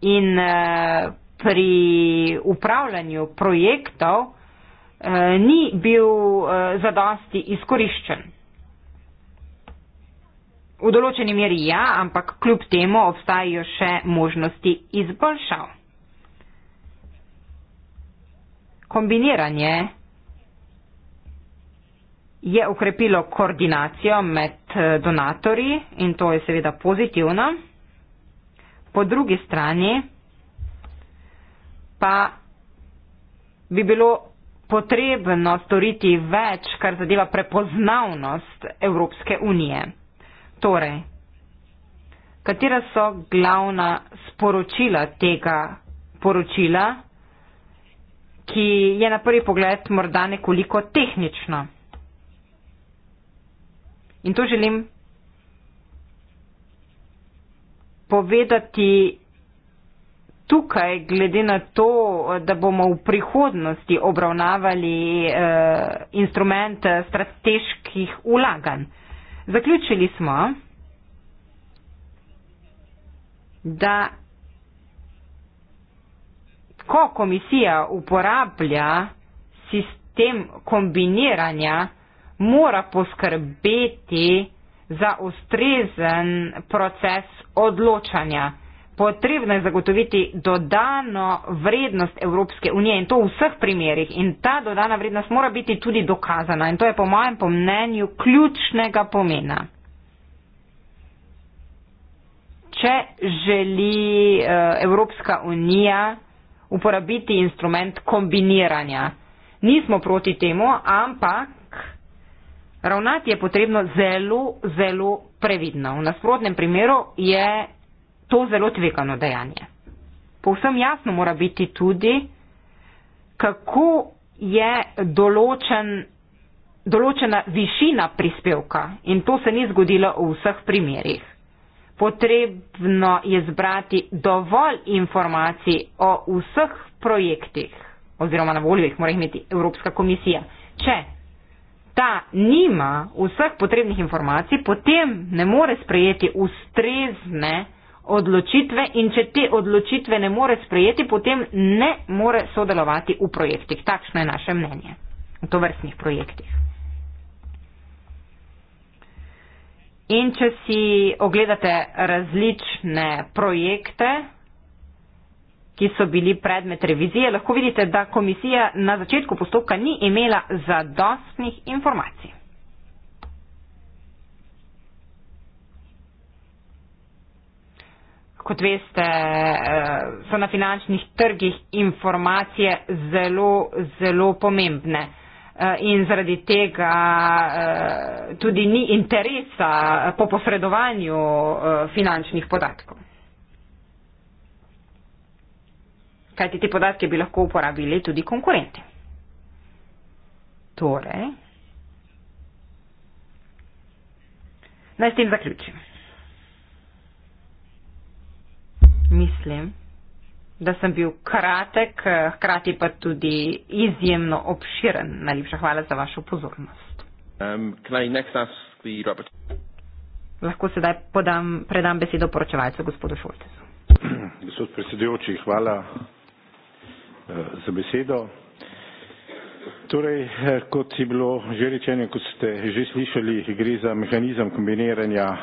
in eh, pri upravljanju projektov eh, ni bil eh, zadosti izkoriščen. V določeni meri ja, ampak kljub temu obstajajo še možnosti izboljšav. Kombiniranje je okrepilo koordinacijo med eh, donatorji in to je seveda pozitivno. Po drugi strani pa bi bilo potrebno storiti več, kar zadeva prepoznavnost Evropske unije. Torej, katera so glavna sporočila tega poročila, ki je na prvi pogled morda nekoliko tehnično. In to želim povedati tukaj, glede na to, da bomo v prihodnosti obravnavali eh, instrument strateških ulaganj. Zaključili smo, da ko komisija uporablja sistem kombiniranja, mora poskrbeti za ustrezen proces odločanja. Potrebno je zagotoviti dodano vrednost Evropske unije in to v vseh primerjih. In ta dodana vrednost mora biti tudi dokazana in to je po mojem pomnenju ključnega pomena. Če želi eh, Evropska unija uporabiti instrument kombiniranja, nismo proti temu, ampak Ravnati je potrebno zelo, zelo previdno. V nasprotnem primeru je to zelo tvegano dejanje. Povsem jasno mora biti tudi, kako je določen, določena višina prispevka in to se ni zgodilo v vseh primerjih. Potrebno je zbrati dovolj informacij o vseh projektih oziroma na voljo jih mora imeti Evropska komisija. Če ta nima vseh potrebnih informacij, potem ne more sprejeti ustrezne odločitve in če te odločitve ne more sprejeti, potem ne more sodelovati v projektih. Takšno je naše mnenje v tovrstnih projektih. In če si ogledate različne projekte, ki so bili predmet revizije, lahko vidite, da komisija na začetku postopka ni imela zadostnih informacij. Kot veste, eh, so na finančnih trgih informacije zelo, zelo pomembne eh, in zaradi tega eh, tudi ni interesa po posredovanju finančnih podatkov. kajti te podatke bi lahko uporabili tudi konkurenti. Torej, naj s tem zaključim. Mislim, da sem bil kratek, hkrati pa tudi izjemno obširen. Najlepša hvala za vašo pozornost. Um, lahko sedaj podam, predam besedo poročevalcu, gospodu Šolcu. Gospod predsedujoči, hvala Eh, za besedo. Torej, eh, kot je bilo že rečeno, kot ste že slišali, gre za mehanizem kombiniranja eh,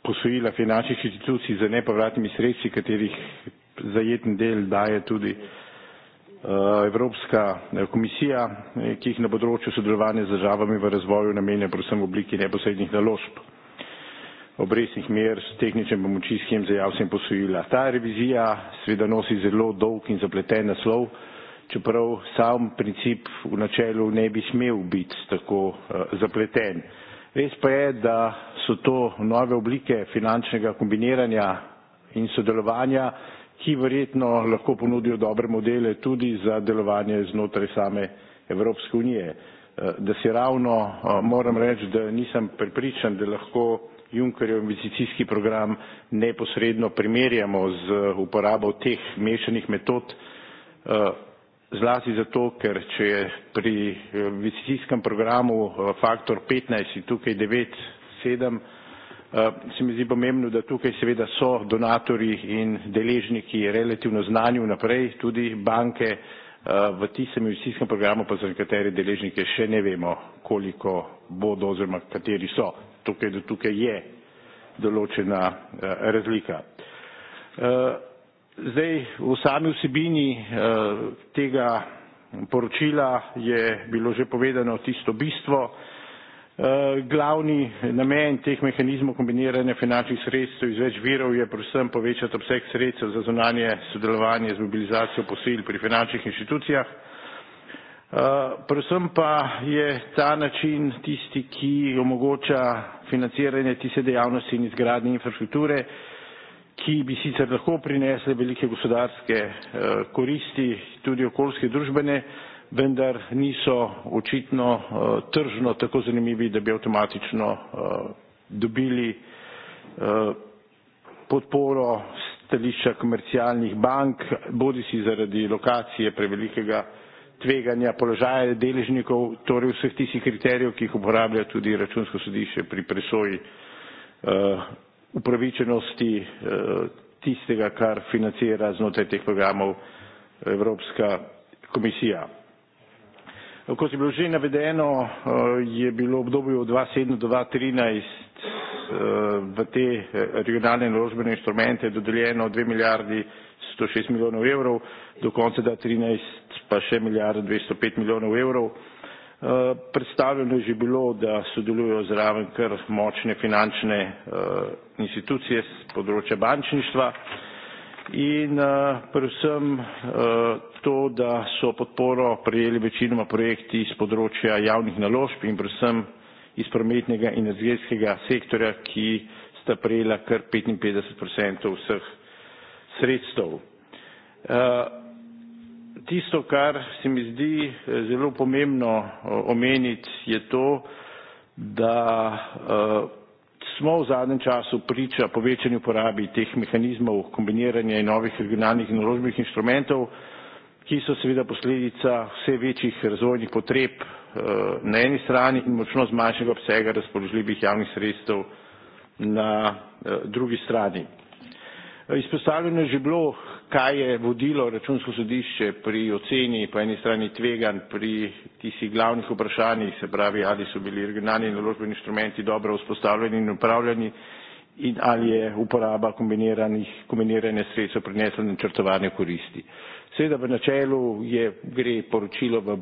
posojila finančnih institucij z nepovratnimi sredstvi, katerih zajeten del daje tudi Evropska komisija, ki jih na področju sodelovanja z državami v razvoju namenja predvsem v obliki neposrednih naložb obresnih mer s tehničnim pomočjo schem za javce in posojila. Ta revizija seveda nosi zelo dolg in zapleten naslov, čeprav sam princip v načelu ne bi smel biti tako eh, zapleten. Res pa je, da so to nove oblike finančnega kombiniranja in sodelovanja, ki verjetno lahko ponudijo dobre modele tudi za delovanje znotraj same Evropske unije. Eh, da si ravno eh, moram reči, da nisem pripričan, da lahko junckerjev investicijski program neposredno primerjamo z uporabo teh mešanih metod, eh, zlasti zato, ker če je pri investicijskem programu eh, faktor petnajst in tukaj devet sedem, eh, se mi zdi pomembno, da tukaj seveda so donatorji in deležniki relativno znani vnaprej, tudi banke, v tistem investicijskem programu pa za nekatere deležnike še ne vemo, koliko bodo oziroma kateri so tukaj do tukaj je določena eh, razlika. Eh, zdaj, v sami vsebini eh, tega poročila je bilo že povedano tisto bistvo. Glavni namen teh mehanizmov kombiniranja finančnih sredstev iz več virov je predvsem povečati obseg sredstev za zunanje sodelovanje z mobilizacijo posil pri finančnih inštitucijah. Predvsem pa je ta način tisti, ki omogoča financiranje tiste dejavnosti in izgradnje infrastrukture, ki bi sicer lahko prinesle velike gospodarske eh, koristi, tudi okoljske družbene, vendar niso očitno eh, tržno tako zanimivi, da bi avtomatično eh, dobili podporo stališča komercialnih bank, bodi si zaradi lokacije prevelikega tveganja položaja deležnikov, torej vseh tistih kriterijev, ki jih uporablja tudi računsko sodišče pri presoji uh, upravičenosti uh, tistega, kar financira znotraj teh programov eh, Evropska komisija. Ko je bilo že navedeno, uh, je bilo obdobje od 2007 do 2013 uh, v te regionalne naložbene inštrumente dodeljeno 2 milijardi 106 milijonov evrov, do konca 2013 pa še milijardo dvesto pet milijonov evrov. Eh, predstavljeno je že bilo, da sodelujejo zraven kar močne finančne eh, institucije z področja bančništva in eh, predvsem to, da so podporo prejeli večinoma projekti iz področja javnih naložb in predvsem iz prometnega in energetskega sektorja, ki sta prejela kar 55 odstotkov vseh sredstev. Tisto, kar se mi zdi eh, zelo pomembno omeniti, je to, da eh, smo v zadnjem času priča povečanju porabi teh mehanizmov kombiniranja in novih regionalnih in naložbenih inštrumentov, ki so seveda posledica vse večjih razvojnih potreb eh, na eni strani in močno zmanjšega obsega razpoložljivih javnih sredstev na drugi strani. Izpostavljeno je že bilo, kaj je vodilo računsko sodišče pri oceni po eni strani tvegan pri tistih glavnih vprašanjih, se pravi, ali so bili regionalni naložbeni inštrumenti dobro vzpostavljeni in upravljeni in ali je uporaba kombiniranih, kombiniranih sredstev prinesla načrtovanje koristi. Seveda v načelu je, gre poročilo v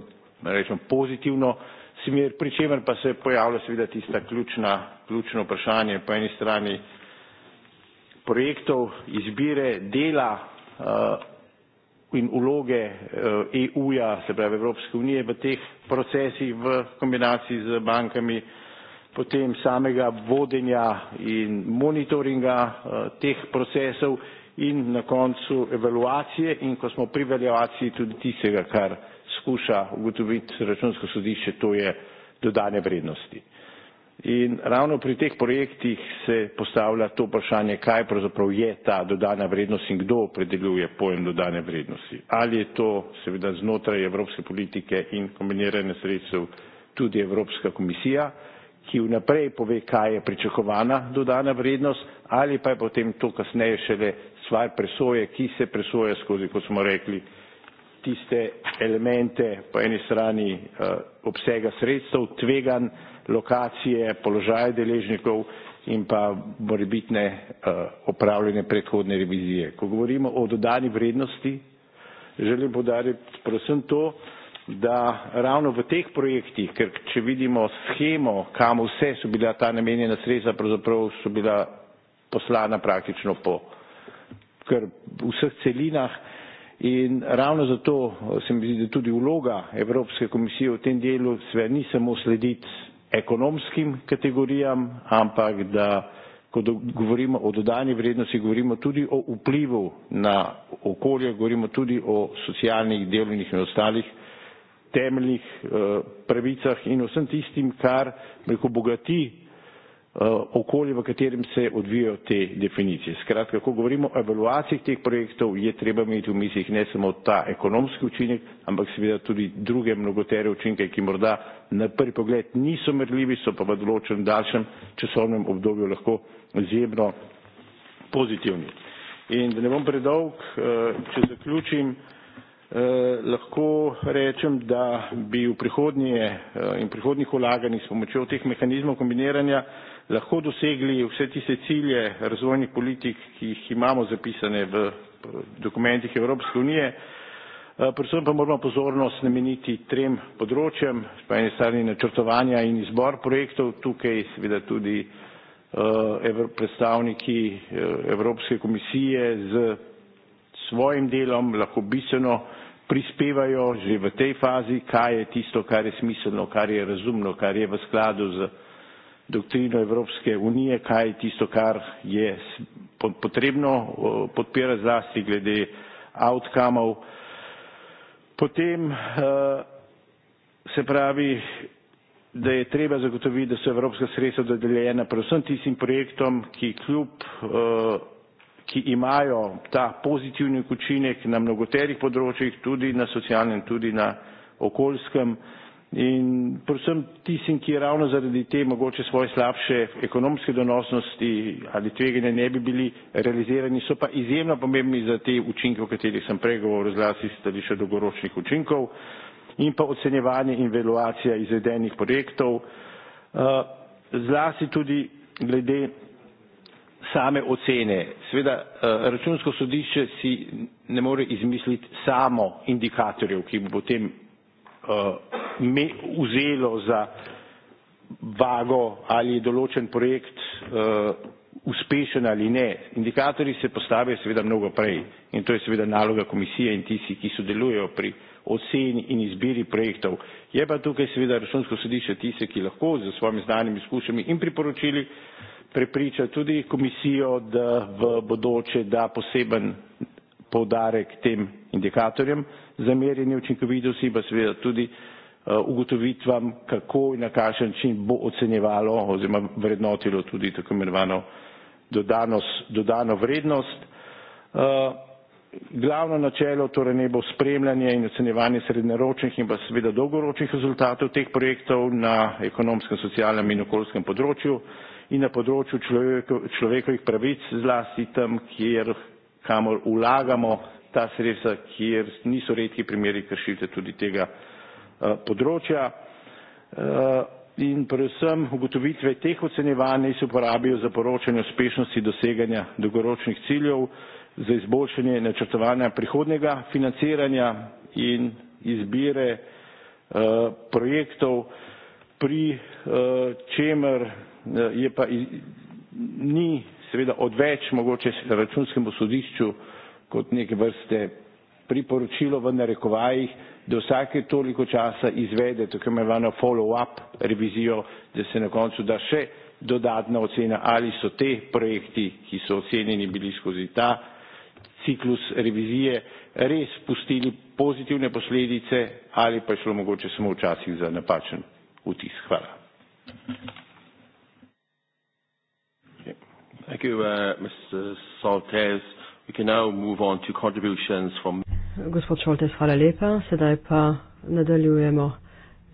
rečem, pozitivno smer, pri čemer pa se pojavlja seveda tista ključna, ključno vprašanje po eni strani projektov, izbire, dela, Eh, in vloge EU-ja, eh, e se pravi Evropske unije v teh procesih v kombinaciji z bankami, potem samega vodenja in monitoringa eh, teh procesov in na koncu evaluacije in ko smo pri evaluaciji tudi tistega, kar skuša ugotoviti računsko sodišče, to je dodane vrednosti. In ravno pri teh projektih se postavlja to vprašanje, kaj pravzaprav je ta dodana vrednost in kdo predeljuje pojem dodane vrednosti. Ali je to seveda znotraj evropske politike in kombiniranja sredstev tudi Evropska komisija, ki vnaprej pove, kaj je pričakovana dodana vrednost, ali pa je potem to kasneje šele stvar presoje, ki se presoja skozi, kot smo rekli, tiste elemente po eni strani eh, obsega sredstev, tveganj, lokacije, položaje deležnikov in pa morebitne eh, opravljene predhodne revizije. Ko govorimo o dodani vrednosti, želim podariti predvsem to, da ravno v teh projektih, ker če vidimo schemo, kam vse so bila ta namenjena sredstva, pravzaprav so bila poslana praktično po kar v vseh celinah in ravno zato se mi zdi, da tudi vloga Evropske komisije v tem delu sve ni samo slediti ekonomskim kategorijam, ampak da, ko govorimo o dodani vrednosti, govorimo tudi o vplivu na okolje, govorimo tudi o socialnih, delovnih in ostalih temeljnih eh, pravicah in vsem tistim, kar preko bogati Eh, okolje, v katerem se odvijajo te definicije. Skratka, ko govorimo o evaluacijah teh projektov, je treba imeti v mislih ne samo ta ekonomski učinek, ampak seveda tudi druge mnogotere učinke, ki morda na prvi pogled niso merljivi, so pa v določenem daljšem časovnem obdobju lahko izjemno pozitivni. In da ne bom predolg, eh, če zaključim, eh, lahko rečem, da bi v prihodnje in prihodnih vlaganjih s pomočjo teh mehanizmov kombiniranja lahko dosegli vse tiste cilje razvojnih politik, ki jih imamo zapisane v dokumentih Evropske unije. Eh, predvsem pa moramo pozornost nameniti trem področjem, pa eni strani načrtovanja in izbor projektov, tukaj seveda tudi eh, predstavniki eh, Evropske komisije z svojim delom lahko bistveno prispevajo že v tej fazi, kaj je tisto, kar je smiselno, kar je razumno, kar je v skladu z doktrino Evropske unije, kaj je tisto, kar je potrebno podpirati zlasti glede outcomov. Potem eh, se pravi, da je treba zagotoviti, da so evropska sredstva dodeljena predvsem tistim projektom, ki kljub, eh, ki imajo ta pozitivni učinek na mnogoterih področjih, tudi na socialnem, tudi na okoljskem, In predvsem tistim, ki ravno zaradi te mogoče svoje slabše ekonomske donosnosti ali tveganja ne bi bili realizirani, so pa izjemno pomembni za te učinke, o katerih sem prej govoril, zlasti stališče dolgoročnih učinkov in pa ocenjevanje in evaluacija izvedenih projektov, eh, zlasti tudi glede same ocene. Sveda eh, računsko sodišče si ne more izmisliti samo indikatorjev, ki bo potem uh, me, vzelo za vago, ali je določen projekt uh, uspešen ali ne. Indikatorji se postavijo seveda mnogo prej in to je seveda naloga komisije in tisti, ki sodelujejo pri oceni in izbiri projektov. Je pa tukaj seveda računsko sodišče tiste, ki lahko z svojimi znanimi izkušnjami in priporočili prepriča tudi komisijo, da v bodoče da poseben podarek tem indikatorjem. Uh, za merjenje učinkovitosti, pa seveda tudi eh, ugotovitvam, kako in na kakšen način bo ocenjevalo oziroma vrednotilo tudi tako imenovano dodanost, dodano vrednost. Eh, glavno načelo torej ne bo spremljanje in ocenjevanje srednjeročnih in pa seveda dolgoročnih rezultatov teh projektov na ekonomskem, socialnem in okoljskem področju in na področju človekov, človekovih pravic zlasti tam, kjer kamor vlagamo ta sredstva, kjer niso redki primeri kršitve tudi tega eh, področja. Eh, in predvsem ugotovitve teh ocenjevanj se uporabijo za poročanje uspešnosti doseganja dolgoročnih ciljev, za izboljšanje načrtovanja prihodnega financiranja in izbire eh, projektov, pri čemer je pa ni seveda odveč mogoče računskemu sodišču kot neke vrste priporočilo v narekovajih, da vsake toliko časa izvede tako imenovano follow-up revizijo, da se na koncu da še dodatna ocena, ali so te projekti, ki so ocenjeni bili skozi ta ciklus revizije, res pustili pozitivne posledice ali pa je šlo mogoče samo včasih za napačen vtis. Hvala. Thank you, uh, Mr. Saltez. We can now move on to contributions from. Gospod Šoltes, hvala lepa. Sedaj pa nadaljujemo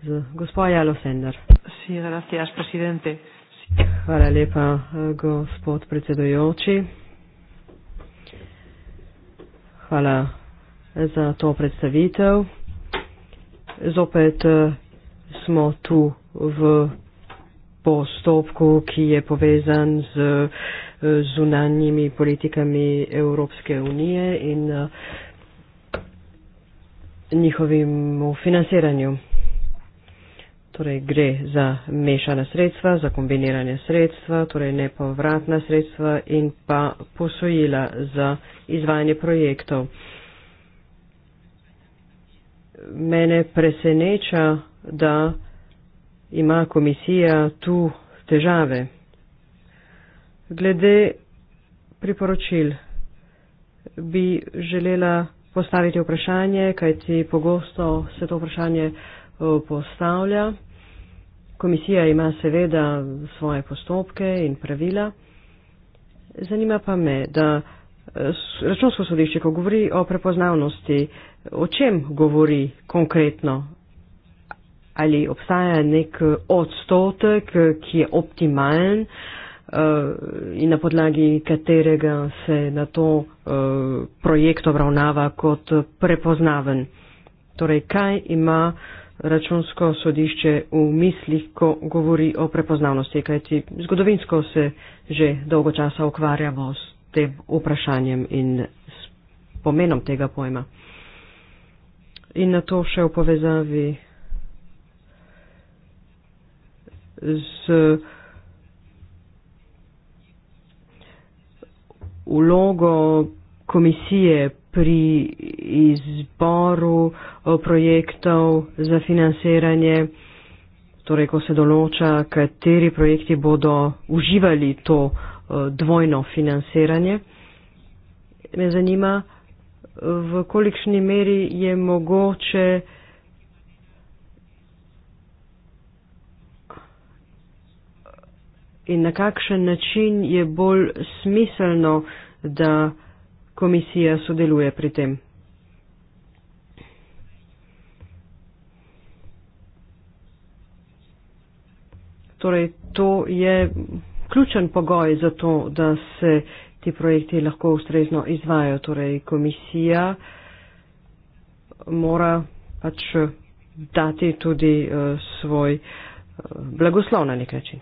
z gospo Jalo Sender. Sí, gracias, presidente. Hvala lepa, gospod predsedujoči. Hvala za to predstavitev. Zopet smo tu v postopku, ki je povezan z zunanjimi politikami Evropske unije in eh, njihovim financiranju. Torej gre za mešana sredstva, za kombiniranje sredstva, torej nepovratna sredstva in pa posojila za izvajanje projektov. Mene preseneča, da ima komisija tu težave glede priporočil bi želela postaviti vprašanje, kajti pogosto se to vprašanje eh, postavlja. Komisija ima seveda svoje postopke in pravila. Zanima pa me, da eh, računsko sodišče, ko govori o prepoznavnosti, o čem govori konkretno? Ali obstaja nek eh, odstotek, ki je optimalen? Eh, in na podlagi katerega se na to eh, projekt obravnava kot prepoznaven. Torej, kaj ima računsko sodišče v mislih, ko govori o prepoznavnosti, kajti zgodovinsko se že dolgo časa ukvarjamo s tem vprašanjem in s pomenom tega pojma. In na to še v povezavi z. vlogo komisije pri izboru eh, projektov za financiranje, torej ko se določa, kateri projekti bodo uživali to eh, dvojno financiranje. Me zanima, v kolikšni meri je mogoče in na kakšen način je bolj smiselno, da komisija sodeluje pri tem. Torej, to je ključen pogoj za to, da se ti projekti lahko ustrezno izvajo. Torej, komisija mora pač dati tudi uh, svoj uh, blagoslov na nek način.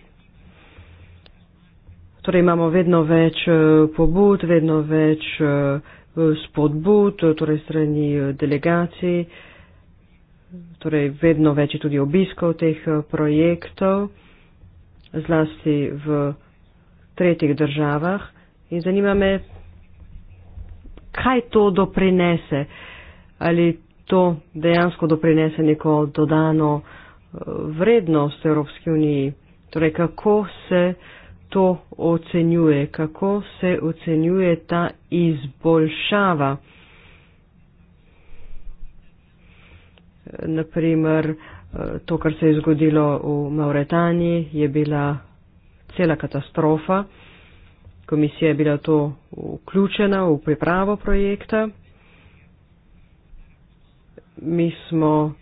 Torej imamo vedno več eh, pobud, vedno več eh, spodbud, eh, torej strani delegacij, torej vedno več je tudi obiskov teh projektov, zlasti v tretjih državah. In zanima me, kaj to doprinese, ali to dejansko doprinese neko dodano vrednost Evropske unije, torej kako se to ocenjuje, kako se ocenjuje ta izboljšava. Naprimer, eh, to, kar se je zgodilo v Mauretaniji, je bila cela katastrofa. Komisija je bila to vključena v pripravo projekta. Mi smo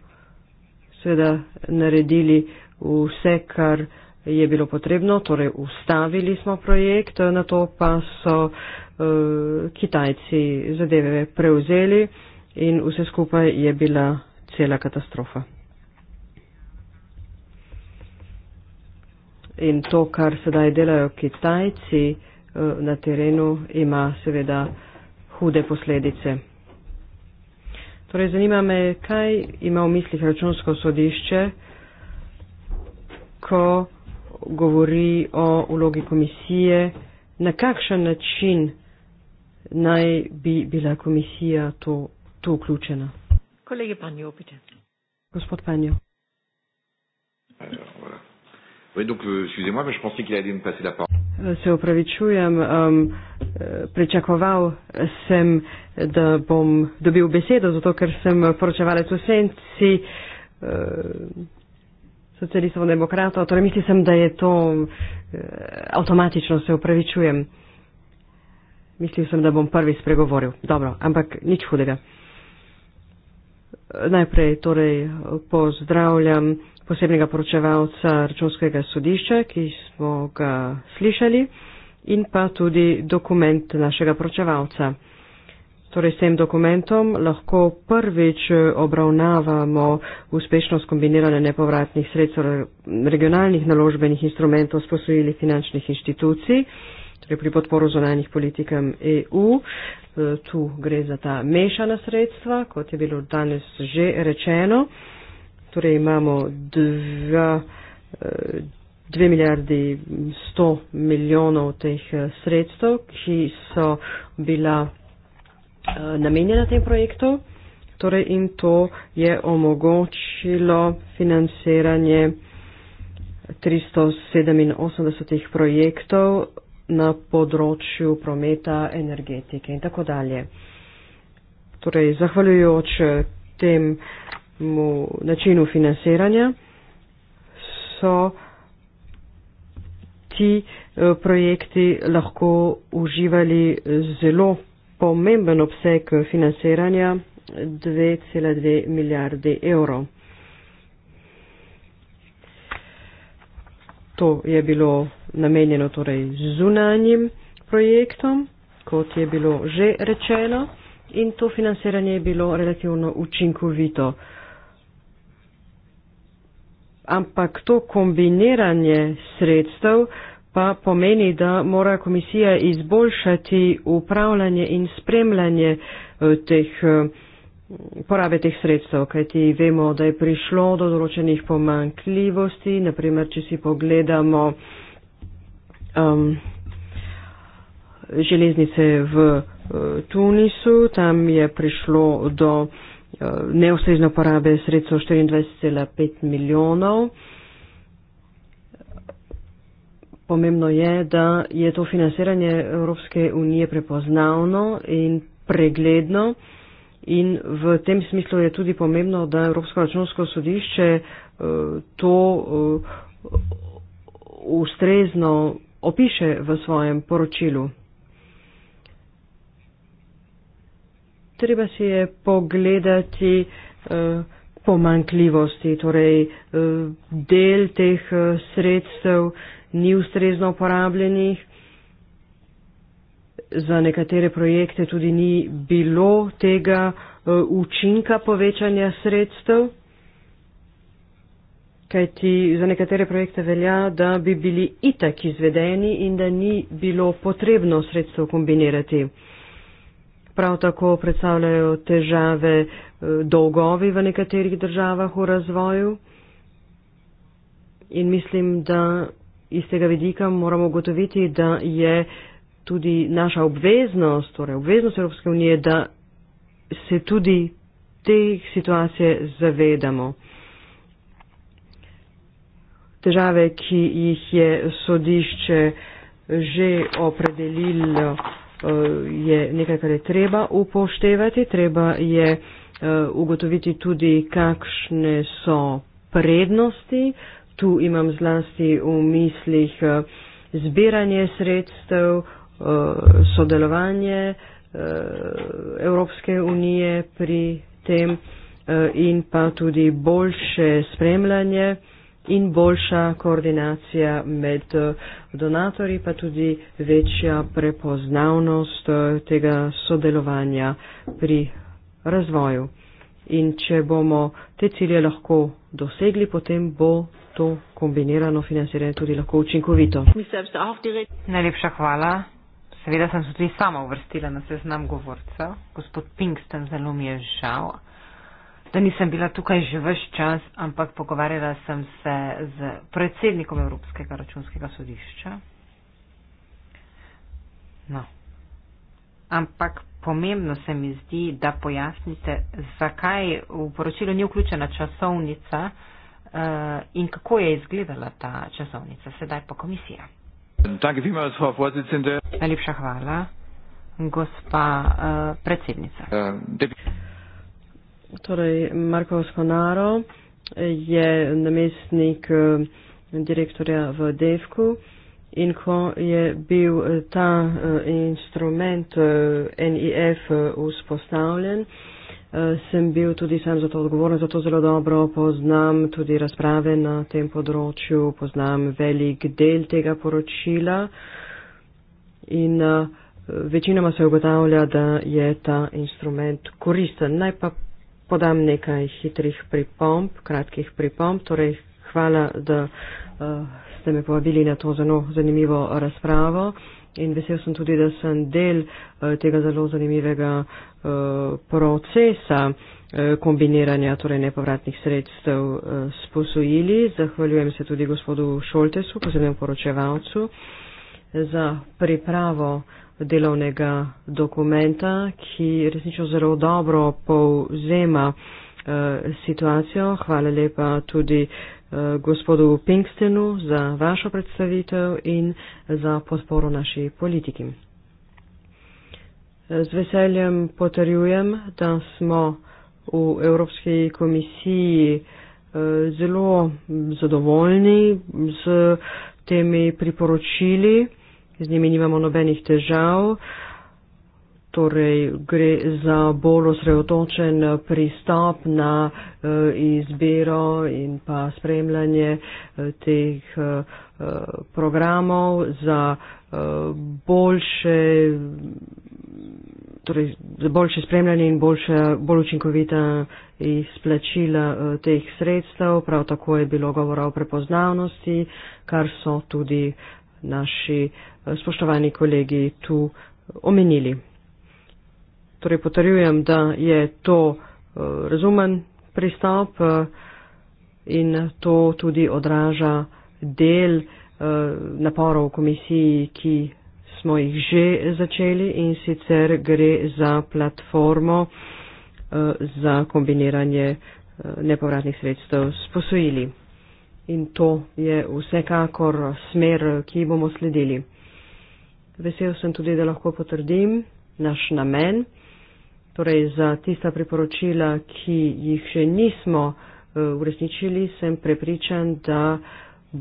seveda naredili vse, kar je bilo potrebno, torej ustavili smo projekt, na to pa so uh, Kitajci zadeve prevzeli in vse skupaj je bila cela katastrofa. In to, kar sedaj delajo Kitajci uh, na terenu, ima seveda hude posledice. Torej, zanima me, kaj ima v mislih računsko sodišče, ko govori o vlogi komisije, na kakšen način naj bi bila komisija to, to vključena. Kolege Panjo, opite. Gospod Panjo. Euh, euh, euh, se opravičujem, um, pričakoval sem, da bom dobil besedo, zato ker sem poročevalec v senci. Uh, socialistov, demokratov, torej mislim sem, da je to eh, avtomatično, se upravičujem. Mislil sem, da bom prvi spregovoril. Dobro, ampak nič hudega. Najprej torej pozdravljam posebnega poročevalca računskega sodišča, ki smo ga slišali, in pa tudi dokument našega poročevalca. Torej, s tem dokumentom lahko prvič eh, obravnavamo uspešnost kombinirane nepovratnih sredstev regionalnih naložbenih instrumentov s posojili finančnih inštitucij, torej pri podporu zonanih politikam EU. Eh, tu gre za ta mešana sredstva, kot je bilo danes že rečeno. Torej, imamo dva. 2 eh, milijardi 100 milijonov teh sredstev, ki so bila Eh, namenjena tem projektu. Torej in to je omogočilo financiranje 387 projektov na področju prometa, energetike in tako dalje. Torej, zahvaljujoč temu načinu financiranja so ti eh, projekti lahko uživali zelo pomemben obseg financiranja 2,2 milijarde evrov. To je bilo namenjeno torej zunanjim projektom, kot je bilo že rečeno, in to financiranje je bilo relativno učinkovito. Ampak to kombiniranje sredstev, pa pomeni, da mora komisija izboljšati upravljanje in spremljanje eh, teh, eh, porabe teh sredstev, kajti vemo, da je prišlo do določenih pomankljivosti, naprimer, če si pogledamo um, železnice v uh, Tunisu, tam je prišlo do uh, neustrezne porabe sredstev 24,5 milijonov pomembno je, da je to financiranje Evropske unije prepoznavno in pregledno. In v tem smislu je tudi pomembno, da Evropsko računsko sodišče eh, to eh, ustrezno opiše v svojem poročilu. Treba si je pogledati eh, pomankljivosti, torej del teh sredstev, ni ustrezno uporabljenih, za nekatere projekte tudi ni bilo tega e, učinka povečanja sredstev, kajti za nekatere projekte velja, da bi bili itak izvedeni in da ni bilo potrebno sredstev kombinirati. Prav tako predstavljajo težave e, dolgovi v nekaterih državah v razvoju in mislim, da iz tega vidika moramo ugotoviti, da je tudi naša obveznost, torej obveznost Evropske unije, da se tudi te situacije zavedamo. Težave, ki jih je sodišče že opredelilo, eh, je nekaj, kar je treba upoštevati. Treba je eh, ugotoviti tudi, kakšne so prednosti uh, tu imam zlasti v mislih eh, zbiranje sredstev, eh, sodelovanje eh, Evropske unije pri tem in pa tudi boljše spremljanje in boljša koordinacija med donatorji, pa tudi večja prepoznavnost tega sodelovanja pri razvoju. In če bomo te cilje lahko dosegli, potem bo to kombinirano financiranje tudi lahko učinkovito. Najlepša hvala. Seveda sem se tudi sama uvrstila na seznam govorcev. Gospod Pinkston, zelo mi je žal, da nisem bila tukaj že vse čas, ampak pogovarjala sem se z predsednikom Evropskega računskega sodišča. No. Ampak pomembno se mi zdi, da pojasnite, zakaj v poročilu ni vključena časovnica uh, in kako je izgledala ta časovnica sedaj po komisija. Najlepša hvala, gospa uh, predsednica. Eh, torej, Marko Sponaro je namestnik uh, direktorja v Devku. Uh, In ko je bil eh, ta uh, instrument uh, eh, NIF uh, vzpostavljen, uh, sem bil tudi sam za to odgovoren, zato zelo dobro poznam tudi razprave na tem področju, poznam velik del tega poročila in uh, večinoma se ugotavlja, da je ta instrument koristen. Naj pa podam nekaj hitrih pripomp, kratkih pripomp, torej hvala, da. Uh, ste me povabili na to zelo zanimivo razpravo in vesel sem tudi, da sem del eh, tega zelo zanimivega eh, procesa eh, kombiniranja torej nepovratnih sredstev s posojili. Zahvaljujem se tudi gospodu Šoltesu, posebnemu poročevalcu, za pripravo delovnega dokumenta, ki resnično zelo dobro povzema situacijo. Hvala lepa tudi uh, Eh, gospodu Pinkstenu za vašo predstavitev in za podporo naši politiki. Eh, z veseljem potrjujem, da smo v Evropski komisiji eh, zelo zadovoljni z temi priporočili, z njimi nimamo nobenih težav torej gre za bolj osredotočen pristop na eh, izbiro in pa spremljanje eh, teh eh, programov za boljše, torej za boljše spremljanje in boljše, bolj učinkovita izplačila teh sredstev. Prav tako je bilo govora o prepoznavnosti, kar so tudi naši spoštovani kolegi tu omenili. Torej potrjujem, da je to eh, razumen pristop eh, in to tudi odraža del eh, naporov v komisiji, ki smo jih že začeli in sicer gre za platformo za kombiniranje nepovratnih sredstev s posojili. In to je vsekakor smer, ki bomo sledili. Vesel sem tudi, da lahko potrdim naš namen. Torej, za tista priporočila, ki jih še nismo eh, uresničili, sem prepričan, da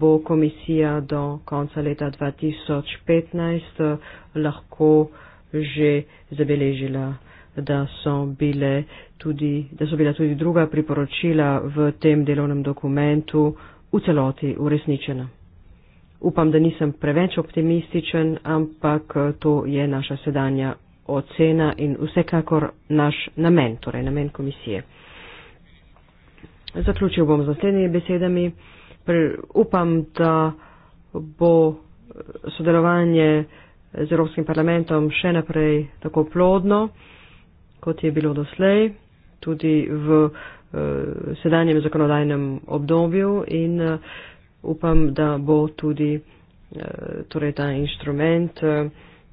bo komisija do konca leta 2015 eh, lahko že zabeležila, da so, bile tudi, da so bila tudi druga priporočila v tem delovnem dokumentu v celoti uresničena. Upam, da nisem preveč optimističen, ampak eh, to je naša sedanja ocena in vsekakor naš namen, torej namen komisije. Zaključil bom z naslednjimi besedami. Upam, da bo sodelovanje z Evropskim parlamentom še naprej tako plodno, kot je bilo doslej, tudi v uh, sedanjem zakonodajnem obdobju in uh, upam, da bo tudi uh, torej ta inštrument. Uh,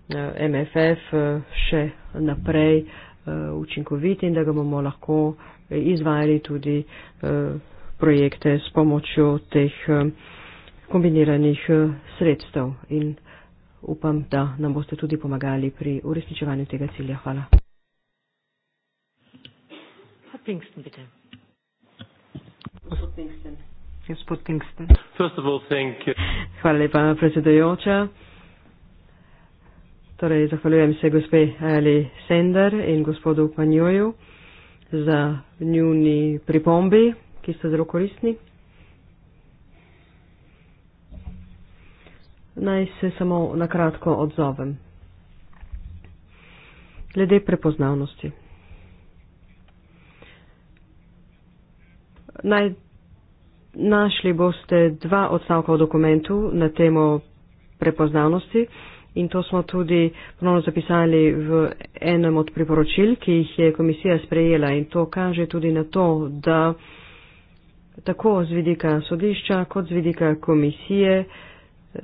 Eh, MFF eh, še naprej eh, učinkovit in da ga bomo lahko izvajali tudi projekte s pomočjo teh kombiniranih sredstev in upam, da nam boste tudi pomagali pri uresničevanju tega cilja. Hvala. Hvala lepa, predsedujoča. Torej, zahvaljujem se gospe Eli Sender in gospodu Panjoju za njuni pripombi, ki so zelo koristni. Naj se samo nakratko odzovem. Glede prepoznavnosti. Naj našli boste dva odstavka v dokumentu na temo prepoznavnosti in to smo tudi ponovno zapisali v enem od priporočil, ki jih je komisija sprejela in to kaže tudi na to, da tako z vidika sodišča kot z vidika komisije eh,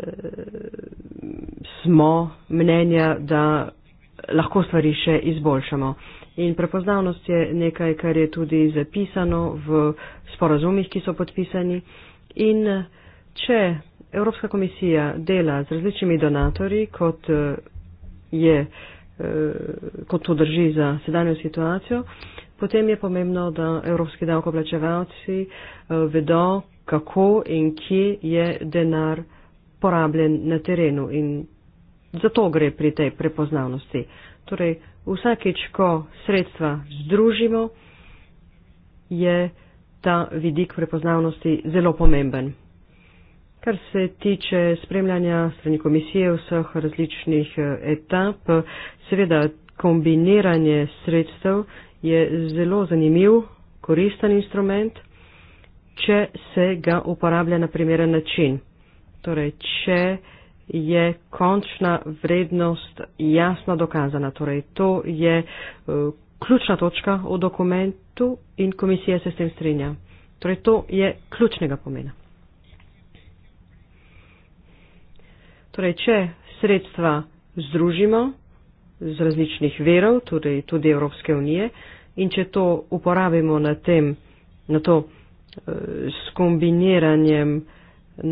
smo mnenja, da lahko stvari še izboljšamo. In prepoznavnost je nekaj, kar je tudi zapisano v sporazumih, ki so podpisani. In eh, če Evropska komisija dela z različnimi donatori, kot, eh, je, eh, kot to drži za sedanjo situacijo, potem je pomembno, da evropski davkoplačevalci eh, vedo, kako in kje je denar porabljen na terenu. In zato gre pri tej prepoznavnosti. Torej, vsakeč, ko sredstva združimo, je ta vidik prepoznavnosti zelo pomemben. Kar se tiče spremljanja strani komisije vseh različnih eh, etap, seveda kombiniranje sredstev je zelo zanimiv, koristen instrument, če se ga uporablja na primeren način. Torej, če je končna vrednost jasno dokazana. Torej, to je eh, ključna točka v dokumentu in komisija se s tem strinja. Torej, to je ključnega pomena. Torej, če sredstva združimo z različnih verov, torej tudi Evropske unije, in če to uporabimo na, tem, na to eh, s kombiniranjem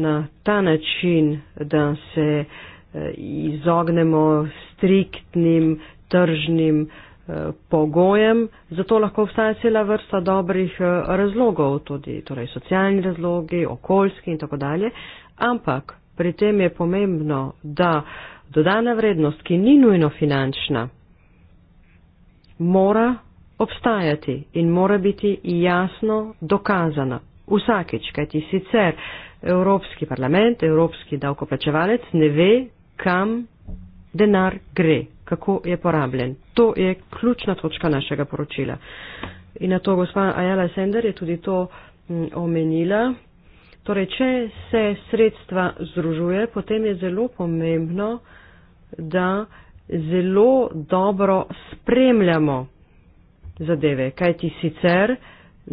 na ta način, da se eh, izognemo striktnim tržnim eh, pogojem, zato lahko obstaja cela vrsta dobrih razlogov, tudi torej socialni razlogi, okoljski in tako dalje, ampak Pri tem je pomembno, da dodana vrednost, ki ni nujno finančna, mora obstajati in mora biti jasno dokazana vsakeč, kajti sicer Evropski parlament, Evropski davkoplačevalec ne ve, kam denar gre, kako je porabljen. To je ključna točka našega poročila. In na to gospa Ajala Sender je tudi to mm, omenila. Um, Torej, če se sredstva združuje, potem je zelo pomembno, da zelo dobro spremljamo zadeve, kajti sicer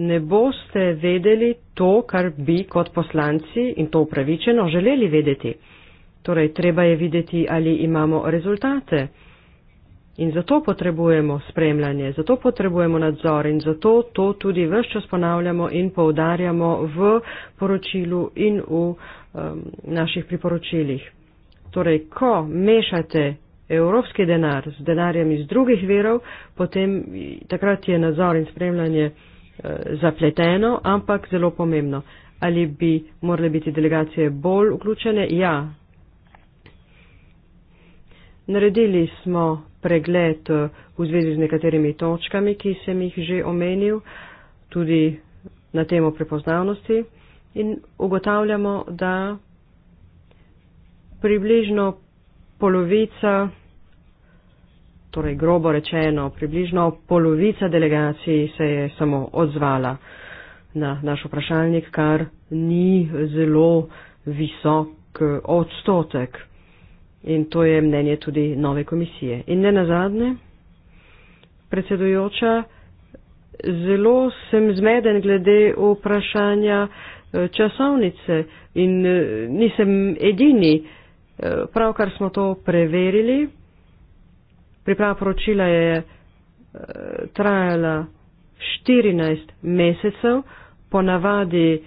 ne boste vedeli to, kar bi kot poslanci in to upravičeno želeli vedeti. Torej, treba je videti, ali imamo rezultate. In zato potrebujemo spremljanje, zato potrebujemo nadzor in zato to tudi vse čas ponavljamo in poudarjamo v poročilu in v um, naših priporočilih. Torej, ko mešate evropski denar z denarjem iz drugih verov, potem takrat je nadzor in spremljanje uh, zapleteno, ampak zelo pomembno. Ali bi morale biti delegacije bolj vključene? Ja, Naredili smo pregled eh, v zvezi z nekaterimi točkami, ki sem jih že omenil, tudi na temo prepoznavnosti in ugotavljamo, da približno polovica, torej grobo rečeno, približno polovica delegacij se je samo odzvala na naš vprašalnik, kar ni zelo visok eh, odstotek in to je mnenje tudi nove komisije. In ne nazadnje, predsedujoča, zelo sem zmeden glede vprašanja eh, časovnice in eh, nisem edini. Eh, pravkar smo to preverili. Priprava poročila je trajala 14 mesecev, ponavadi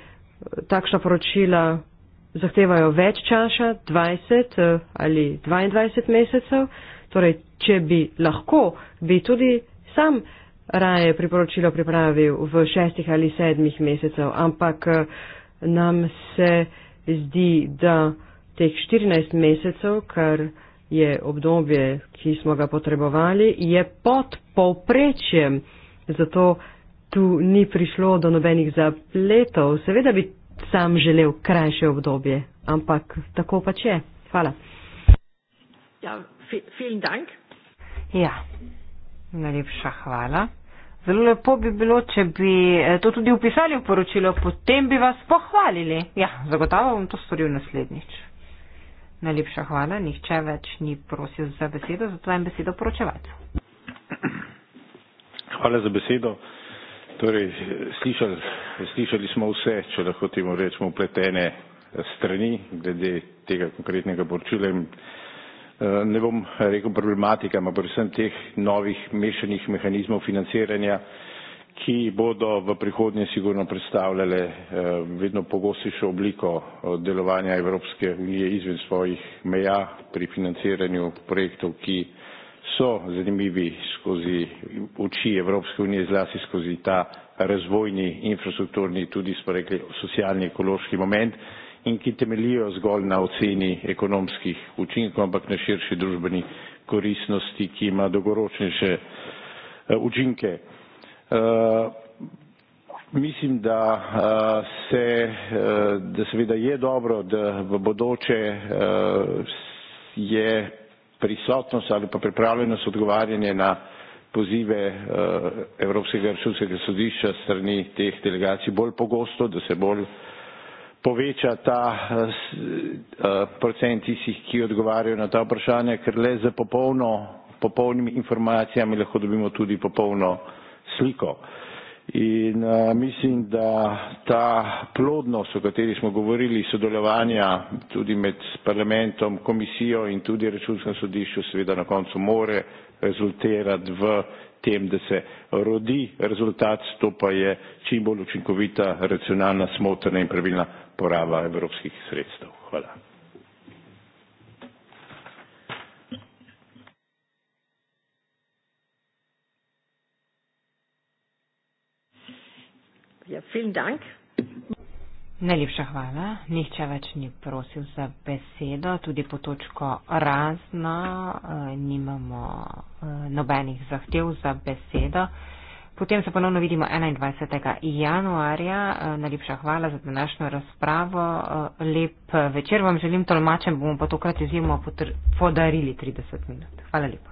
takšna poročila zahtevajo več časa, 20 eh, ali 22 mesecev. Torej, če bi lahko, bi tudi sam raje priporočilo pripravil v šestih ali sedmih mesecev, ampak eh, nam se zdi, da teh 14 mesecev, kar je obdobje, ki smo ga potrebovali, je pod povprečjem. Zato tu ni prišlo do nobenih zapletov. Seveda bi sam želel krajše obdobje, ampak tako pač je. Hvala. Ja, vielen dank. Ja, najlepša hvala. Zelo lepo bi bilo, če bi eh, to tudi upisali v poročilo, potem bi vas pohvalili. Ja, zagotovo bom to storil naslednjič. Najlepša hvala, nihče več ni prosil za besedo, zato imam besedo poročevati. Hvala za besedo. Torej, slišali, slišali smo vse, če lahko temu rečemo, upletene eh, strani glede tega konkretnega poročila. Eh, ne bom rekel problematika, ampak predvsem teh novih mešanih mehanizmov financiranja, ki bodo v prihodnje sigurno predstavljale eh, vedno pogostejšo obliko delovanja Evropske unije izven svojih meja pri financiranju projektov, ki so zanimivi skozi oči Evropske unije, zlasti skozi ta razvojni, infrastrukturni, tudi smo rekli, socialni, ekološki moment in ki temelijo zgolj na oceni ekonomskih učinkov, ampak na širši družbeni koristnosti, ki ima dolgoročnejše eh, učinke. Eh, mislim, da eh, se, da seveda je dobro, da v bodoče je prisotnost ali pa pripravljenost odgovarjanja na pozive eh, Evropskega računskega sodišča strani teh delegacij bolj pogosto, da se bolj poveča ta eh, eh, procent tistih, ki odgovarjajo na ta vprašanja, ker le z popolnimi informacijami lahko dobimo tudi popolno sliko. In uh, mislim, da ta plodnost, o kateri smo govorili, sodelovanja tudi med parlamentom, komisijo in tudi računskem sodišču, seveda na koncu more rezultirati v tem, da se rodi rezultat, to pa je čim bolj učinkovita, racionalna, smotrna in pravilna poraba evropskih sredstev. Hvala. Ja, vielen Dank. Najlepša hvala. Nihče več ni prosil za besedo, tudi po točko razno eh, nimamo eh, nobenih zahtev za besedo. Potem se ponovno vidimo 21. januarja. Eh, najlepša hvala za današnjo razpravo. Lep večer vam želim, tolmačem bomo pa tokrat izjemno podarili 30 minut. Hvala lepa.